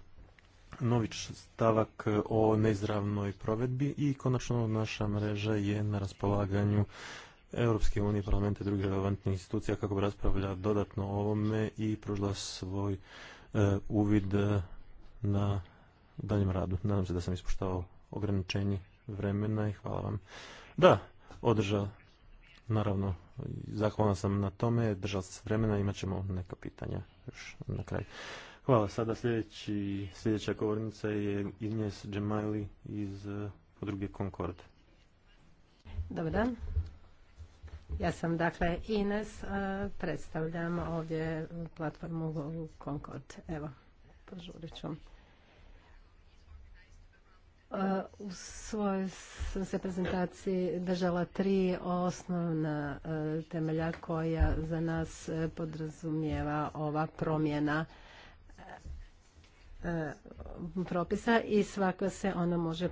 novi stavak o neizravnoj provedbi i konačno naša mreža je na raspolaganju Europske unije, parlamenta i drugih relevantnih institucija kako bi raspravlja dodatno o ovome i pružila svoj e, uvid na daljem radu. Nadam se da sam ispoštao ograničenje vremena i hvala vam. Da, održao, naravno, zahvalan sam na tome, držao se vremena, imat ćemo neka pitanja još na kraju. Hvala, sada sljedeći, sljedeća govornica je Ines Džemajli iz podruge eh, Concord. Dobar dan. Ja sam dakle Ines, eh, predstavljam ovdje platformu Concord. Evo, požurit ću. E, u svojoj sam se prezentaciji držala tri osnovna e, temelja koja za nas e, podrazumijeva ova promjena propisa i svako se ona može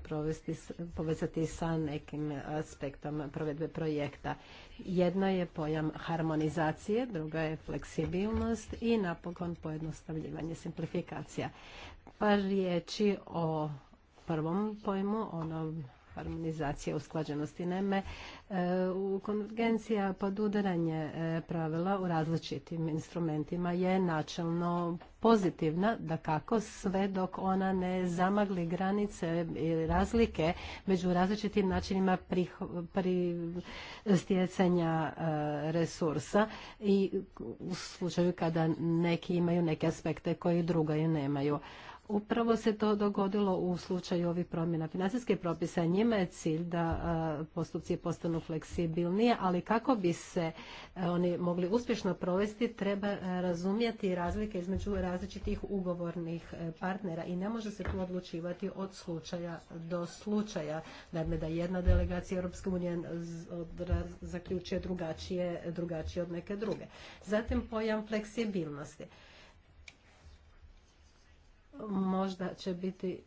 povezati sa nekim aspektom provedbe projekta. Jedna je pojam harmonizacije, druga je fleksibilnost i napokon pojednostavljivanje, simplifikacija. Par riječi o prvom pojmu, ono harmonizacija usklađenosti. Naime, e, u konvergencija podudaranje e, pravila u različitim instrumentima je načelno pozitivna, da kako sve dok ona ne zamagli granice i razlike među različitim načinima pri stjecanja e, resursa i u slučaju kada neki imaju neke aspekte koji druga i nemaju. Upravo se to dogodilo u slučaju ovih promjena financijskih propisa. Njima je cilj da postupci postanu fleksibilnije, ali kako bi se e, oni mogli uspješno provesti, treba e, razumjeti razlike između različitih ugovornih e, partnera i ne može se tu odlučivati od slučaja do slučaja. Naime, dakle, da jedna delegacija Europske unije zaključuje drugačije, drugačije od neke druge. Zatim pojam fleksibilnosti možda će biti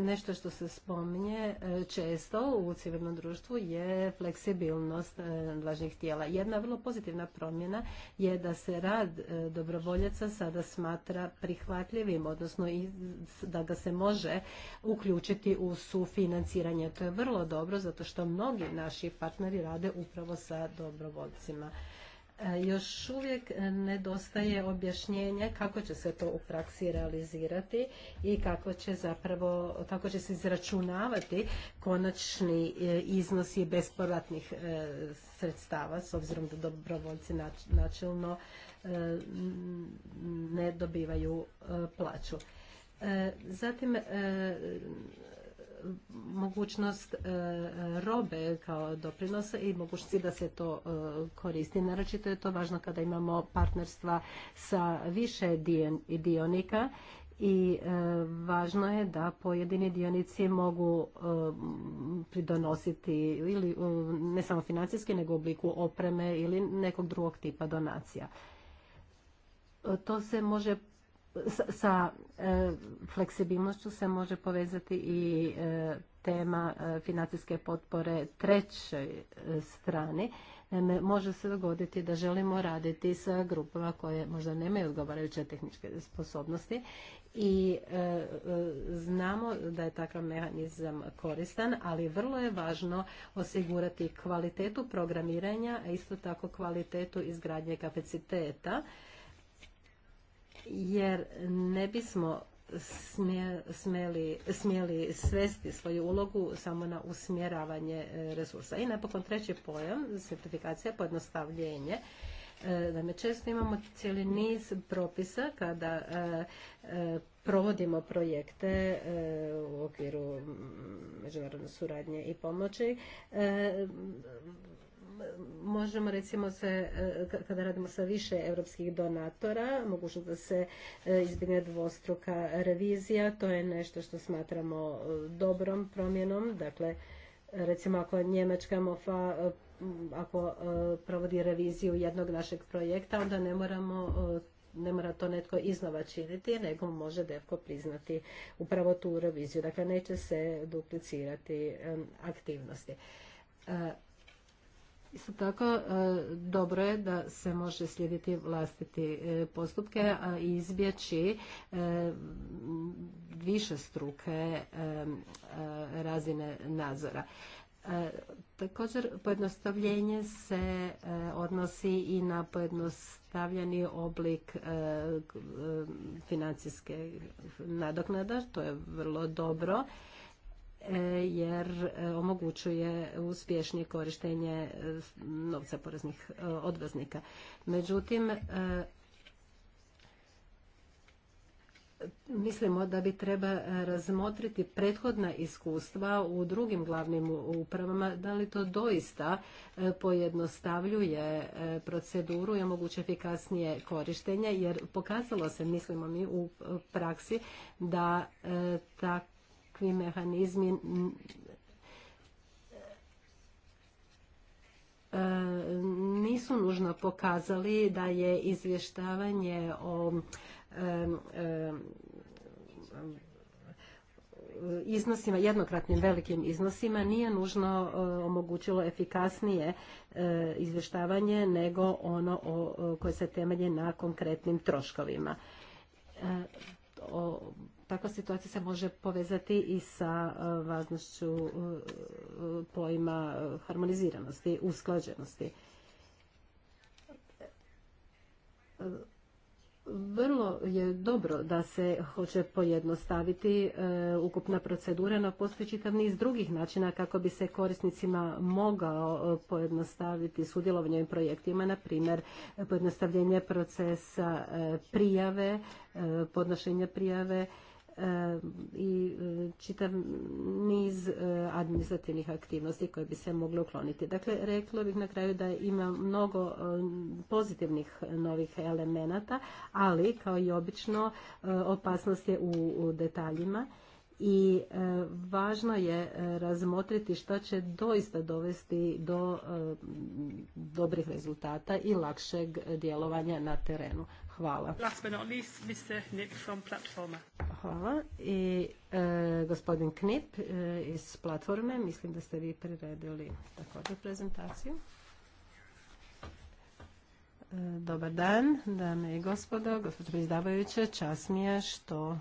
nešto što se spominje e, često u civilnom društvu je fleksibilnost e, nadležnih tijela. Jedna vrlo pozitivna promjena je da se rad e, dobrovoljaca sada smatra prihvatljivim, odnosno da ga se može uključiti u sufinanciranje. To je vrlo dobro zato što mnogi naši partneri rade upravo sa dobrovoljcima. E, još uvijek nedostaje objašnjenje kako će se to u praksi realizirati i kako će zapravo, kako će se izračunavati konačni e, iznosi bespovratnih e, sredstava s obzirom da dobrovoljci načelno ne dobivaju plaću. Zatim mogućnost e, robe kao doprinosa i mogućnosti da se to e, koristi. Naročito je to važno kada imamo partnerstva sa više dionika i e, važno je da pojedini dionici mogu pridonositi ili ne samo financijski nego u obliku opreme ili nekog drugog tipa donacija. To se može sa e, fleksibilnošću se može povezati i e, tema e, financijske potpore trećoj strani. može se dogoditi da želimo raditi sa grupama koje možda nemaju odgovarajuće tehničke sposobnosti i znamo da je takav mehanizam koristan, ali vrlo je važno osigurati kvalitetu programiranja, a isto tako kvalitetu izgradnje kapaciteta jer ne bismo smjeli, svesti svoju ulogu samo na usmjeravanje e, resursa. I napokon treći pojam, certifikacija, pojednostavljenje. E, naime, često imamo cijeli niz propisa kada e, provodimo projekte u okviru međunarodne suradnje i pomoći možemo recimo se, e, kada radimo sa više europskih donatora, mogućnost da se e, izbjegne dvostruka revizija, to je nešto što smatramo e, dobrom promjenom, dakle recimo ako Njemačka MOFA ako provodi reviziju jednog našeg projekta, onda ne moramo ne mora to netko iznova činiti, nego može DEFCO priznati upravo tu reviziju. Dakle, neće se duplicirati aktivnosti. Isto tako, e, dobro je da se može slijediti vlastiti e, postupke, a izbjeći e, više struke razine nadzora. Također, pojednostavljenje se odnosi i na pojednostavljeni oblik financijske nadoknada, to je vrlo dobro. E, jer e, omogućuje uspješnije korištenje e, novca poreznih odvaznika. Međutim, mislimo da bi treba razmotriti prethodna iskustva u drugim glavnim upravama, da li to doista pojednostavljuje proceduru i omoguće efikasnije korištenje, jer pokazalo se, mislimo mi, u praksi da ta mehanizmi e, nisu nužno pokazali da je izvještavanje o e, e, iznosima, jednokratnim velikim iznosima nije nužno omogućilo efikasnije izvještavanje nego ono koje se temelje na konkretnim troškovima takva situacija se može povezati i sa e, važnošću e, pojma e, harmoniziranosti, usklađenosti. Vrlo je dobro da se hoće pojednostaviti ukupna procedura, no postoji čitav niz drugih načina kako bi se korisnicima mogao pojednostaviti sudjelovanje u projektima, na primjer pojednostavljenje procesa prijave, podnošenja prijave, i e, čitav niz e, administrativnih aktivnosti koje bi se mogle ukloniti. Dakle, rekla bih na kraju da ima mnogo e, pozitivnih novih elemenata, ali kao i obično opasnost je u detaljima i važno je razmotriti što će doista dovesti do dobrih rezultata i lakšeg djelovanja na terenu. Hvala. Last Hvala. I e, gospodin Knip e, iz Platforme, mislim da ste vi priredili također prezentaciju. E, dobar dan, dame i gospodo, gospođo izdavajuće, čas mi je što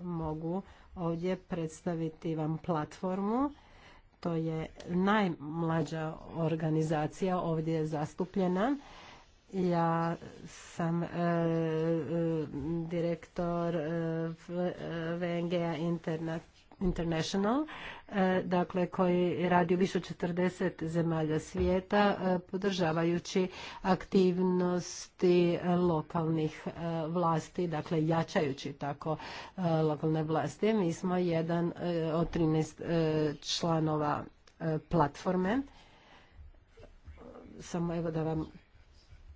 mogu ovdje predstaviti vam platformu. To je najmlađa organizacija ovdje zastupljena. Ja sam e, e, direktor e, vng International, dakle koji radi u više 40 zemalja svijeta podržavajući aktivnosti lokalnih vlasti, dakle jačajući tako lokalne vlasti. Mi smo jedan od 13 članova platforme. Samo evo da vam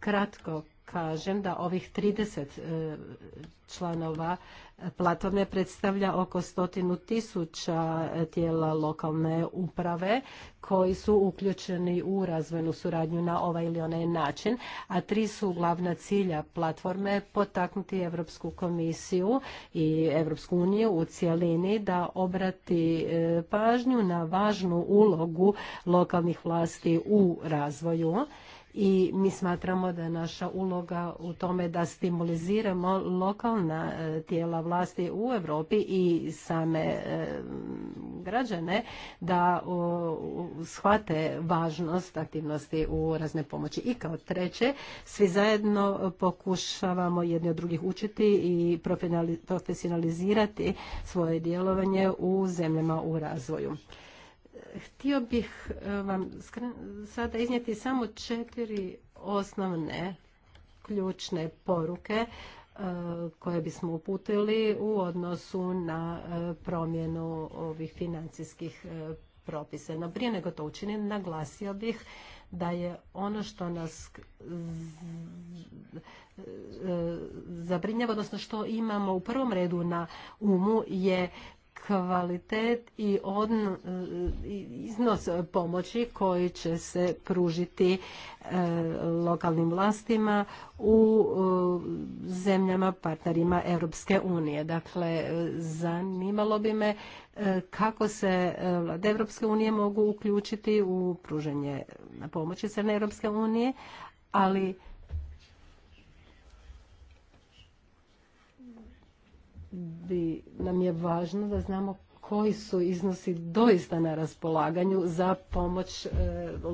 kratko kažem da ovih 30 e, članova platforme predstavlja oko stotinu tisuća tijela lokalne uprave koji su uključeni u razvojnu suradnju na ovaj ili onaj način, a tri su glavna cilja platforme potaknuti Europsku komisiju i Europsku uniju u cjelini da obrati e, pažnju na važnu ulogu lokalnih vlasti u razvoju i mi smatramo da je naša uloga u tome da stimuliziramo lokalna e, tijela vlasti u Europi i same e, građane da shvate važnost aktivnosti u razne pomoći. I kao treće, svi zajedno pokušavamo jedni od drugih učiti i profesionalizirati svoje djelovanje u zemljama u razvoju htio bih e, vam sada iznijeti samo četiri osnovne ključne poruke e, koje bismo uputili u odnosu na e, promjenu ovih financijskih propisa. No prije nego to učinim, naglasio bih da je ono što nas zabrinjava, odnosno što imamo u prvom redu na umu je kvalitet e, i iznos pomoći koji će se pružiti e, lokalnim vlastima u e, zemljama partnerima Europske unije. Dakle, zanimalo bi me kako se vlade Europske unije mogu uključiti u pružanje pomoći Crne Europske unije, ali bi nam je važno da znamo koji su iznosi doista na raspolaganju za pomoć e,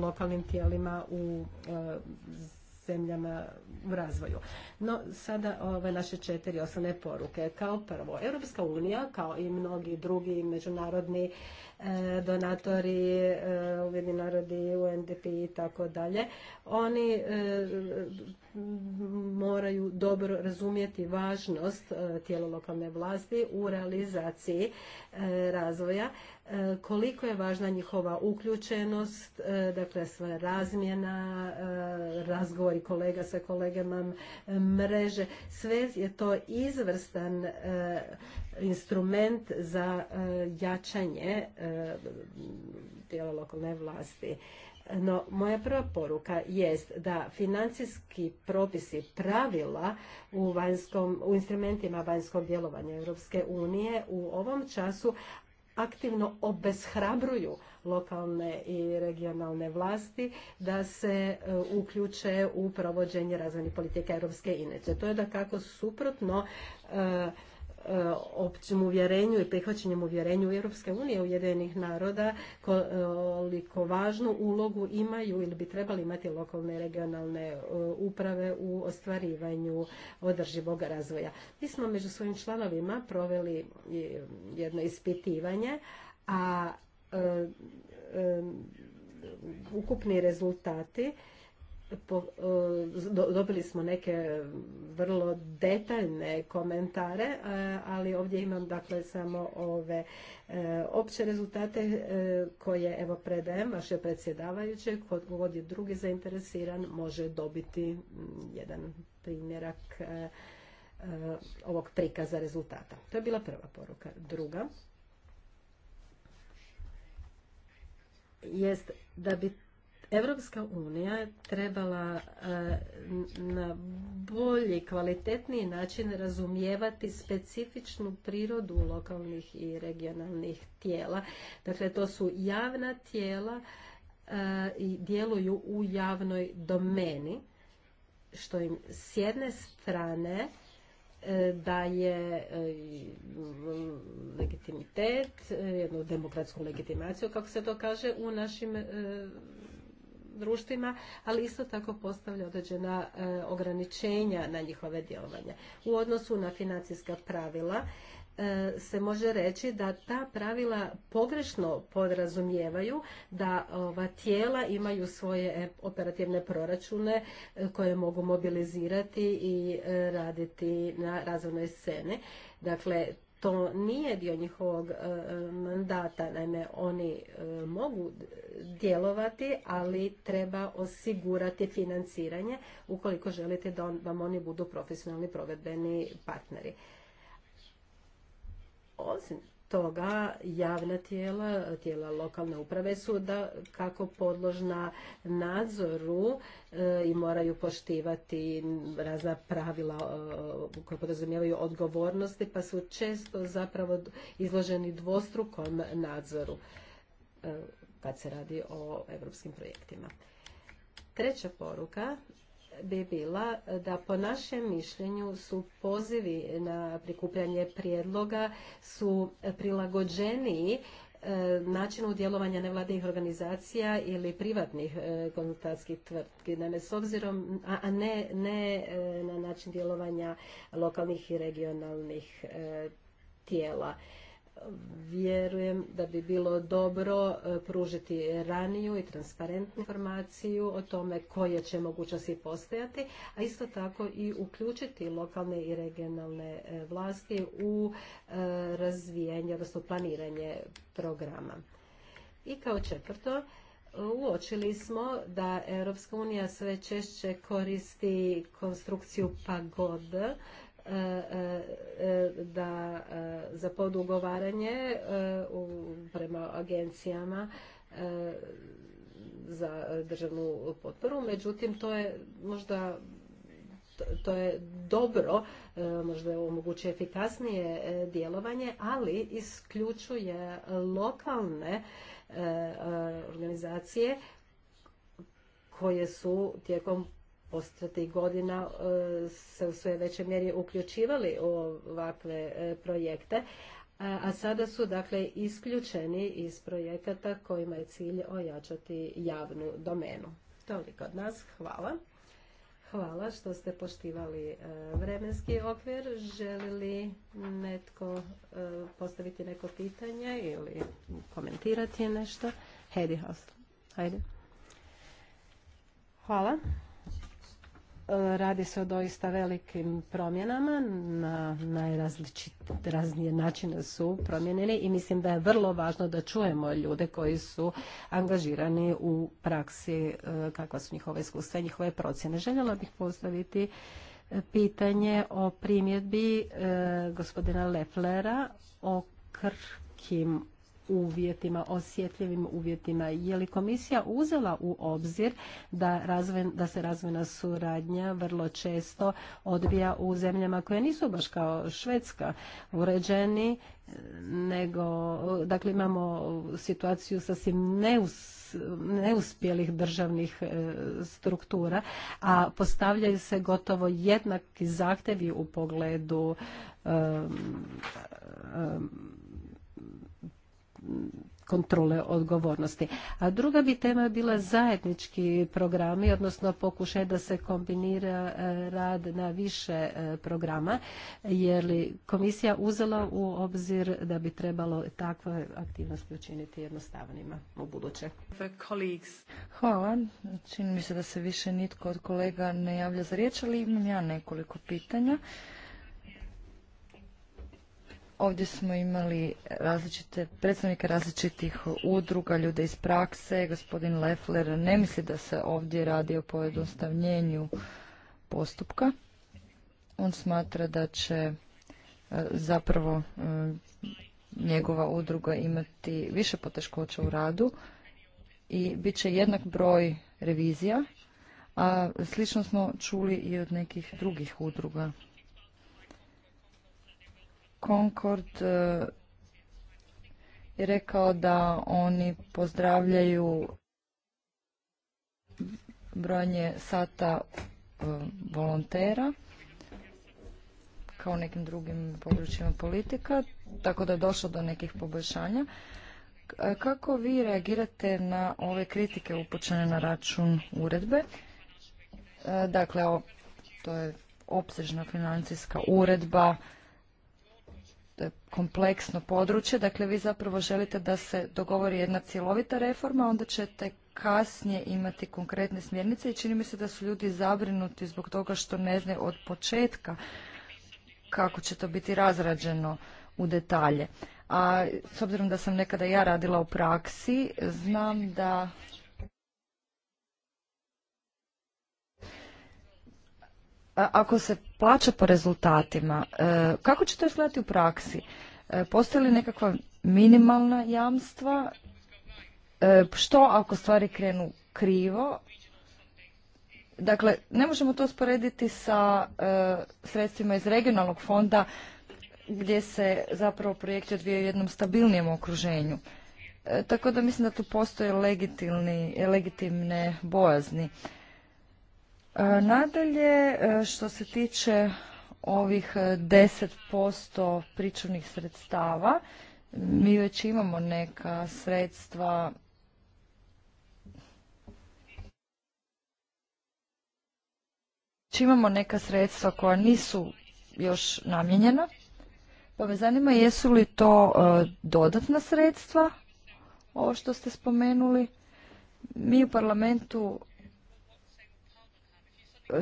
lokalnim tijelima u e, zemljama u razvoju. No, sada ove naše četiri osnovne poruke. Kao prvo, Europska unija, kao i mnogi drugi međunarodni e, donatori, e, ujedni narodi, UNDP i tako dalje, oni e, moraju dobro razumjeti važnost tijelo lokalne vlasti u realizaciji razvoja E, koliko je važna njihova uključenost, e, dakle sva razmjena, e, razgovori kolega sa kolegama, mreže, sve je to izvrstan instrument za jačanje tijela lokalne vlasti. No, moja prva poruka jest da financijski propisi pravila u, instrumentima vanjskog djelovanja Europske unije u ovom času aktivno obeshrabruju lokalne i regionalne vlasti da se e, uključe u provođenje razvojnih politika Europske inače. To je da kako suprotno e, općem uvjerenju i prihvaćenjem uvjerenju Europske unije ujedinjenih naroda koliko važnu ulogu imaju ili bi trebali imati lokalne i regionalne e, uprave u ostvarivanju održivog razvoja. Mi smo među svojim članovima proveli e, jedno ispitivanje, a e, ukupni rezultati E, dobili smo neke vrlo detaljne komentare, e, ali ovdje imam dakle samo ove e, opće rezultate koje evo predajem vaše predsjedavajuće, kod god je drugi zainteresiran može dobiti jedan primjerak ovog prikaza rezultata. To je bila prva poruka. Druga jest da bi Evropska unija trebala e, na bolji, kvalitetniji način razumijevati specifičnu prirodu lokalnih i regionalnih tijela. Dakle, to su javna tijela e, i djeluju u javnoj domeni, što im s jedne strane e, daje legitimitet, jednu demokratsku legitimaciju, kako se to kaže, u našim društvima, ali isto tako postavlja određena e, ograničenja na njihove djelovanje U odnosu na financijska pravila e, se može reći da ta pravila pogrešno podrazumijevaju da ova tijela imaju svoje operativne proračune e, koje mogu mobilizirati i raditi na razvojnoj sceni. Dakle, to nije dio njihovog e, mandata. Naime, oni e, mogu djelovati, ali treba osigurati financiranje ukoliko želite da vam oni budu profesionalni provedbeni partneri. Osim toga javna tijela, tijela lokalne uprave su da kako podložna nadzoru e, i moraju poštivati razna pravila u e, koja podrazumijevaju odgovornosti pa su često zapravo izloženi dvostrukom nadzoru e, kad se radi o europskim projektima. Treća poruka bi bila da po našem mišljenju su pozivi na prikupljanje prijedloga su prilagođeniji e, načinu djelovanja nevladinih organizacija ili privatnih e, konzultantskih tvrtki, s obzirom, a ne, ne e, na način djelovanja lokalnih i regionalnih tijela vjerujem da bi bilo dobro e, pružiti raniju i transparentnu informaciju o tome koje će mogućnosti postojati, a isto tako i uključiti lokalne i regionalne e, vlasti u e, razvijanje, odnosno planiranje programa. I kao četvrto, uočili smo da Europska unija sve češće koristi konstrukciju pagod E, e, e, da za podugovaranje prema agencijama za državnu potporu. Međutim, to je možda to je dobro, možda omogućuje efikasnije djelovanje, ali isključuje lokalne organizacije koje su tijekom ostati godina e, se u sve većoj mjeri uključivali u ovakve e, projekte, a sada su dakle isključeni iz projekata kojima je cilj ojačati javnu domenu. Toliko od nas, hvala. Hvala što ste poštivali e, vremenski okvir. Želi li netko postaviti neko pitanje ili komentirati nešto? Hedi, hajde. Hvala. Radi se o doista velikim promjenama, na najrazličitije načine su promjenjeni i mislim da je vrlo važno da čujemo ljude koji su angažirani u praksi, e, kakva su njihova iskustva i njihove procjene. Željela bih postaviti e, pitanje o primjedbi e, gospodina Leflera o krkim uvjetima, osjetljivim uvjetima. Je li komisija uzela u obzir da, da se razvojna suradnja vrlo često odvija u zemljama koje nisu baš kao Švedska uređeni, nego dakle imamo situaciju sasvim neus, neuspjelih državnih e, struktura, a postavljaju se gotovo jednaki zahtjevi u pogledu kontrole odgovornosti. A druga bi tema bila zajednički programi, odnosno pokušaj da se kombinira e, rad na više e, programa, jer li komisija uzela u obzir da bi trebalo takve aktivnosti učiniti jednostavnima u buduće. Hvala. Čini mi se da se više nitko od kolega ne javlja za riječ, ali imam ja nekoliko pitanja. Ovdje smo imali različite, predstavnike različitih udruga, ljude iz prakse. Gospodin Leffler ne misli da se ovdje radi o pojednostavljenju postupka. On smatra da će e, zapravo e, njegova udruga imati više poteškoća u radu i bit će jednak broj revizija, a slično smo čuli i od nekih drugih udruga. Concord e, je rekao da oni pozdravljaju brojanje sata e, volontera kao nekim drugim područjima politika, tako da je došlo do nekih poboljšanja. E, kako vi reagirate na ove kritike upućene na račun uredbe? Dakle, to je opsežna financijska uredba, E, kompleksno područje, dakle vi zapravo želite da se dogovori jedna cjelovita reforma, onda ćete kasnije imati konkretne smjernice i čini mi se da su ljudi zabrinuti zbog toga što ne znaju od početka kako će to biti razrađeno u detalje. A s obzirom da sam nekada ja radila u praksi, znam da ako se plaća po rezultatima, e, kako će to izgledati u praksi? E, postoji li nekakva minimalna jamstva? E, što ako stvari krenu krivo? Dakle, ne možemo to sporediti sa sredstvima iz regionalnog fonda gdje se zapravo projekti odvijaju u jednom stabilnijem okruženju. Tako da mislim da tu postoje legitimne bojazni. E, nadalje, e, što se tiče ovih 10% e, pričuvnih sredstava, mi već imamo neka sredstva imamo neka sredstva koja nisu još namjenjena, pa me zanima jesu li to dodatna sredstva, ovo što ste spomenuli. Mi u parlamentu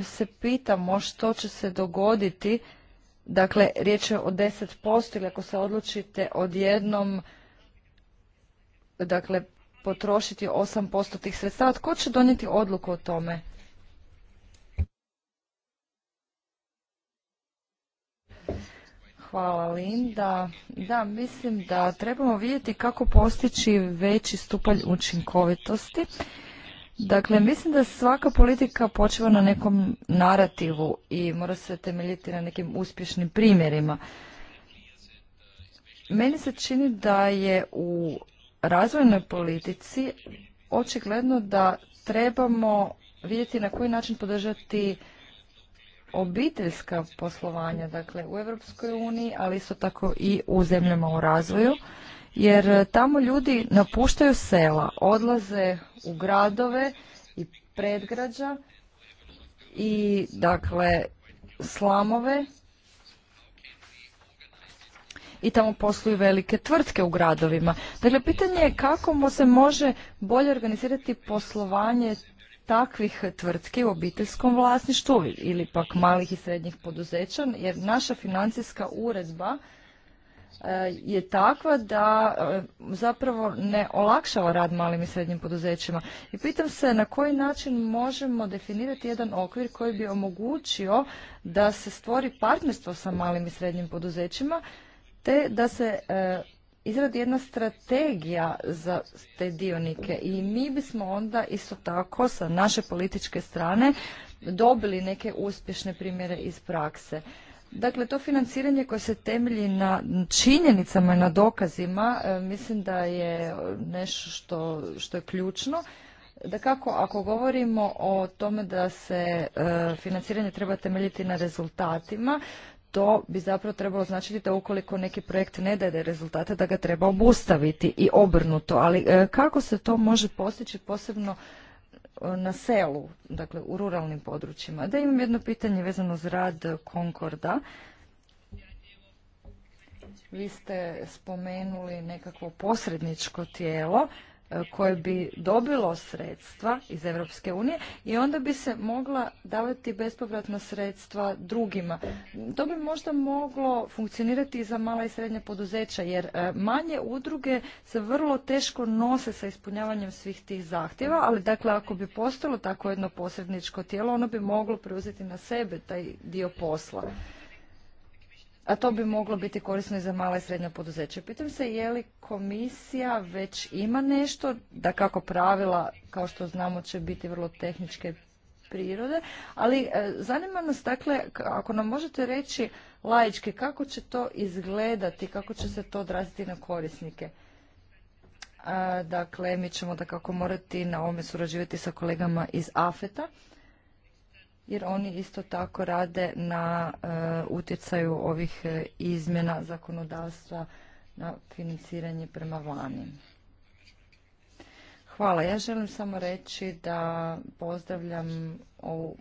se pitamo što će se dogoditi, dakle riječ je o 10% ili ako se odlučite odjednom dakle potrošiti 8% tih sredstava, tko će donijeti odluku o tome? Hvala Linda. Da, mislim da trebamo vidjeti kako postići veći stupanj učinkovitosti Dakle, mislim da svaka politika počeva na nekom narativu i mora se temeljiti na nekim uspješnim primjerima. Meni se čini da je u razvojnoj politici očigledno da trebamo vidjeti na koji način podržati obiteljska poslovanja, dakle u Europskoj uniji, ali isto tako i u zemljama u razvoju jer e, tamo ljudi napuštaju sela, odlaze u gradove i predgrađa i dakle slamove i tamo posluju velike tvrtke u gradovima. Dakle, pitanje je kako se može bolje organizirati poslovanje takvih tvrtki u obiteljskom vlasništvu ili pak malih i srednjih poduzeća, jer naša financijska uredba E, je takva da e, zapravo ne olakšava rad malim i srednjim poduzećima. I pitam se na koji način možemo definirati jedan okvir koji bi omogućio da se stvori partnerstvo sa malim i srednjim poduzećima te da se e, izradi jedna strategija za te dionike i mi bismo onda isto tako sa naše političke strane dobili neke uspješne primjere iz prakse. Dakle, to financiranje koje se temelji na činjenicama i na dokazima, e, mislim da je nešto što, je ključno. Da kako, ako govorimo o tome da se e, financiranje treba temeljiti na rezultatima, to bi zapravo trebalo značiti da ukoliko neki projekt ne daje rezultate, da ga treba obustaviti i obrnuto. Ali e, kako se to može postići posebno na selu, dakle u ruralnim područjima. Da imam jedno pitanje vezano uz rad Konkorda. Vi ste spomenuli nekakvo posredničko tijelo koje bi dobilo sredstva iz Europske unije i onda bi se mogla davati bespovratna sredstva drugima. To bi možda moglo funkcionirati i za mala i srednja poduzeća jer e, manje udruge se vrlo teško nose sa ispunjavanjem svih tih zahtjeva, ali dakle ako bi postalo tako jedno posredničko tijelo ono bi moglo preuzeti na sebe taj dio posla a to bi moglo biti korisno i za mala i srednja poduzeća. Pitam se je li komisija već ima nešto, da kako pravila, kao što znamo, će biti vrlo tehničke prirode, ali e, zanima nas dakle, ako nam možete reći laički, kako će to izgledati, kako će se to odraziti na korisnike. dakle, mi ćemo da kako morati na ovome surađivati sa kolegama iz AFETA jer oni isto tako rade na e, utjecaju ovih e, izmjena zakonodavstva na financiranje prema vani. Hvala. Ja želim samo reći da pozdravljam ovu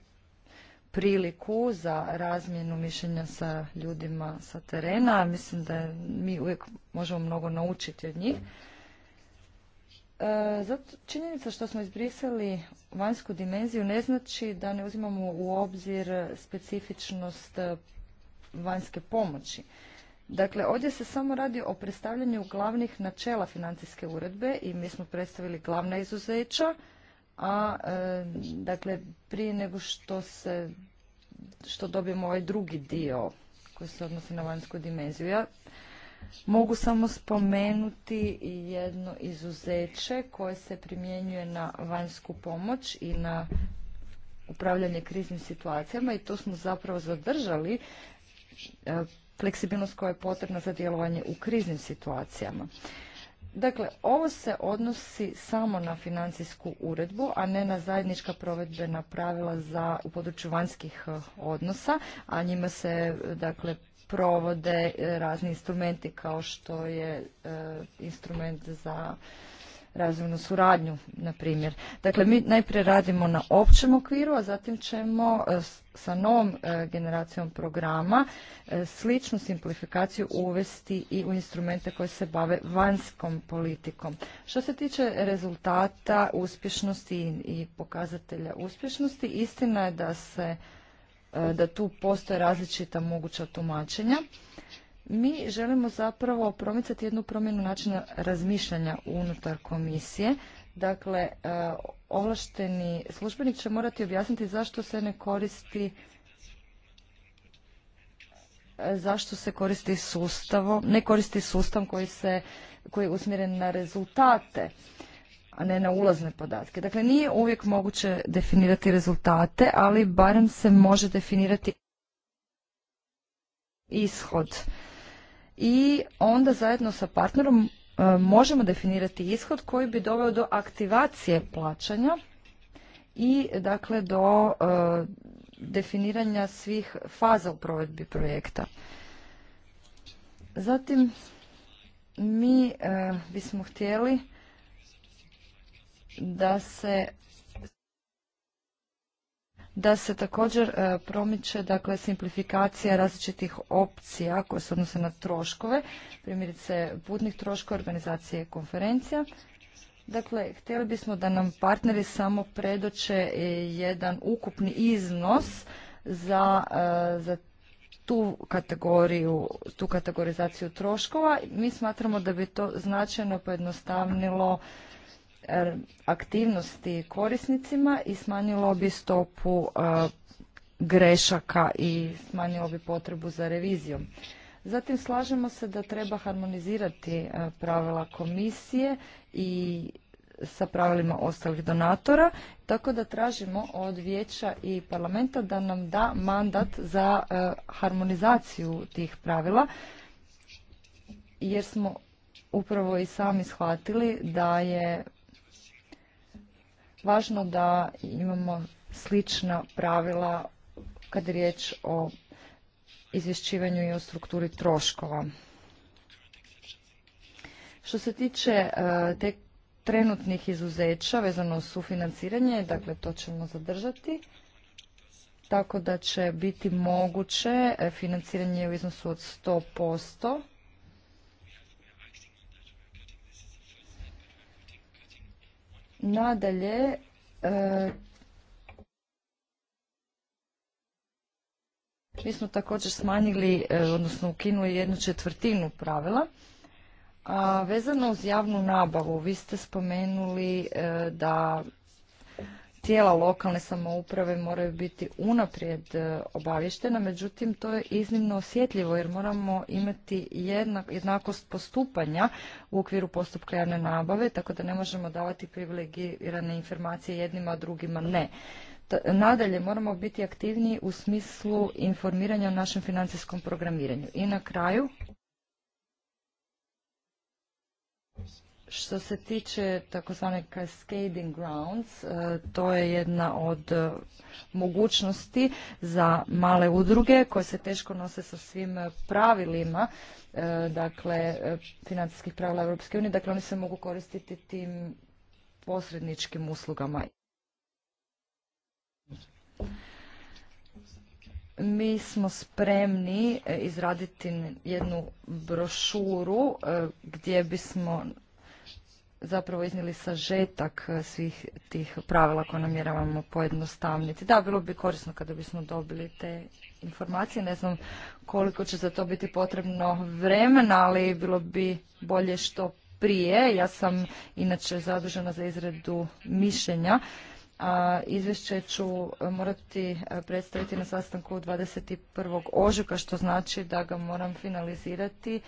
priliku za razmjenu mišljenja sa ljudima sa terena. Mislim da mi uvijek možemo mnogo naučiti od njih. E, zato činjenica što smo izbrisali vanjsku dimenziju ne znači da ne uzimamo u obzir specifičnost e, vanjske pomoći. Dakle, ovdje se samo radi o predstavljanju glavnih načela financijske uredbe i mi smo predstavili glavna izuzeća, a e, dakle prije nego što se što dobijemo ovaj drugi dio koji se odnosi na vanjsku dimenziju. Ja Mogu samo spomenuti jedno izuzeće koje se primjenjuje na vanjsku pomoć i na upravljanje kriznim situacijama i to smo zapravo zadržali e, fleksibilnost koja je potrebna za djelovanje u kriznim situacijama. Dakle, ovo se odnosi samo na financijsku uredbu, a ne na zajednička provedbena pravila za u području vanjskih e, odnosa, a njima se dakle provode e, razni instrumenti kao što je e, instrument za razvojnu suradnju, na primjer. Dakle, mi najprije radimo na općem okviru, a zatim ćemo e, sa novom generacijom programa sličnu simplifikaciju uvesti i u instrumente koje se bave vanjskom politikom. Što se tiče rezultata, uspješnosti i pokazatelja uspješnosti, istina je da se E, da tu postoje različita moguća tumačenja. Mi želimo zapravo promicati jednu promjenu načina razmišljanja unutar komisije. Dakle, e, ovlašteni službenik će morati objasniti zašto se ne koristi e, zašto se koristi sustavom, ne koristi sustav koji se koji je usmjeren na rezultate a ne na ulazne podatke. Dakle, nije uvijek moguće definirati rezultate, ali barem se može definirati ishod. I onda zajedno sa partnerom e, možemo definirati ishod koji bi doveo do aktivacije plaćanja i dakle do e, definiranja svih faza u provedbi projekta. Zatim mi e, bismo htjeli da se da se također e, promiče dakle simplifikacija različitih opcija koje se odnose na troškove, primjerice putnih troškova, organizacije konferencija. Dakle, htjeli bismo da nam partneri samo predoče e, jedan ukupni iznos za, e, za tu kategoriju, tu kategorizaciju troškova. Mi smatramo da bi to značajno pojednostavnilo E, aktivnosti korisnicima i smanjilo bi stopu e, grešaka i smanjilo bi potrebu za revizijom. Zatim slažemo se da treba harmonizirati e, pravila komisije i sa pravilima ostalih donatora, tako da tražimo od vijeća i parlamenta da nam da mandat za harmonizaciju tih pravila, jer smo upravo i sami shvatili da je važno da imamo slična pravila kad je riječ o izvješćivanju i o strukturi troškova. Što se tiče e, te trenutnih izuzeća vezano uz sufinanciranje, dakle to ćemo zadržati, tako da će biti moguće e, financiranje u iznosu od 100%, Nadalje, e, mi smo također smanjili, e, odnosno ukinuli jednu četvrtinu pravila. A vezano uz javnu nabavu, vi ste spomenuli e, da tijela lokalne samouprave moraju biti unaprijed e, obavještena, međutim to je iznimno osjetljivo jer moramo imati jednak, jednakost postupanja u okviru postupka javne nabave, tako da ne možemo davati privilegirane informacije jednima, a drugima ne. Nadalje, moramo biti aktivniji u smislu informiranja o našem financijskom programiranju. I na kraju, Što se tiče takozvane cascading grounds, e, to je jedna od e, mogućnosti za male udruge koje se teško nose sa svim pravilima, e, dakle financijskih pravila Europske unije, dakle oni se mogu koristiti tim posredničkim uslugama. Mi smo spremni izraditi jednu brošuru gdje bismo zapravo iznijeli sažetak e, svih tih pravila koje namjeravamo pojednostavniti. Da, bilo bi korisno kada bismo dobili te informacije. Ne znam koliko će za to biti potrebno vremena, ali bilo bi bolje što prije. Ja sam inače zadužena za izradu mišljenja. izvješće ću e, morati e, predstaviti na sastanku 21. ožuka, što znači da ga moram finalizirati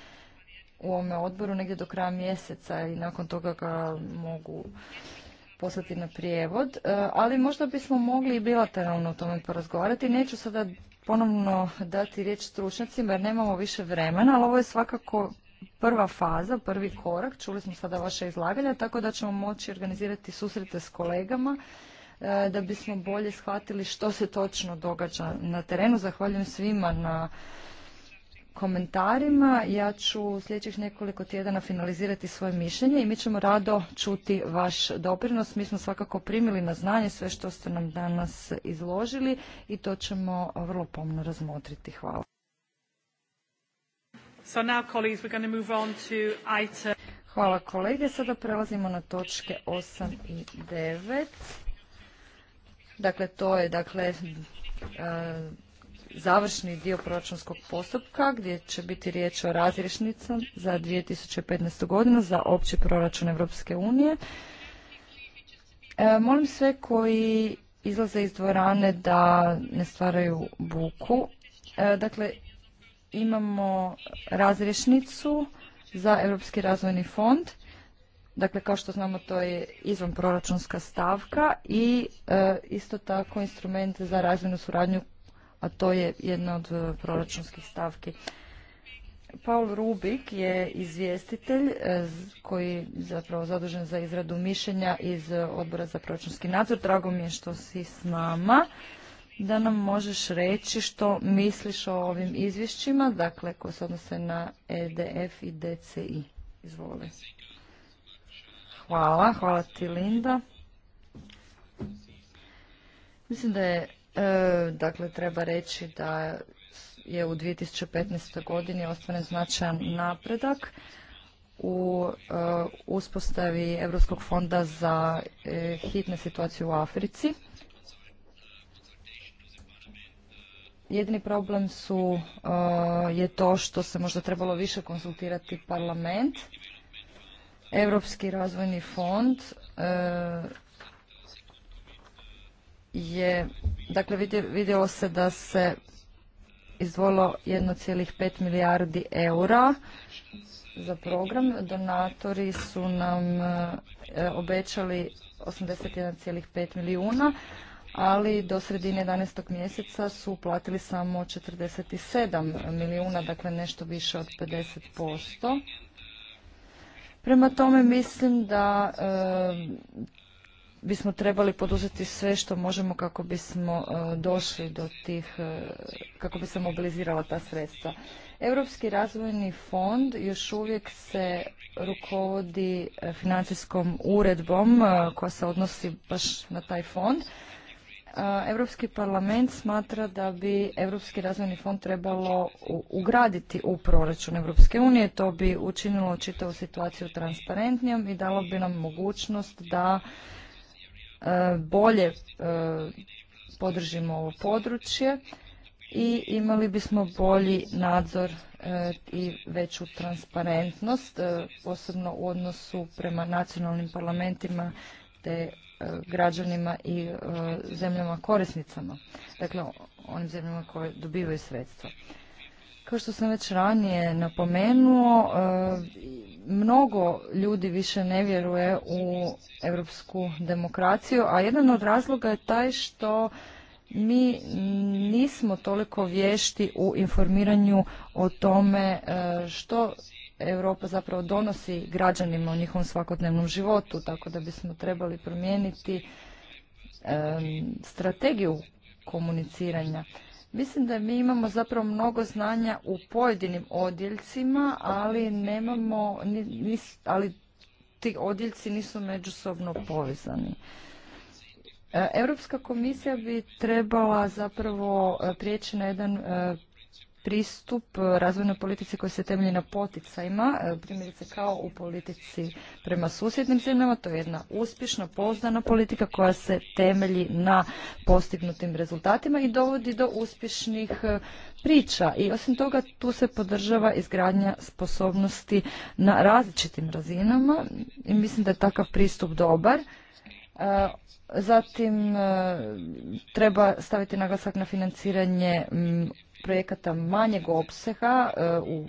u ovome odboru negdje do kraja mjeseca i nakon toga ga mogu poslati na prijevod, e, ali možda bismo mogli i bilateralno o tome porazgovarati. Neću sada ponovno dati riječ stručnjacima jer nemamo više vremena, ali ovo je svakako prva faza, prvi korak. Čuli smo sada vaše izlaganja, tako da ćemo moći organizirati susrete s kolegama e, da bismo bolje shvatili što se točno događa na terenu. Zahvaljujem svima na komentarima. Ja ću sljedećih nekoliko tjedana finalizirati svoje mišljenje i mi ćemo rado čuti vaš doprinos. Mi smo svakako primili na znanje sve što ste nam danas izložili i to ćemo vrlo pomno razmotriti. Hvala. So now, colleagues, on Hvala kolege. Sada prelazimo na točke 8 i 9. Dakle, to je dakle, završni dio proračunskog postupka gdje će biti riječ o razrješnicom za 2015. godinu za opći proračun Europske unije. E, molim sve koji izlaze iz dvorane da ne stvaraju buku. E, dakle, imamo razrješnicu za Europski razvojni fond. Dakle, kao što znamo, to je izvan proračunska stavka i e, isto tako instrument za razvojnu suradnju a to je jedna od e, proračunskih stavki. Paul Rubik je izvjestitelj e, koji je zapravo zadužen za izradu mišljenja iz e, odbora za proračunski nadzor. Drago mi je što si s nama da nam možeš reći što misliš o ovim izvješćima, dakle koje se odnose na EDF i DCI. Izvoli. Hvala, hvala ti Linda. Mislim da je E, dakle, treba reći da je u 2015. godini ostvaren značajan napredak u e, uspostavi Europskog fonda za e, hitne situacije u Africi. Jedini problem su, je to što se možda trebalo više konsultirati parlament. Europski razvojni fond je, dakle vidjelo se da se izdvojilo 1,5 milijardi eura za program. Donatori su nam e, obećali 81,5 milijuna, ali do sredine 11. mjeseca su uplatili samo 47 milijuna, dakle nešto više od 50%. Prema tome mislim da e, bismo trebali poduzeti sve što možemo kako bismo e, došli do tih, e, kako bi se mobilizirala ta sredstva. Europski razvojni fond još uvijek se rukovodi e, financijskom uredbom koja se odnosi baš na taj fond. Europski parlament smatra da bi Europski razvojni fond trebalo ugraditi u proračun Europske unije. To bi učinilo čitavu situaciju transparentnijom i dalo bi nam mogućnost da E, bolje e, podržimo ovo područje i imali bismo bolji nadzor e, i veću transparentnost, posebno u odnosu prema nacionalnim parlamentima te građanima i zemljama korisnicama, dakle onim zemljama koje dobivaju sredstva. Kao što sam već ranije napomenuo, e, mnogo ljudi više ne vjeruje u europsku demokraciju, a jedan od razloga je taj što mi nismo toliko vješti u informiranju o tome e, što Europa zapravo donosi građanima u njihovom svakodnevnom životu, tako da bismo trebali promijeniti e, strategiju komuniciranja. Mislim da mi imamo zapravo mnogo znanja u pojedinim odjeljcima, ali nemamo, ali ti odjeljci nisu međusobno povezani. E, Europska komisija bi trebala zapravo e, prijeći na jedan e, pristup e, razvojnoj politici koji se temelji na poticajima, e, primjerice kao u politici prema susjednim zemljama, to je jedna uspješna, poznana politika koja se temelji na postignutim rezultatima i dovodi do uspješnih e, priča. I osim toga tu se podržava izgradnja sposobnosti na različitim razinama i mislim da je takav pristup dobar. Zatim treba staviti naglasak na financiranje projekata manjeg opseha e, u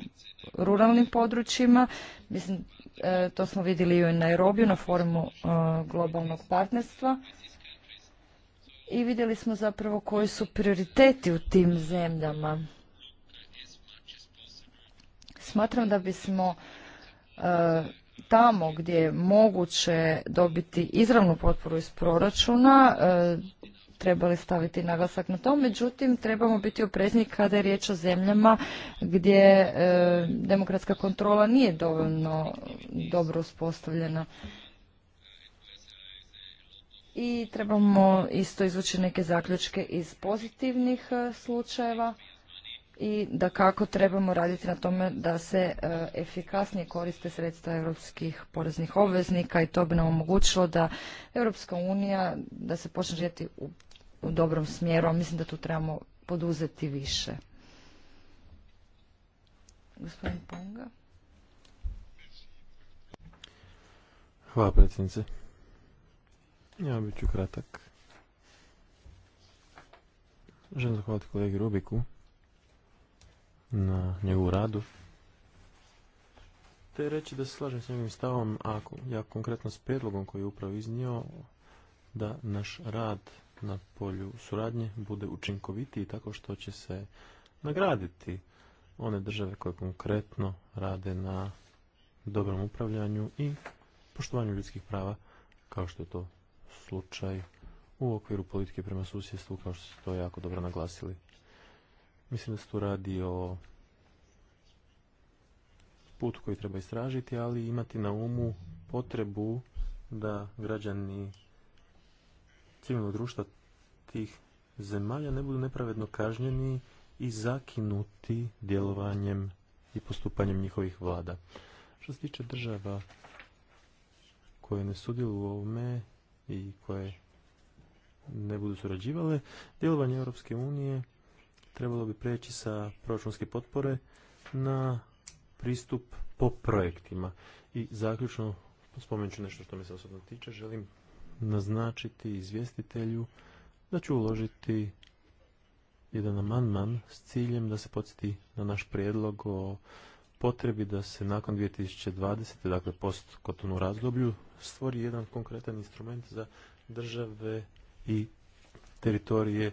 ruralnim područjima. Mislim, e, to smo vidjeli i u Nairobiju na forumu e, globalnog partnerstva. I vidjeli smo zapravo koji su prioriteti u tim zemljama. Smatram da bismo tamo gdje je moguće dobiti izravnu potporu iz proračuna trebali staviti naglasak na to, međutim trebamo biti oprezni kada je riječ o zemljama gdje e, demokratska kontrola nije dovoljno dobro uspostavljena. I trebamo isto izvući neke zaključke iz pozitivnih e, slučajeva i da kako trebamo raditi na tome da se e, efikasnije koriste sredstva europskih poreznih obveznika i to bi nam omogućilo da Europska unija da se počne živjeti u u dobrom smjeru, ali mislim da tu trebamo poduzeti više. Gospodin Ponga. Hvala predsjednice. Ja bit ću kratak. Želim zahvaliti kolegi Rubiku na njegovu radu. Te reći da se slažem s njegovim stavom, ako ja konkretno s predlogom koji je upravo iznio, da naš rad na polju suradnje bude učinkovitiji tako što će se nagraditi one države koje konkretno rade na dobrom upravljanju i poštovanju ljudskih prava kao što je to slučaj u okviru politike prema susjedstvu kao što ste to jako dobro naglasili. Mislim da se tu radi o put koji treba istražiti, ali imati na umu potrebu da građani civilnog društva tih zemalja ne budu nepravedno kažnjeni i zakinuti djelovanjem i postupanjem njihovih vlada. Što se tiče država koje ne sudjeluju u ovome i koje ne budu surađivale, djelovanje Europske unije trebalo bi preći sa proračunske potpore na pristup po projektima. I zaključno spomenut ću nešto što me se osobno tiče. Želim naznačiti izvjestitelju da ću uložiti jedan amandman s ciljem da se podsjeti na naš prijedlog o potrebi da se nakon 2020. dakle post razdoblju stvori jedan konkretan instrument za države i teritorije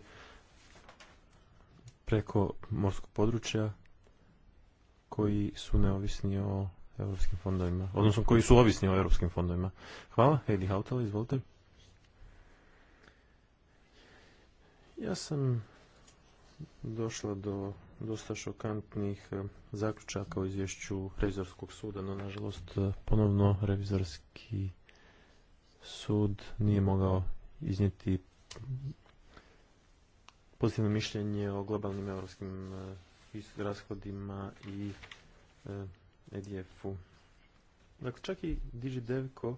preko morskog područja koji su neovisni o europskim fondovima, odnosno koji su ovisni o europskim fondovima. Hvala, Heidi Hautala, izvolite. Ja sam došla do dosta šokantnih eh, zaključaka u izvješću revizorskog suda, no nažalost eh, ponovno revizorski sud nije mogao iznijeti pozitivno mišljenje o globalnim europskim eh, rashodima i EDF-u. E dakle, čak i DigiDevco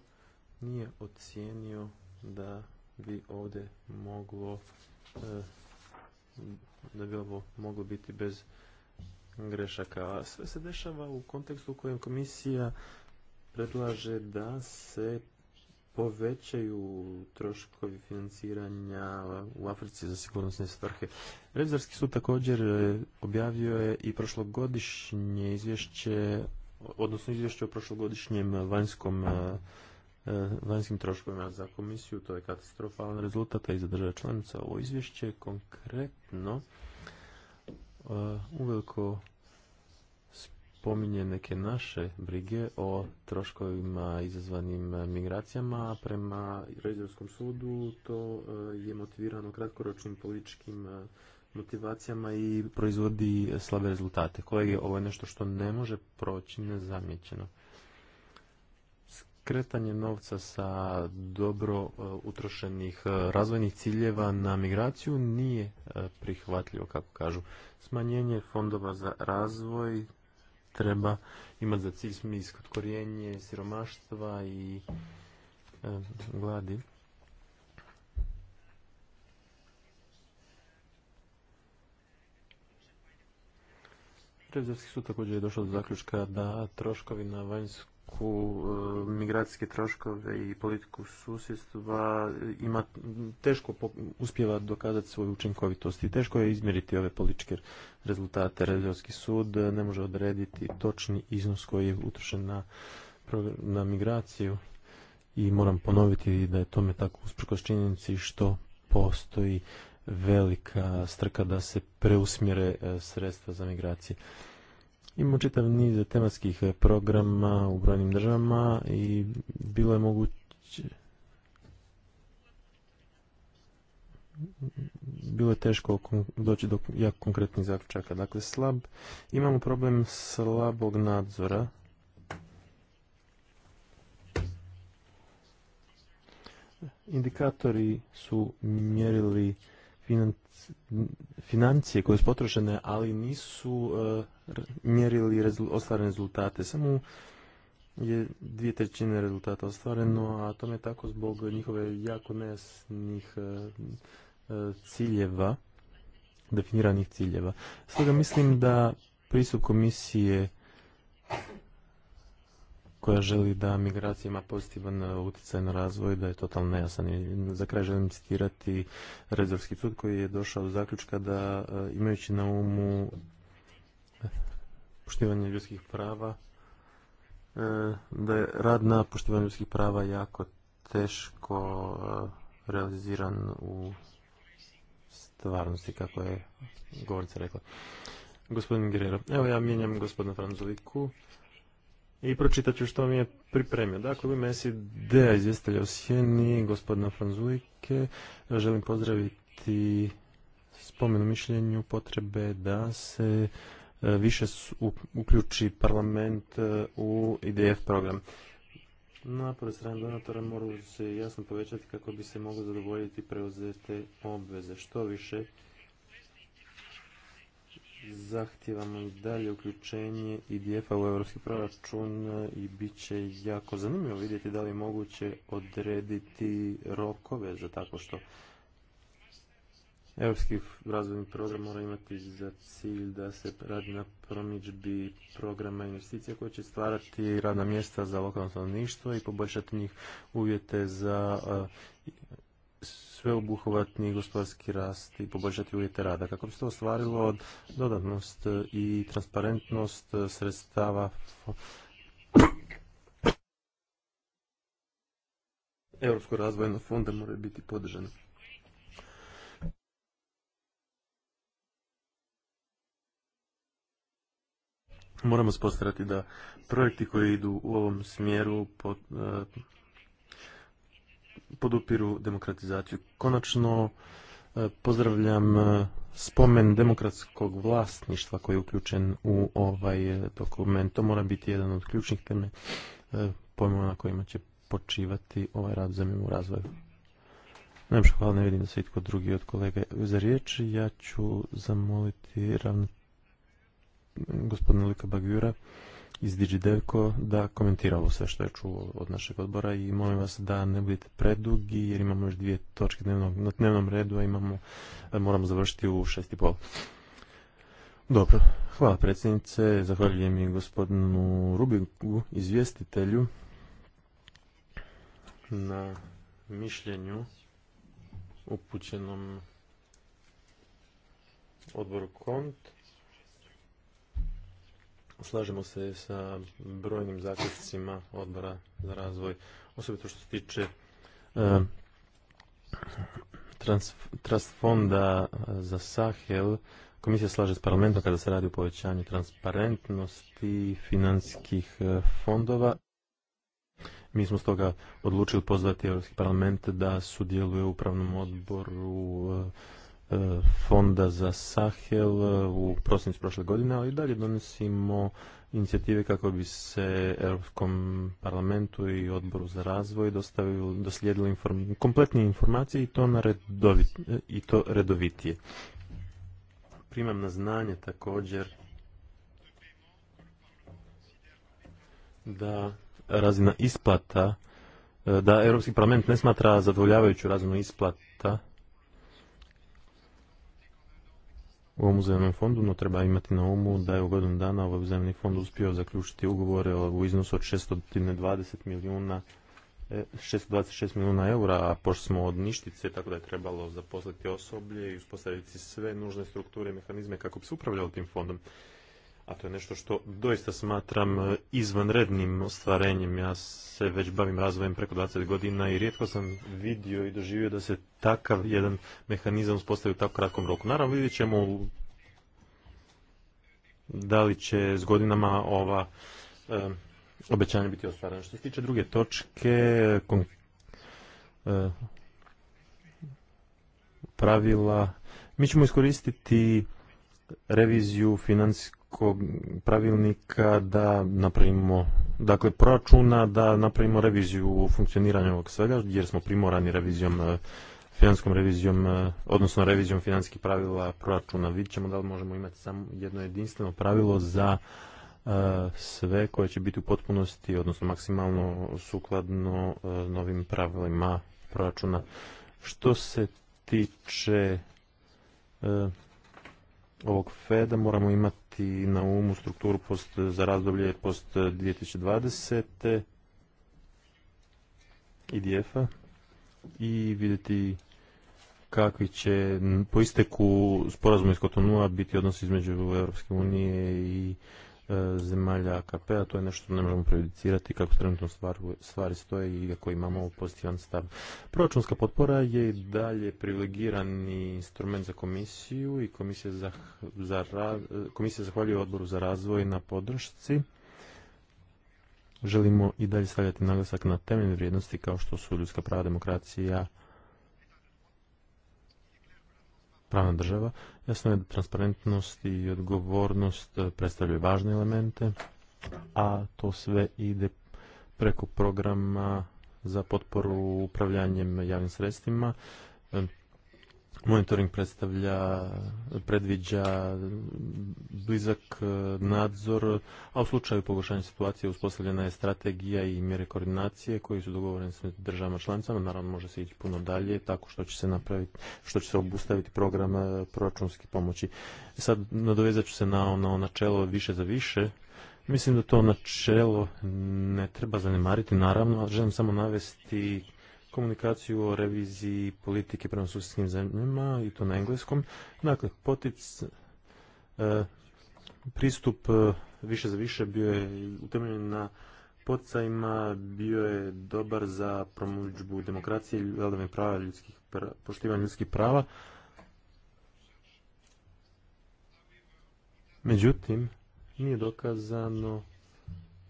nije ocijenio da bi ovdje moglo E, da bi ovo moglo biti bez grešaka. A sve se dešava u kontekstu u kojem komisija predlaže da se povećaju troškovi financiranja u Africi za sigurnosne svrhe. Revizorski sud također e, objavio je i prošlogodišnje izvješće, odnosno izvješće o prošlogodišnjem vanjskom e, E, vanjskim troškovima za komisiju, to je katastrofalan rezultat, i za države članica ovo izvješće konkretno e, uveliko spominje neke naše brige o troškovima izazvanim migracijama, prema Rezervskom sudu to e, je motivirano kratkoročnim političkim motivacijama i proizvodi slabe rezultate. Kolege, ovo je nešto što ne može proći nezamjećeno kretanje novca sa dobro e, utrošenih e, razvojnih ciljeva na migraciju nije e, prihvatljivo, kako kažu. Smanjenje fondova za razvoj treba imati za cilj smisku korijenje siromaštva i gladi. Revizorski sud također je došao do zaključka da troškovi na vanjsku politiku e, migracijske troškove i politiku susjedstva ima teško uspjeva dokazati svoju učinkovitost i teško je izmjeriti ove političke rezultate. Revizorski sud ne može odrediti točni iznos koji je utrošen na, na migraciju i moram ponoviti da je tome tako usprkos činjenici što postoji velika strka da se preusmjere e, sredstva za migracije. Imamo čitav niz tematskih e, programa u brojnim državama i bilo je moguće bilo je teško doći do jako konkretnih zaključaka. Dakle, slab, imamo problem slabog nadzora. Indikatori su mjerili finan, financije koje su potrošene, ali nisu e, mjerili ostvarene rezultate. Samo je dvije trećine rezultata ostvareno, a to je tako zbog njihove jako nejasnih e, e, ciljeva, definiranih ciljeva. Stoga mislim da pristup komisije koja želi da migracija ima pozitivan e, utjecaj na razvoj, da je totalno nejasan. I za kraj želim citirati rezervski sud koji je došao do zaključka da e, imajući na umu e, poštivanje ljudskih prava, da je rad na poštivanju ljudskih prava jako teško realiziran u stvarnosti, kako je govornica rekla. Gospodin Guerrero. Evo ja mijenjam gospodina Franzuliku i pročitat ću što mi je pripremio. Dakle, u ime sid izvjestitelja izvjestelja u Sjeni, gospodina Franzujke, želim pozdraviti spomenu mišljenju potrebe da se e, više uključi parlament e, u IDF program. Napore strane donatora moraju se jasno povećati kako bi se moglo zadovoljiti preuzete obveze. Što više, zahtjevamo i dalje uključenje IDF-a u europski proračun i bit će jako zanimljivo vidjeti da li je moguće odrediti rokove za tako što Europski razvojni program mora imati za cilj da se radi na promičbi programa investicija koje će stvarati radna mjesta za lokalno stanovništvo i poboljšati njih uvjete za sveobuhvatni gospodarski rast i poboljšati uvjete rada. Kako bi se to ostvarilo, dodatnost i transparentnost sredstava Europskog razvojnog fonda moraju biti podržani. Moramo spostarati da projekti koji idu u ovom smjeru eh, podupiru demokratizaciju. Konačno, e, pozdravljam e, spomen demokratskog vlasništva koji je uključen u ovaj e, dokument. To mora biti jedan od ključnih teme pojmova na kojima će počivati ovaj rad za u razvoju. hvala, ne vidim da se itko drugi od kolega za riječ. Ja ću zamoliti ravno gospodina Lika Bagjura iz DigiDevco da komentira ovo sve što je čuo od našeg odbora i molim vas da ne budete predugi jer imamo još dvije točke dnevnog, na dnevnom redu, a imamo, moramo završiti u šest i pol. Dobro, hvala predsjednice, zahvaljujem i gospodinu Rubiku, izvjestitelju na mišljenju upućenom odboru KONT Slažemo se sa brojnim zaključcima odbora za razvoj, osobito što se tiče e, transfonda fonda za Sahel. Komisija slaže s parlamentom kada se radi o povećanju transparentnosti financijskih e, fondova. Mi smo stoga odlučili pozvati Europski parlament da sudjeluje u upravnom odboru e, E, fonda za Sahel e, u prosincu prošle godine, ali i dalje donosimo inicijative kako bi se Europskom parlamentu i odboru za razvoj doslijedili inform, kompletnije informacije i to, na i to redovitije. Primam na znanje također da razina isplata, e, da Europski parlament ne smatra zadovoljavajuću razinu isplata u ovom uzemnom fondu, no treba imati na umu da je u godinu dana ovaj uzemni fond uspio zaključiti ugovore u iznosu od 620 milijuna 626 e, milijuna eura, a pošto smo od ništice, tako da je trebalo zaposliti osoblje i uspostaviti sve nužne strukture i mehanizme kako bi se upravljalo tim fondom a to je nešto što doista smatram e, izvanrednim ostvarenjem. Ja se već bavim razvojem preko 20 godina i rijetko sam vidio i doživio da se takav jedan mehanizam uspostavi u tako kratkom roku. Naravno vidjet ćemo da li će s godinama ova e, obećanja biti ostvarena. Što se tiče druge točke, e, pravila, mi ćemo iskoristiti reviziju financijskog pravilnika da napravimo, dakle proračuna da napravimo reviziju funkcioniranja ovog svega jer smo primorani revizijom eh, financijskom revizijom, eh, odnosno revizijom financijskih pravila proračuna. Vidjet ćemo da li možemo imati samo jedno jedinstveno pravilo za eh, sve koje će biti u potpunosti, odnosno maksimalno sukladno novim pravilima proračuna. Što se tiče ovog Feda moramo imati imati na umu strukturu post, za razdoblje post 2020. Eh, IDF-a i vidjeti kakvi će po isteku sporazuma iz Kotonua biti odnos između Europske unije i E, zemalja AKP-a, to je nešto što ne možemo prejudicirati kako trenutno stvari stoje i ako imamo pozitivan stav. Proračunska potpora je i dalje privilegirani instrument za komisiju i komisija, za, komisija zahvaljuje odboru za razvoj na podršci. Želimo i dalje stavljati naglasak na temeljne vrijednosti kao što su ljudska prava, demokracija, pravna država. Jasno je da transparentnost i odgovornost e, predstavljaju važne elemente, a to sve ide preko programa za potporu upravljanjem javnim sredstvima. Monitoring predstavlja, predviđa blizak e, nadzor, a u slučaju pogoršanja situacije uspostavljena je strategija i mjere koordinacije koji su dogovorene s državama članicama. Naravno može se ići puno dalje tako što će se napraviti, što će se obustaviti program e, proračunske pomoći. Sad nadovezat ću se na ono načelo više za više. Mislim da to načelo ne treba zanemariti, naravno, ali želim samo navesti komunikaciju o reviziji politike prema susjednim zemljama i to na engleskom. Dakle, potic, e, pristup e, više za više bio je utemeljen na poticajima, bio je dobar za promuđbu demokracije, vladavine prava, ljudskih, poštivanja ljudskih prava. Međutim, nije dokazano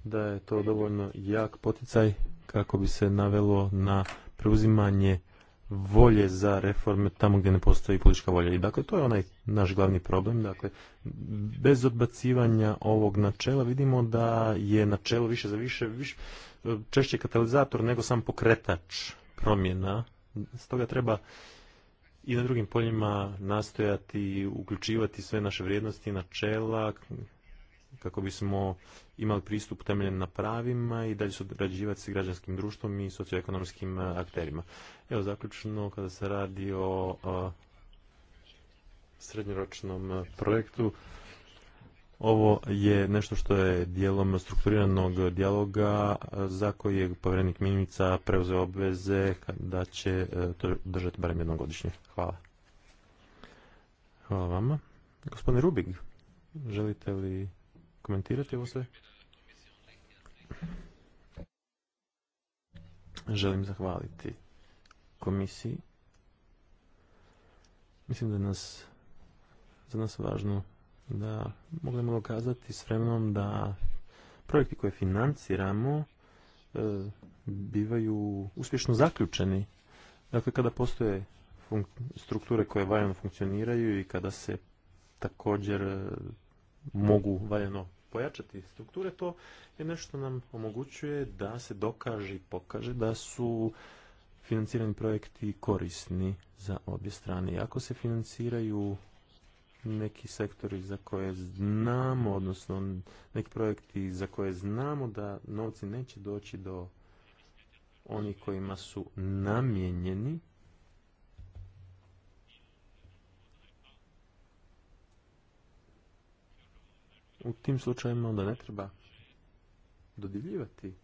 da je to dovoljno jak poticaj kako bi se navelo na preuzimanje volje za reforme tamo gdje ne postoji politička volja. I dakle, to je onaj naš glavni problem. Dakle, bez odbacivanja ovog načela vidimo da je načelo više za više, više češće katalizator nego sam pokretač promjena. Stoga treba i na drugim poljima nastojati uključivati sve naše vrijednosti načela kako bismo imali pristup temeljen na pravima i dalje surađivati s građanskim društvom i socioekonomskim e, akterima. Evo zaključno kada se radi o e, srednjoročnom e, projektu ovo je nešto što je dijelom strukturiranog dijaloga za koji je povjerenik Minjica preuzeo obveze da će to držati barem jednogodišnje. Hvala. Hvala vama. Gospodine Rubig, želite li komentirati ovo sve? Želim zahvaliti komisiji. Mislim da je nas, za nas važno da moglimo dokazati s vremenom da projekti koje financiramo e, bivaju uspješno zaključeni. Dakle, kada postoje strukture koje valjano funkcioniraju i kada se također e, mogu valjano pojačati strukture, to je nešto nam omogućuje da se dokaže i pokaže da su financirani projekti korisni za obje strane. I ako se financiraju neki sektori za koje znamo, odnosno neki projekti za koje znamo da novci neće doći do onih kojima su namijenjeni, u tim slučajevima onda ne treba dodjeljivati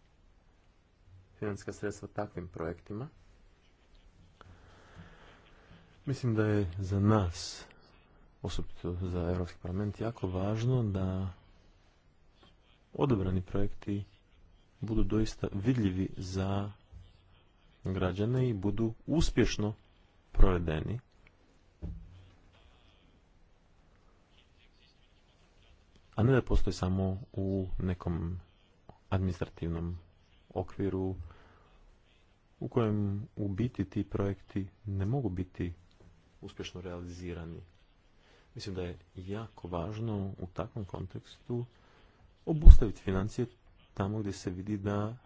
financijska sredstva takvim projektima. Mislim da je za nas, osobito za Europski parlament, jako važno da odobrani projekti budu doista vidljivi za građane i budu uspješno provedeni a ne da postoji samo u nekom administrativnom okviru u kojem u biti ti projekti ne mogu biti uspješno realizirani. Mislim da je jako važno u takvom kontekstu obustaviti financije tamo gdje se vidi da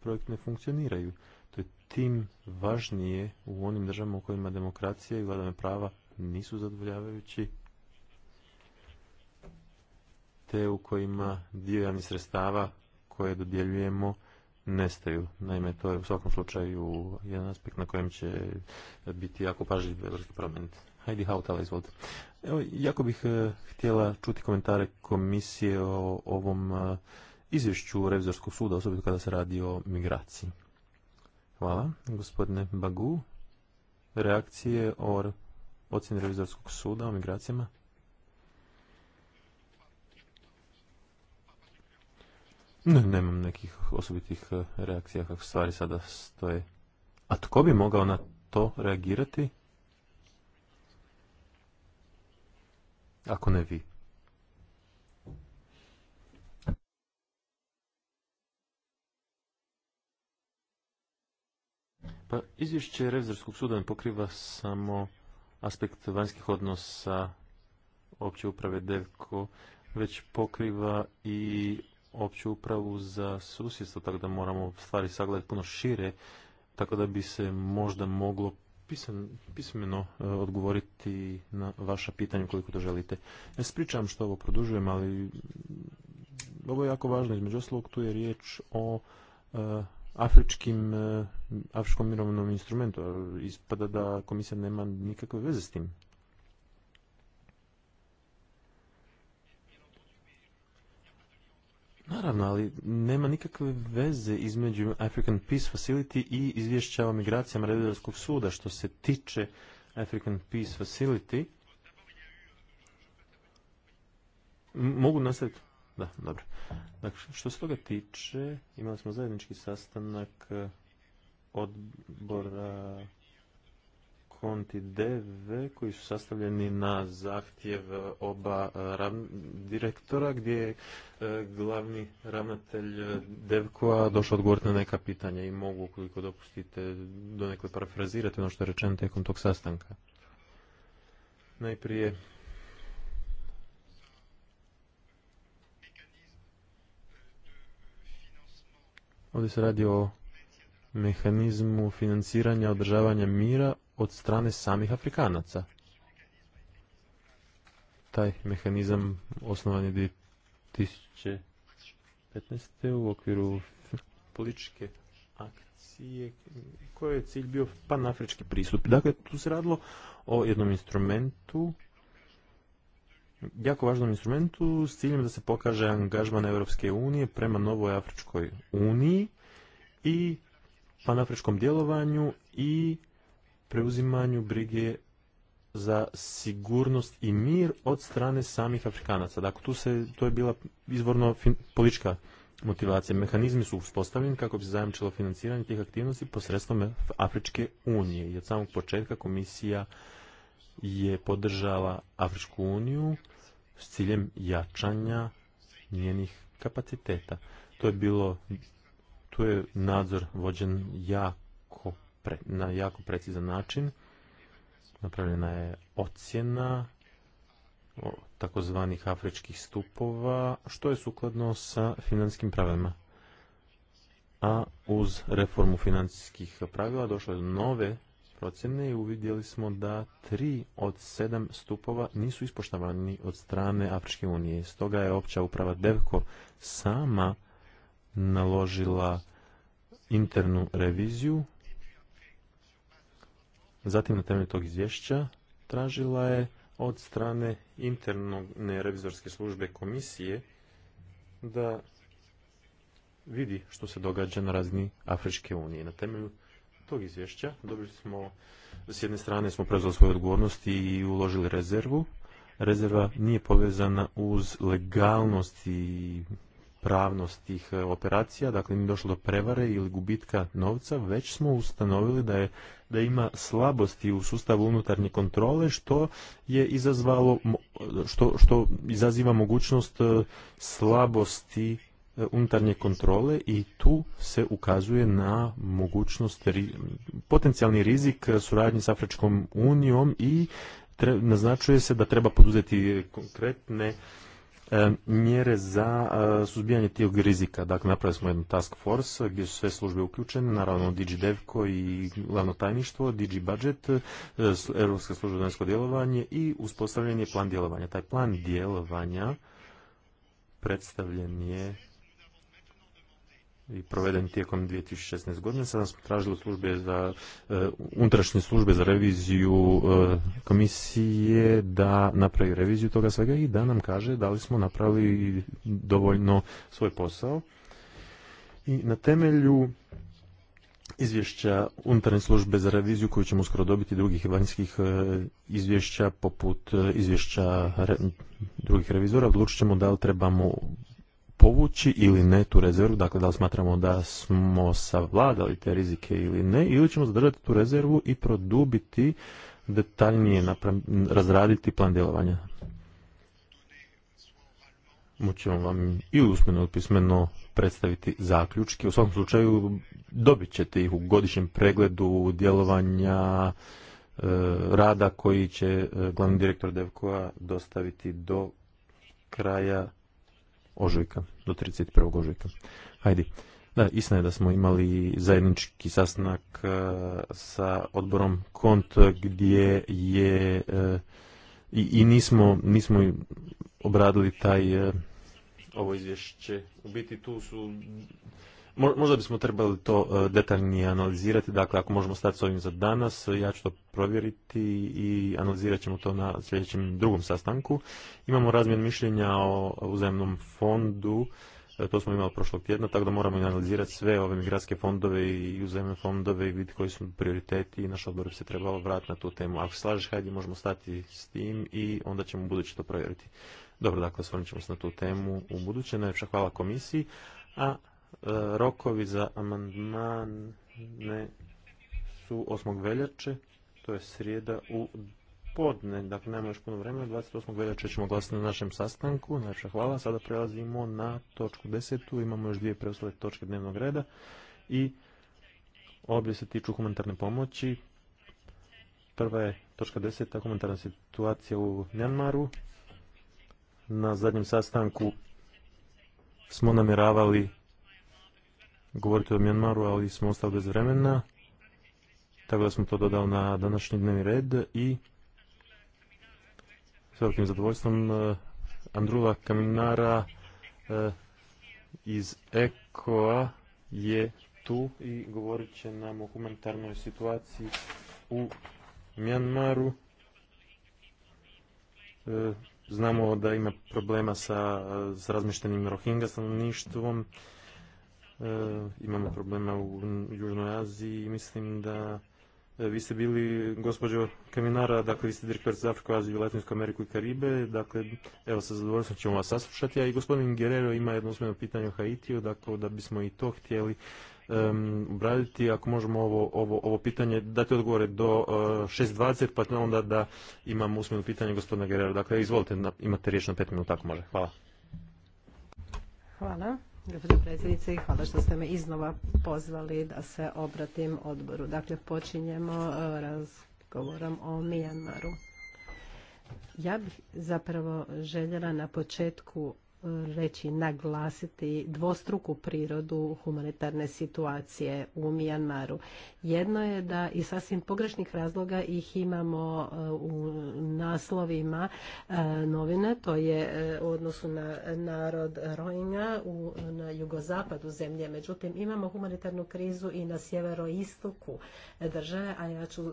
projekti ne funkcioniraju. To je tim važnije u onim državama u kojima demokracija i vladavina prava nisu zadovoljavajući te u kojima dio javnih sredstava koje dodjeljujemo nestaju. Naime, to je u svakom slučaju jedan aspekt na kojem će biti jako pažljiv evropski parlament. Heidi Hautala, izvolite. Evo, jako bih e, htjela čuti komentare komisije o ovom e, izvješću Revizorskog suda, osobito kada se radi o migraciji. Hvala. Gospodine Bagu, reakcije o ocjeni Revizorskog suda o migracijama? Ne, nemam nekih osobitih e, reakcija kako stvari sada stoje. A tko bi mogao na to reagirati? Ako ne vi. Pa izvješće Revizorskog suda ne pokriva samo aspekt vanjskih odnosa opće uprave DEVKO, već pokriva i opću upravu za susjedstvo, tako da moramo stvari sagledati puno šire, tako da bi se možda moglo pismeno e, odgovoriti na vaša pitanja koliko to želite. Ja se što ovo produžujem, ali ovo je jako važno. Između ostalog tu je riječ o e, afričkim, e, afričkom mirovnom instrumentu. Ispada da komisija nema nikakve veze s tim. Naravno, ali nema nikakve veze između African Peace Facility i izvješća o migracijama Revizorskog suda što se tiče African Peace Facility. Mogu nastaviti? Da, dobro. Dakle, što se toga tiče, imali smo zajednički sastanak eh, odbora konti DV koji su sastavljeni na zahtjev oba e, direktora gdje je e, glavni ravnatelj e, DEVK-a došao odgovoriti na neka pitanja i mogu ukoliko dopustite donekle parafrazirati ono što je rečeno tijekom tog sastanka. Najprije Ovdje se radi o mehanizmu financiranja održavanja mira od strane samih Afrikanaca. Taj mehanizam osnovan je 2015. u okviru političke akcije koji je cilj bio panafrički pristup. Dakle, tu se radilo o jednom instrumentu jako važnom instrumentu s ciljem da se pokaže angažman Europske unije prema Novoj Afričkoj uniji i panafričkom djelovanju i preuzimanju brige za sigurnost i mir od strane samih Afrikanaca. Dakle, tu se, to je bila izvorno politička motivacija. Mehanizmi su uspostavljeni kako bi se zajamčilo financiranje tih aktivnosti posredstvom Afričke unije. I od samog početka komisija je podržala Afričku uniju s ciljem jačanja njenih kapaciteta. To je bilo, tu je nadzor vođen ja na jako precizan način. Napravljena je ocjena takozvanih afričkih stupova, što je sukladno sa financijskim pravilima. A uz reformu financijskih pravila došlo je do nove procjene i uvidjeli smo da tri od sedam stupova nisu ispoštavani od strane Afričke unije. Stoga je opća uprava DEVKO sama naložila internu reviziju Zatim na temelju tog izvješća tražila je od strane interne revizorske službe komisije da vidi što se događa na razini Afričke unije. Na temelju tog izvješća dobili smo, s jedne strane smo preuzeli svoje odgovornosti i uložili rezervu. Rezerva nije povezana uz legalnost i pravnost tih e, operacija, dakle nije došlo do prevare ili gubitka novca, već smo ustanovili da, je, da ima slabosti u sustavu unutarnje kontrole što je izazvalo, što, što izaziva mogućnost e, slabosti e, unutarnje kontrole i tu se ukazuje na mogućnost, potencijalni rizik suradnje s Afričkom unijom i naznačuje se da treba poduzeti konkretne E, mjere za e, suzbijanje tih rizika. Dakle, napravili smo jednu task force gdje su sve službe uključene, naravno DEVKO i glavno tajništvo, BUDGET, e, Europska služba vanjsko djelovanje i uspostavljen je plan djelovanja. Taj plan djelovanja predstavljen je i proveden tijekom 2016. godine. Sada smo tražili službe za, e, unutrašnje službe za reviziju e, komisije da napravi reviziju toga svega i da nam kaže da li smo napravili dovoljno svoj posao. I na temelju izvješća unutarnje službe za reviziju koju ćemo uskoro dobiti drugih vanjskih e, izvješća poput izvješća drugih revizora odlučit ćemo da li trebamo povući ili ne tu rezervu, dakle da li smatramo da smo savladali te rizike ili ne, ili ćemo zadržati tu rezervu i produbiti detaljnije razraditi plan djelovanja. Moćemo vam i usmeno i pismeno predstaviti zaključke. U svakom slučaju dobit ćete ih u godišnjem pregledu djelovanja e, rada koji će e, glavni direktor Devkoa dostaviti do kraja ožujka do 31. ožujka. Hajde. Da, istina je da smo imali zajednički sastanak e, sa odborom KONT gdje je e, i, i nismo, nismo obradili taj e, ovo izvješće. U biti tu su Možda bismo trebali to e, detaljnije analizirati, dakle ako možemo stati s ovim za danas, ja ću to provjeriti i analizirat ćemo to na sljedećem drugom sastanku. Imamo razmjen mišljenja o uzajemnom fondu, e, to smo imali prošlog tjedna, tako da moramo analizirati sve ove migratske fondove i uzajemne fondove i vidjeti koji su prioriteti i naš odbor bi se trebalo vratiti na tu temu. Ako slažeš, hajde možemo stati s tim i onda ćemo buduće to provjeriti. Dobro, dakle, osvrnit ćemo se na tu temu u buduće. hvala komisiji. A E, rokovi za amandmane su 8. veljače, to je srijeda u podne, dakle nema još puno vremena, 28. veljače ćemo glasiti na našem sastanku, znači hvala, sada prelazimo na točku 10. imamo još dvije preostale točke dnevnog reda i obje se tiču humanitarne pomoći, prva je točka 10. humanitarna situacija u Mjanmaru, na zadnjem sastanku smo namjeravali govoriti o Mjanmaru, ali smo ostali bez vremena. Tako da smo to dodali na današnji dnevni red i s velikim zadovoljstvom e, Andrula Kaminara e, iz EKO je tu i govorit će nam o humanitarnoj situaciji u Mjanmaru. E, znamo da ima problema sa, razmištenim razmišljenim rohinga stanovništvom E, imamo problema u Južnoj Aziji i mislim da e, vi ste bili, gospođo Kaminara, dakle vi ste direktor za Afriku, Aziju, Latinsku Ameriku i Karibe, dakle evo sa zadovoljstvom ćemo vas saslušati, a i gospodin Guerrero ima jedno usmeno pitanje o Haitiju, dakle da bismo i to htjeli obraditi, ako možemo ovo, ovo, pitanje dati odgovore do 6.20, e, pa onda da imamo usmeno pitanje gospodina Guerrero. Dakle, izvolite, imate riječ na pet minuta, ako može. Hvala. Hvala gospodine predsjednice hvala što ste me iznova pozvali da se obratim odboru. Dakle, počinjemo e, razgovorom o Mijanmaru. Ja bih zapravo željela na početku reći, naglasiti dvostruku prirodu humanitarne situacije u Mijanmaru. Jedno je da i sasvim pogrešnih razloga ih imamo e, u naslovima e, novina, to je e, u odnosu na narod Rohingya u, na jugozapadu zemlje. Međutim, imamo humanitarnu krizu i na sjeveroistoku države, a ja ću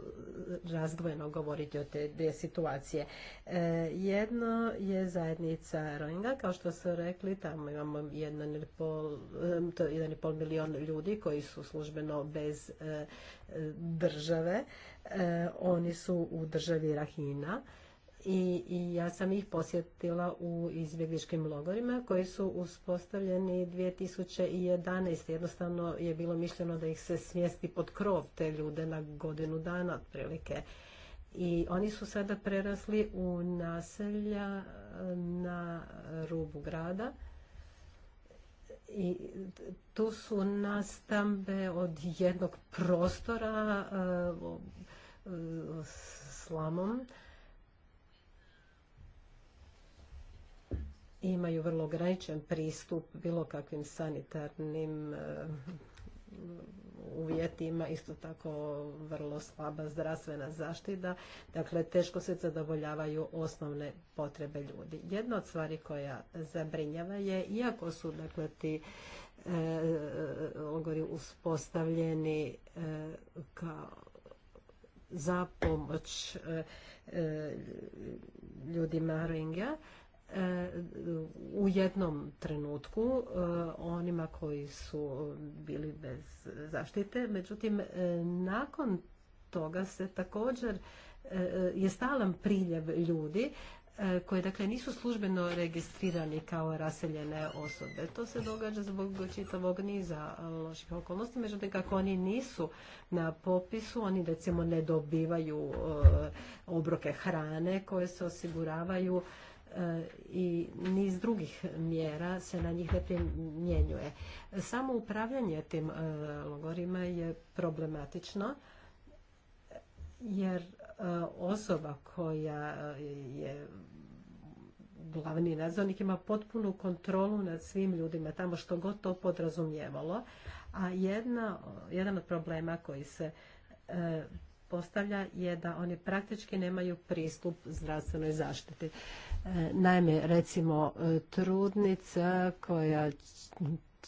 razdvojeno govoriti o te dvije situacije. Jedno je zajednica Rohingya, kao što su rekli, tamo imamo 1,5, to je pol ljudi koji su službeno bez eh, države. Eh, oni su u državi Rahina. I, ja sam ih posjetila u izbjegličkim logorima koji su uspostavljeni 2011. Jednostavno je bilo mišljeno da ih se smjesti pod krov te ljude na godinu dana otprilike i oni su sada prerasli u naselja eh, na rubu grada i tu su nastambe od jednog prostora eh, eh, slamom imaju vrlo ograničen pristup bilo kakvim sanitarnim uvjetima, isto tako vrlo slaba zdravstvena zaštita, dakle teško se zadovoljavaju osnovne potrebe ljudi. Jedna od stvari koja zabrinjava je, iako su dakle ti e, logori uspostavljeni e, kao za pomoć e, e, ljudima Rohingya, u jednom trenutku e, onima koji su bili bez zaštite. Međutim, e, nakon toga se također e, je stalan priljev ljudi koji dakle nisu službeno registrirani kao raseljene osobe. To se događa zbog čitavog niza loših okolnosti, međutim kako oni nisu na popisu, oni recimo ne dobivaju obroke hrane koje se osiguravaju E, i niz drugih mjera se na njih ne primjenjuje. Samo upravljanje tim e, logorima je problematično jer e, osoba koja je glavni nadzornik ima potpunu kontrolu nad svim ljudima tamo što god to podrazumijevalo. A jedan od problema koji se postavlja je da oni praktički nemaju pristup zdravstvenoj zaštiti. E, naime, recimo e, trudnica koja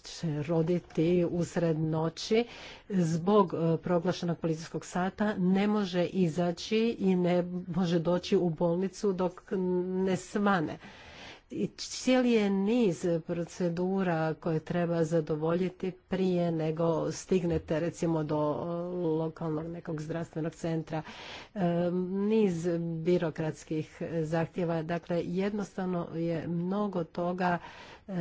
će roditi usred noći zbog e, proglašenog policijskog sata ne može izaći i ne može doći u bolnicu dok ne svane cijeli je niz procedura koje treba zadovoljiti prije nego stignete recimo do lokalnog nekog zdravstvenog centra, e, niz birokratskih zahtjeva. Dakle, jednostavno je mnogo toga e,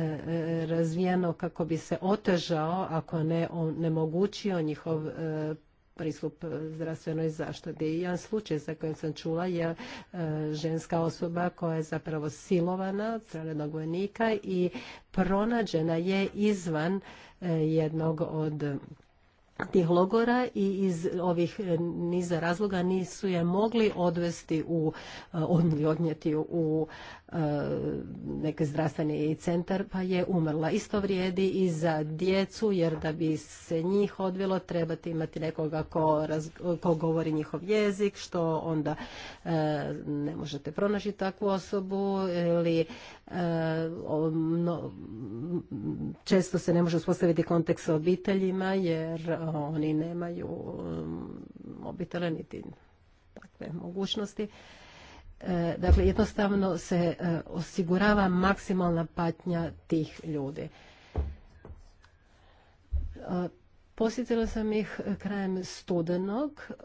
razvijeno kako bi se otežao, ako ne onemogućio njihov e, pristup e, zdravstvenoj zaštiti. Jedan slučaj za kojim sam čula je e, ženska osoba koja je zapravo silovana od strane vojnika i pronađena je izvan e, jednog od tih logora i iz ovih e, niza razloga nisu je mogli odvesti u e, odnijeti u e, neki zdravstveni centar pa je umrla. Isto vrijedi i za djecu jer da bi se njih odvilo trebate imati nekoga ko, govori njihov jezik što onda ne možete pronaći takvu osobu ili često se ne može uspostaviti kontekst s obiteljima jer oni nemaju um, mobitele niti takve mogućnosti. E, dakle, jednostavno se e, osigurava maksimalna patnja tih ljudi e, Posjetila sam ih krajem studenog e,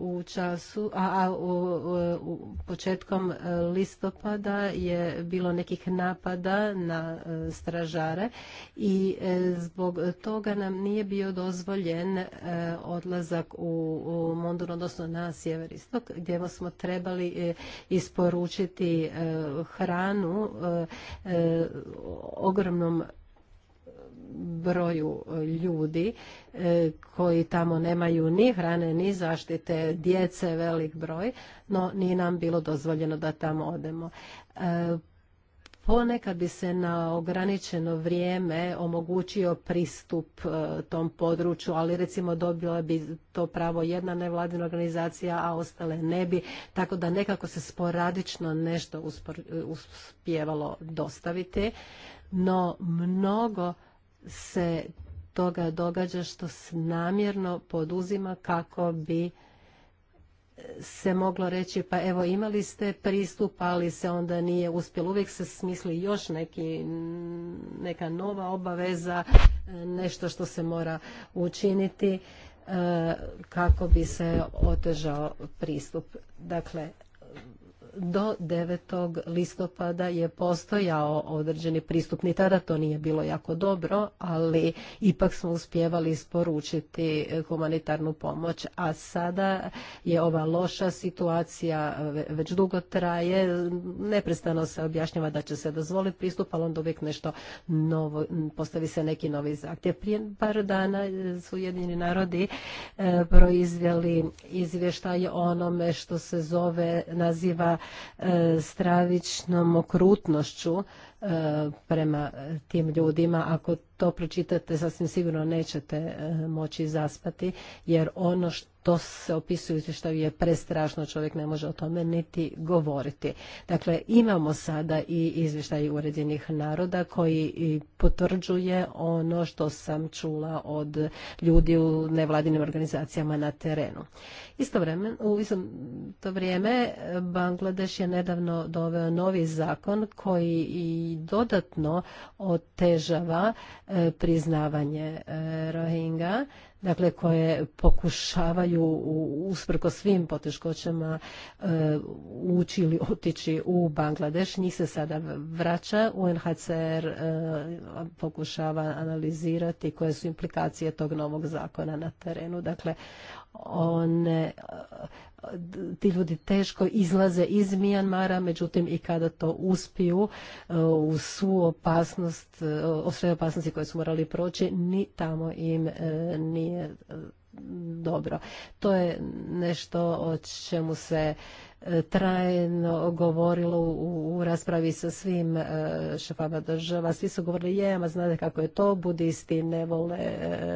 u času, a u, početkom e, listopada je bilo nekih napada na e, stražare i zbog toga nam nije bio dozvoljen odlazak u, Mondurno, odnosno na sjeveristok, gdje smo trebali isporučiti hranu ogromnom broju e, ljudi e, koji tamo nemaju ni hrane ni zaštite djece velik broj no nije nam bilo dozvoljeno da tamo odemo e, ponekad bi se na ograničeno vrijeme omogućio pristup tom području, ali recimo dobila bi to pravo jedna nevladina organizacija, a ostale ne bi, tako da nekako se sporadično nešto uspjevalo dostaviti, no mnogo se toga događa što se namjerno poduzima kako bi se moglo reći pa evo imali ste pristup ali se onda nije uspjelo. Uvijek se smisli još neki, neka nova obaveza, nešto što se mora učiniti e, kako bi se otežao pristup. Dakle, do 9. listopada je postojao određeni pristup, ni tada to nije bilo jako dobro, ali ipak smo uspjevali isporučiti eh, humanitarnu pomoć, a sada je ova loša situacija eh, već dugo traje, neprestano se objašnjava da će se dozvoliti pristup, ali onda uvijek nešto novo, postavi se neki novi zahtjev. Prije par dana eh, su Ujedinjeni narodi proizveli izvještaj onome što se zove, naziva E, stravičnom okrutnošću e, prema tim ljudima. Ako to pročitate, sasvim sigurno nećete e, moći zaspati, jer ono što to se opisuje u je prestrašno, čovjek ne može o tome niti govoriti. Dakle, imamo sada i izvještaj Uredjenih naroda koji potvrđuje ono što sam čula od ljudi u nevladinim organizacijama na terenu. Isto u isto to vrijeme Bangladeš je nedavno doveo novi zakon koji i dodatno otežava e, priznavanje e, Rohinga dakle koje pokušavaju usprko svim poteškoćama e, ući ili otići u Bangladeš. Njih se sada vraća. UNHCR e, pokušava analizirati koje su implikacije tog novog zakona na terenu. Dakle, one ti ljudi teško izlaze iz Mijanmara, međutim i kada to uspiju e, u svu opasnost, e, o sve opasnosti koje su morali proći, ni tamo im e, nije dobro. To je nešto o čemu se trajno govorilo u raspravi sa svim šefama država. Svi su govorili, je, ma znate kako je to, budisti ne vole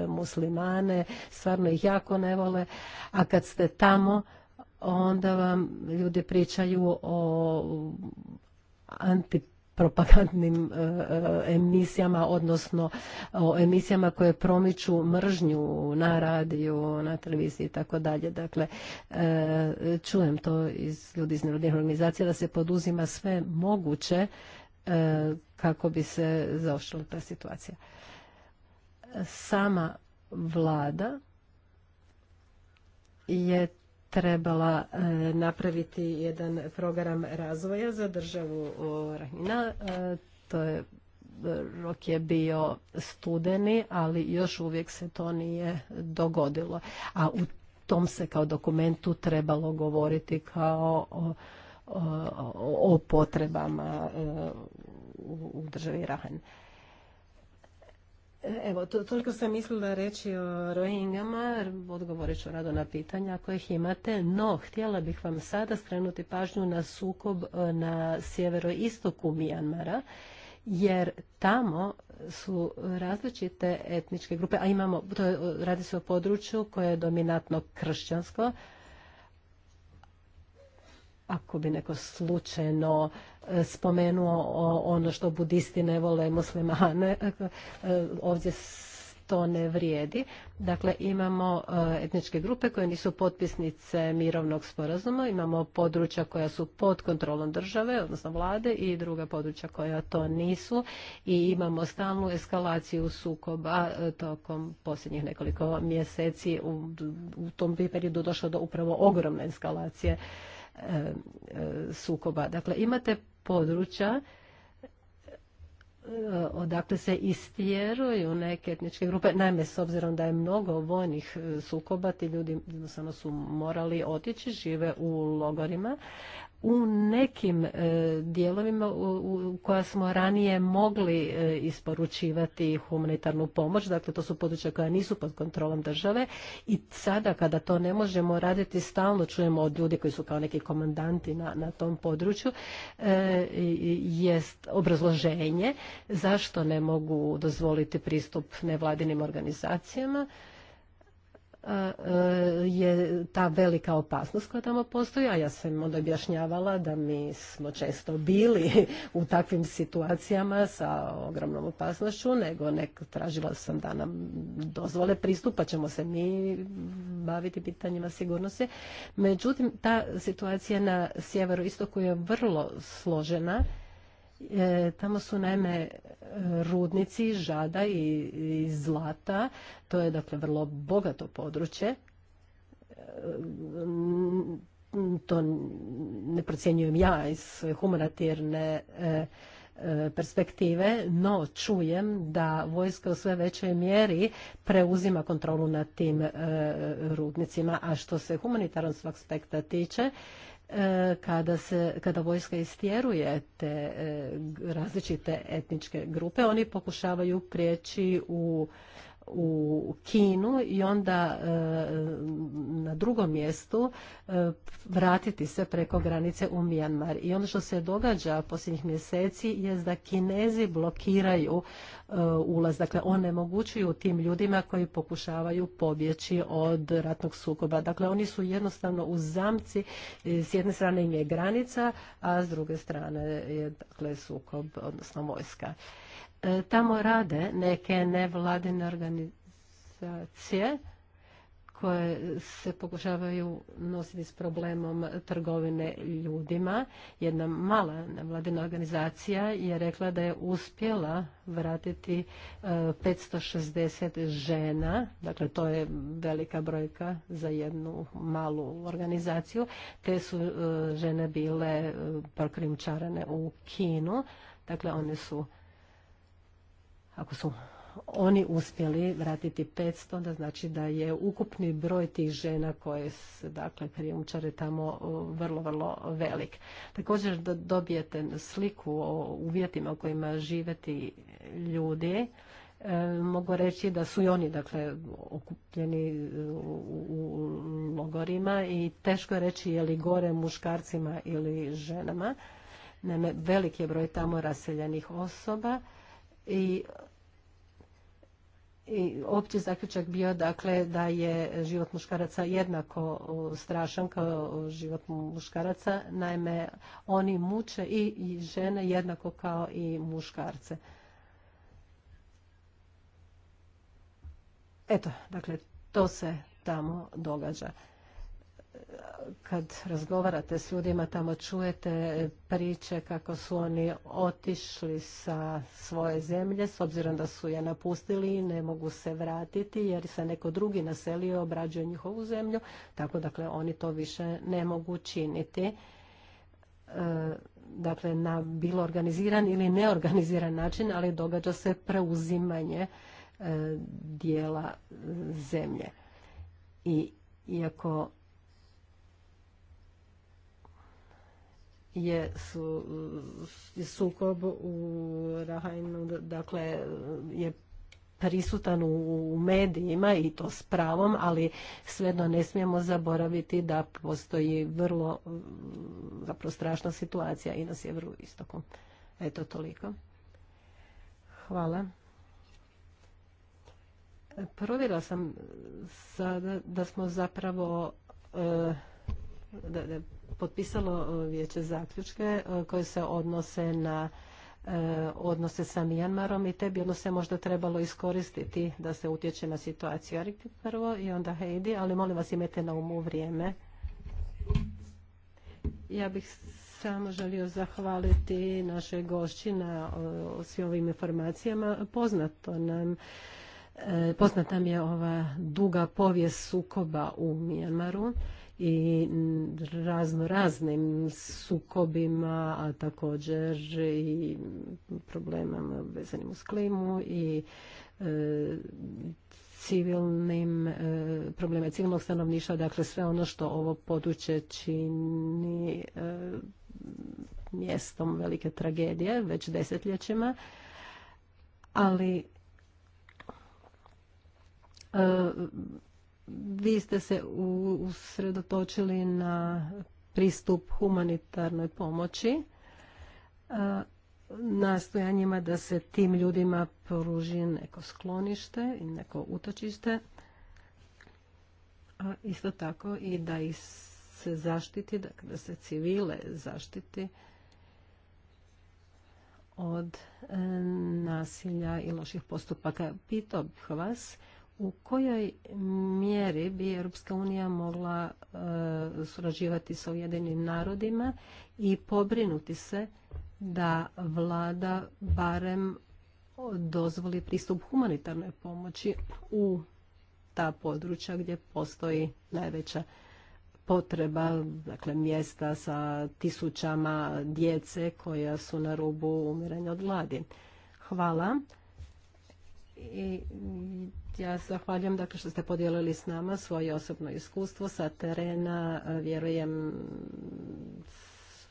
muslimane, stvarno ih jako ne vole, a kad ste tamo, onda vam ljudi pričaju o antipropagandnim e, e, emisijama, odnosno o emisijama koje promiču mržnju na radiju, na televiziji i tako dalje. Dakle, e, čujem to iz ljudi iz narodnih organizacija da se poduzima sve moguće kako bi se zaošla ta situacija. Sama vlada je trebala e, napraviti jedan program razvoja za državu Rahina. E, to je e, rok je bio studeni, ali još uvijek se to nije dogodilo. A u tom se kao dokumentu trebalo govoriti kao o, potrebama u državi Rahina. Evo, to, toliko sam mislila reći o Rohingama, odgovorit ću rado na pitanja ako ih imate, no htjela bih vam sada skrenuti pažnju na sukob e, na sjeveroistoku Mijanmara, jer tamo su različite etničke grupe, a imamo, to radi se o području koje je dominantno kršćansko, ako bi neko slučajno e, spomenuo ono što budisti ne vole muslimane, e, e, ovdje to ne vrijedi. Dakle, imamo etničke grupe koje nisu potpisnice mirovnog sporazuma, imamo područja koja su pod kontrolom države, odnosno vlade i druga područja koja to nisu i imamo stalnu eskalaciju sukoba tokom posljednjih nekoliko mjeseci. U, tom periodu došlo do upravo ogromne eskalacije sukoba. Dakle, imate područja e, odakle se istjeruju neke etničke grupe. Naime, s obzirom da je mnogo vojnih e, sukoba, ti ljudi jednostavno su morali otići, žive u logorima u nekim e, dijelovima u koja smo ranije mogli e, isporučivati humanitarnu pomoć, dakle to su područja koja nisu pod kontrolom države i sada kada to ne možemo raditi stalno čujemo od ljudi koji su kao neki komandanti na, na tom području e, jest obrazloženje zašto ne mogu dozvoliti pristup nevladinim organizacijama E, je ta velika opasnost koja tamo postoji, a ja sam onda objašnjavala da mi smo često bili u takvim situacijama sa ogromnom opasnošću, nego nek tražila sam da nam dozvole pristupa, pa ćemo se mi baviti pitanjima sigurnosti. Međutim, ta situacija na sjeveru istoku je vrlo složena E, tamo su naime e, rudnici žada i, zlata, to je dakle vrlo bogato područje. E, to ne procjenjujem ja iz humanitarne perspektive, no čujem da vojska u sve većoj mjeri preuzima kontrolu nad tim rudnicima, a što se humanitarnog aspekta tiče, E, kada, se, kada vojska istjeruje te e, različite etničke grupe, oni pokušavaju prijeći u u Kinu i onda e, na drugom mjestu e, vratiti se preko granice u Mijanmar. I ono što se događa posljednjih mjeseci je da Kinezi blokiraju e, ulaz, dakle onemogućuju tim ljudima koji pokušavaju pobjeći od ratnog sukoba. Dakle, oni su jednostavno u zamci, s jedne strane im je granica, a s druge strane je dakle, sukob, odnosno vojska. E, tamo rade neke nevladine organizacije koje se pokušavaju nositi s problemom trgovine ljudima. Jedna mala nevladina organizacija je rekla da je uspjela vratiti 560 e, žena, dakle to je velika brojka za jednu malu organizaciju. Te su e, žene bile prokrimčarane u Kinu, dakle one su ako su oni uspjeli vratiti 500, onda znači da je ukupni broj tih žena koje se dakle krijumčare tamo vrlo, vrlo velik. Također da dobijete sliku o uvjetima u kojima živeti ljudi, e, mogu reći da su i oni dakle okupljeni u logorima i teško je reći je li gore muškarcima ili ženama. Naime, velik je broj tamo raseljenih osoba i i opći zaključak bio dakle da je život muškaraca jednako strašan kao život muškaraca. Naime, oni muče i žene jednako kao i muškarce. Eto, dakle, to se tamo događa kad razgovarate s ljudima tamo čujete priče kako su oni otišli sa svoje zemlje s obzirom da su je napustili i ne mogu se vratiti jer se neko drugi naselio i obrađuje njihovu zemlju tako dakle oni to više ne mogu činiti e, dakle na bilo organiziran ili neorganiziran način ali događa se preuzimanje e, dijela e, zemlje i iako je sukob u Rahajnu, dakle je prisutan u medijima i to s pravom, ali svejedno ne smijemo zaboraviti da postoji vrlo zapravo strašna situacija i na sjeveru istoku. Eto toliko. Hvala. provjerila sam sada da smo zapravo e, da potpisalo e, vijeće zaključke e, koje se odnose na e, odnose sa Mijanmarom i te bi odnose možda trebalo iskoristiti da se utječe na situaciju Arikti prvo i onda Heidi, ali molim vas imajte na umu vrijeme. Ja bih samo želio zahvaliti naše gošći na svim ovim informacijama. Poznato nam Poznata nam je ova duga povijest sukoba u Mijanmaru i razno raznim sukobima, a također i problemama vezanim uz klimu i e, civilnim, e, civilnog stanovništva, dakle sve ono što ovo područje čini e, mjestom velike tragedije već desetljećima, ali e, vi ste se usredotočili na pristup humanitarnoj pomoći nastojanjima da se tim ljudima pruži neko sklonište i neko utočište, a isto tako i da ih se zaštiti, da se civile zaštiti od e, nasilja i loših postupaka. Pitao bih vas u kojoj mjeri bi Europska unija mogla e, surađivati sa Ujedinim narodima i pobrinuti se da vlada barem dozvoli pristup humanitarnoj pomoći u ta područja gdje postoji najveća potreba, dakle mjesta sa tisućama djece koja su na rubu umiranja od gladi. Hvala i ja zahvaljujem dakle što ste podijelili s nama svoje osobno iskustvo sa terena. Vjerujem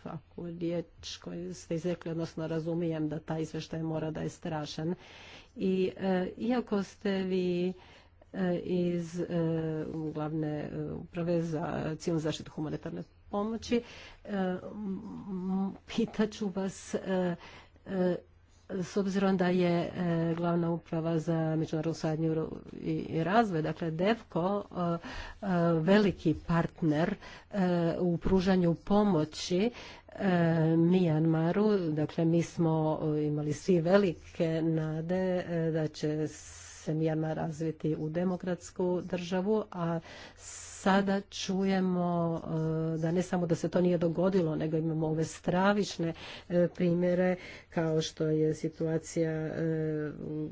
svaku riječ koju ste izrekli, odnosno razumijem da taj izveštaj mora da je strašan. I e, iako ste vi e, iz e, glavne uprave za civilnu zaštitu humanitarne pomoći, e, pitaću vas s obzirom da je e, glavna uprava za međunarodnu sadnju i razvoj, dakle DEVKO, e, e, veliki partner u pružanju pomoći Mijanmaru, dakle mi smo imali svi velike nade da će se razviti u demokratsku državu, a sada čujemo e, da ne samo da se to nije dogodilo, nego imamo ove stravične e, primjere kao što je situacija e,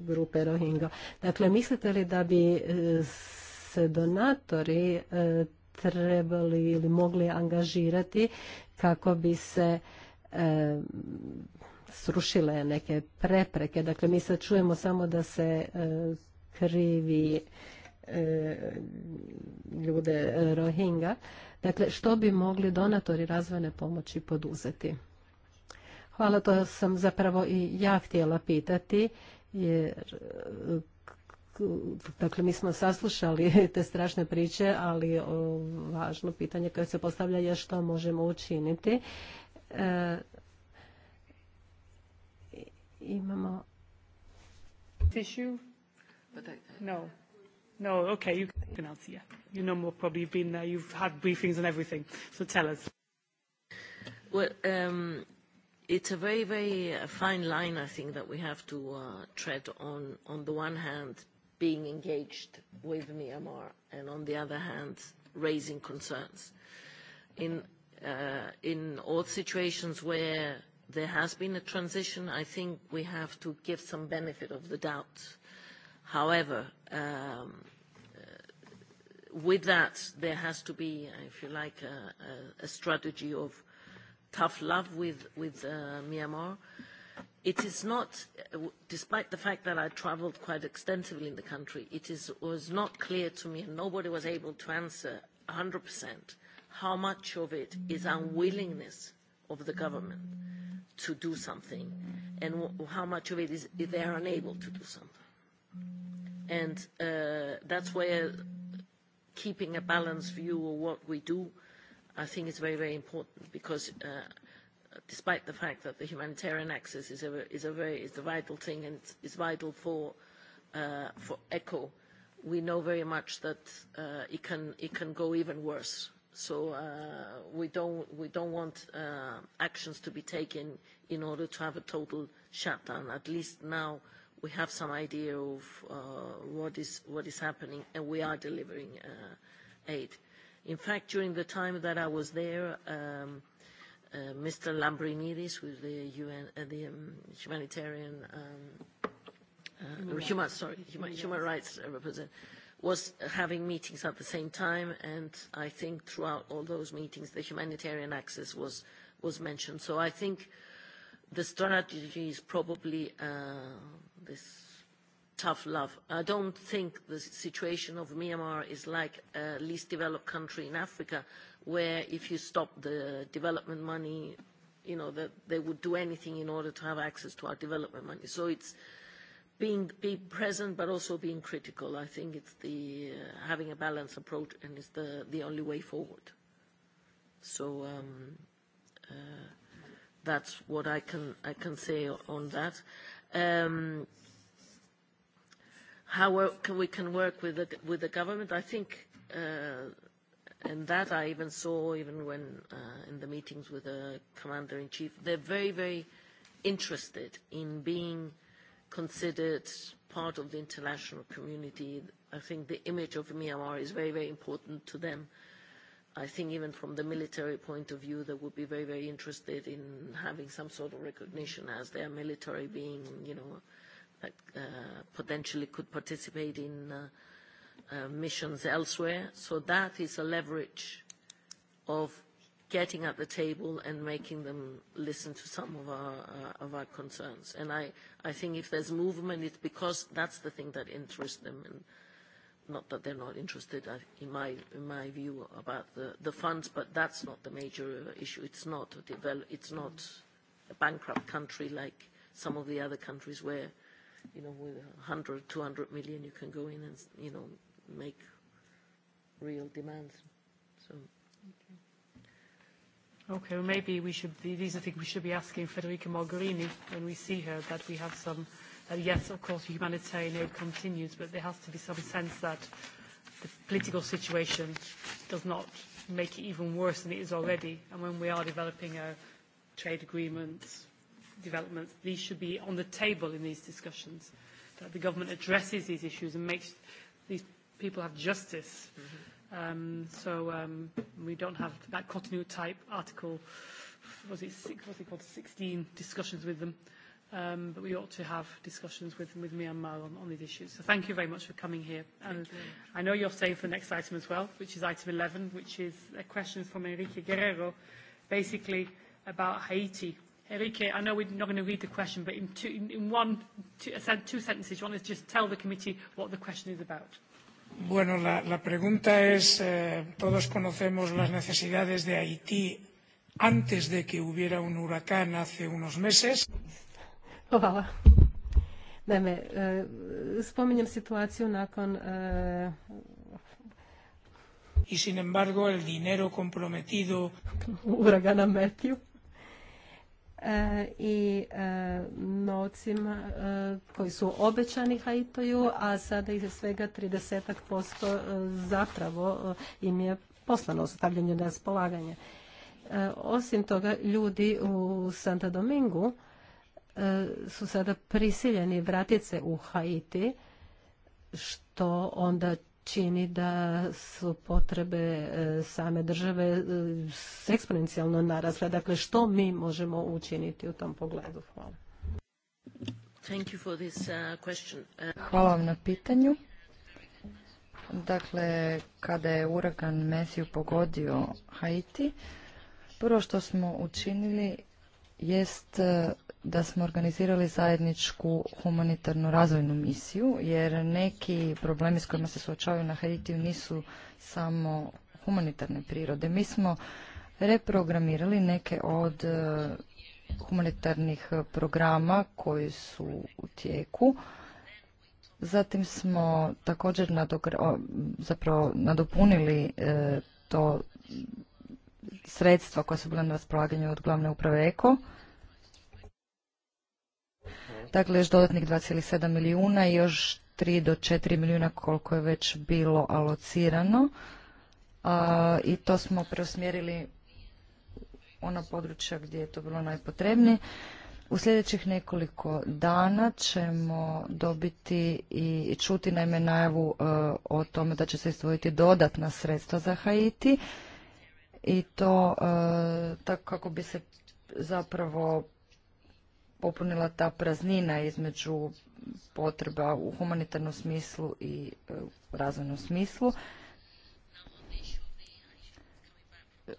grupe Rohingya. Dakle, mislite li da bi se donatori trebali ili mogli angažirati kako bi se srušile neke prepreke. Dakle, mi sad čujemo samo da se e, krivi e, ljude Rohinga. Dakle, što bi mogli donatori razvojne pomoći poduzeti? Hvala, to sam zapravo i ja htjela pitati, jer e, dakle mi smo saslušali te strašne priče, ali važno pitanje koje se postavlja je što možemo učiniti. Imamo... Tissue? no. No, okay, you can answer, yeah. You know more, probably you've been there, you've had briefings and everything, so tell us. Well, um, it's a very, very uh, fine line, I think, that we have to uh, tread on. On the one hand, being engaged with Myanmar, and on the other hand, raising concerns. In, uh, in all situations where there has been a transition. I think we have to give some benefit of the doubt. However, um, uh, with that, there has to be, if you like, a, a strategy of tough love with, with uh, Myanmar. It is not, despite the fact that I traveled quite extensively in the country, it is, was not clear to me, and nobody was able to answer 100%, how much of it is unwillingness of the government to do something and how much of it is they are unable to do something. And uh, that's where keeping a balanced view of what we do, I think is very, very important because uh, despite the fact that the humanitarian access is a, is a very is a vital thing and is vital for, uh, for ECHO, we know very much that uh, it, can, it can go even worse So uh, we, don't, we don't want uh, actions to be taken in order to have a total shutdown. At least now we have some idea of uh, what, is, what is happening, and we are delivering uh, aid. In fact, during the time that I was there, um, uh, Mr. Lambrinidis, who the UN uh, the um, humanitarian um, human, human, sorry, human, human rights representative, was having meetings at the same time, and I think throughout all those meetings, the humanitarian access was, was mentioned. So I think the strategy is probably uh, this tough love. I don't think the situation of Myanmar is like a least developed country in Africa, where if you stop the development money, you know, that they would do anything in order to have access to our development money. So it's being be present but also being critical. I think it's the uh, having a balanced approach and it's the, the only way forward. So um, uh, that's what I can I can say on that. Um, how can we can work with the with the government? I think, uh, and that I even saw even when uh, in the meetings with the commander in chief, they're very very interested in being considered part of the international community. I think the image of Myanmar is very, very important to them. I think even from the military point of view, they would be very, very interested in having some sort of recognition as their military being, you know, that uh, potentially could participate in uh, uh, missions elsewhere. So that is a leverage of getting at the table and making them listen to some of our uh, of our concerns. And I I think if there's movement, it's because that's the thing that interests them, and not that they're not interested uh, in my in my view about the the funds, but that's not the major uh, issue. It's not a develop. It's not a bankrupt country like some of the other countries where, you know, with 100, 200 million you can go in and you know make real demands. So. you. Okay, well maybe we should be, these are things we should be asking Federica Mogherini when we see her, that we have some, that yes, of course, humanitarian aid continues, but there has to be some sense that the political situation does not make it even worse than it is already. And when we are developing our trade agreements, development, these should be on the table in these discussions, that the government addresses these issues and makes these people have justice. Mm -hmm Um, so um, we don't have that Cotonou type article. Was it six? it called? 16 discussions with them. Um, but we ought to have discussions with, with Myanmar on, on these issues. So thank you very much for coming here. And I know you're staying for the next item as well, which is item 11, which is a question from Enrique Guerrero, basically about Haiti. Enrique, I know we're not going to read the question, but in, two, in one, two, two sentences, you want to just tell the committee what the question is about. Bueno, la, pregunta es, eh, todos conocemos las necesidades de Haití antes de que hubiera un huracán hace unos meses. Hvala. Eh, spominjem situaciju nakon... Eh, y sin embargo, el dinero comprometido... Uragana Matthew. E, i e, novcima e, koji su obećani Haitiju, a sada ih je svega 30% zapravo im je poslano stavljanje na raspolaganje. Osim toga, ljudi u Santa Domingu su sada prisiljeni vratiti se u Haiti, što onda čini da su potrebe e, same države e, eksponencijalno narasle. Dakle, što mi možemo učiniti u tom pogledu? Hvala. Uh, uh, Hvala vam na pitanju. Dakle, kada je uragan Mesiju pogodio Haiti, prvo što smo učinili jest e, da smo organizirali zajedničku humanitarnu razvojnu misiju, jer neki problemi s kojima se suočavaju na Haiti nisu samo humanitarne prirode. Mi smo reprogramirali neke od e, humanitarnih programa koji su u tijeku. Zatim smo također zapravo nadopunili e, to sredstva koja su bila na raspolaganju od glavne uprave EKO Dakle, još dodatnih 2,7 milijuna i još 3 do 4 milijuna koliko je već bilo alocirano. I to smo preusmjerili ona područja gdje je to bilo najpotrebnije. U sljedećih nekoliko dana ćemo dobiti i čuti najme najavu e, o tome da će se istvojiti dodatna sredstva za Haiti i to e, tako kako bi se zapravo popunila ta praznina između potreba u humanitarnom smislu i e, razvojnom smislu.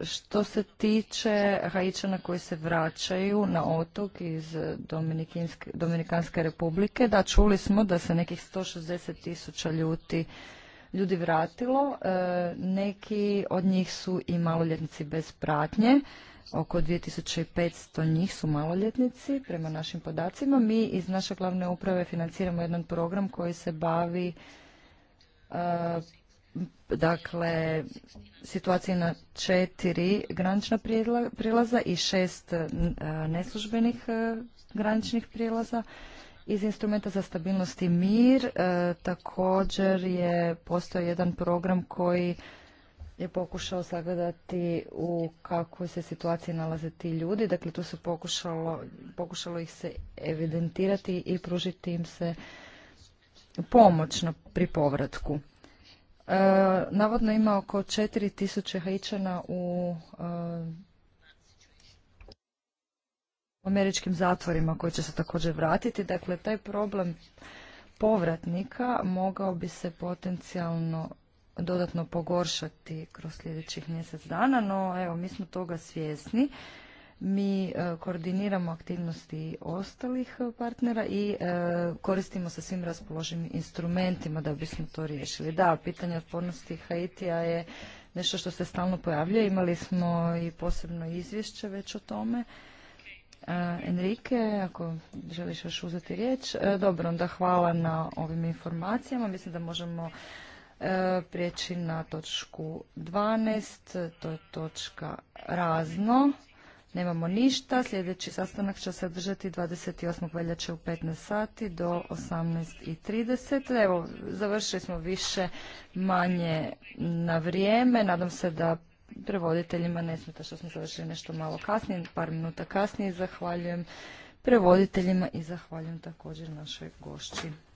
Što se tiče Haičana koji se vraćaju na otok iz Dominikanske republike, da čuli smo da se nekih 160 tisuća ljudi, ljudi vratilo. E, neki od njih su i maloljetnici bez pratnje oko 2500 njih su maloljetnici prema našim podacima. Mi iz naše glavne uprave financiramo jedan program koji se bavi e, dakle situacije na četiri granična prilaza i šest e, neslužbenih e, graničnih prijelaza. Iz instrumenta za stabilnost i mir također je postao jedan program koji je pokušao sagledati u kakvoj se situaciji nalaze ti ljudi. Dakle, tu se pokušalo, pokušalo ih se evidentirati i pružiti im se pomoć na, pri povratku. E, navodno ima oko 4000 hajčana u e, američkim zatvorima koji će se također vratiti. Dakle, taj problem povratnika mogao bi se potencijalno dodatno pogoršati kroz sljedećih mjesec dana, no evo, mi smo toga svjesni. Mi e, koordiniramo aktivnosti ostalih e, partnera i e, koristimo se svim raspoloživim instrumentima da bismo to riješili. Da, pitanje otpornosti Haitija je nešto što se stalno pojavlja. Imali smo i posebno izvješće već o tome. Enrique, ako želiš još uzeti riječ. Dobro, onda hvala na ovim informacijama. Mislim da možemo E, prijeći na točku 12, to je točka razno. Nemamo ništa. Sljedeći sastanak će se održati 28. veljače u 15 sati do 18.30. Evo, završili smo više manje na vrijeme. Nadam se da prevoditeljima ne smeta što smo završili nešto malo kasnije, par minuta kasnije. Zahvaljujem prevoditeljima i zahvaljujem također našoj gošći.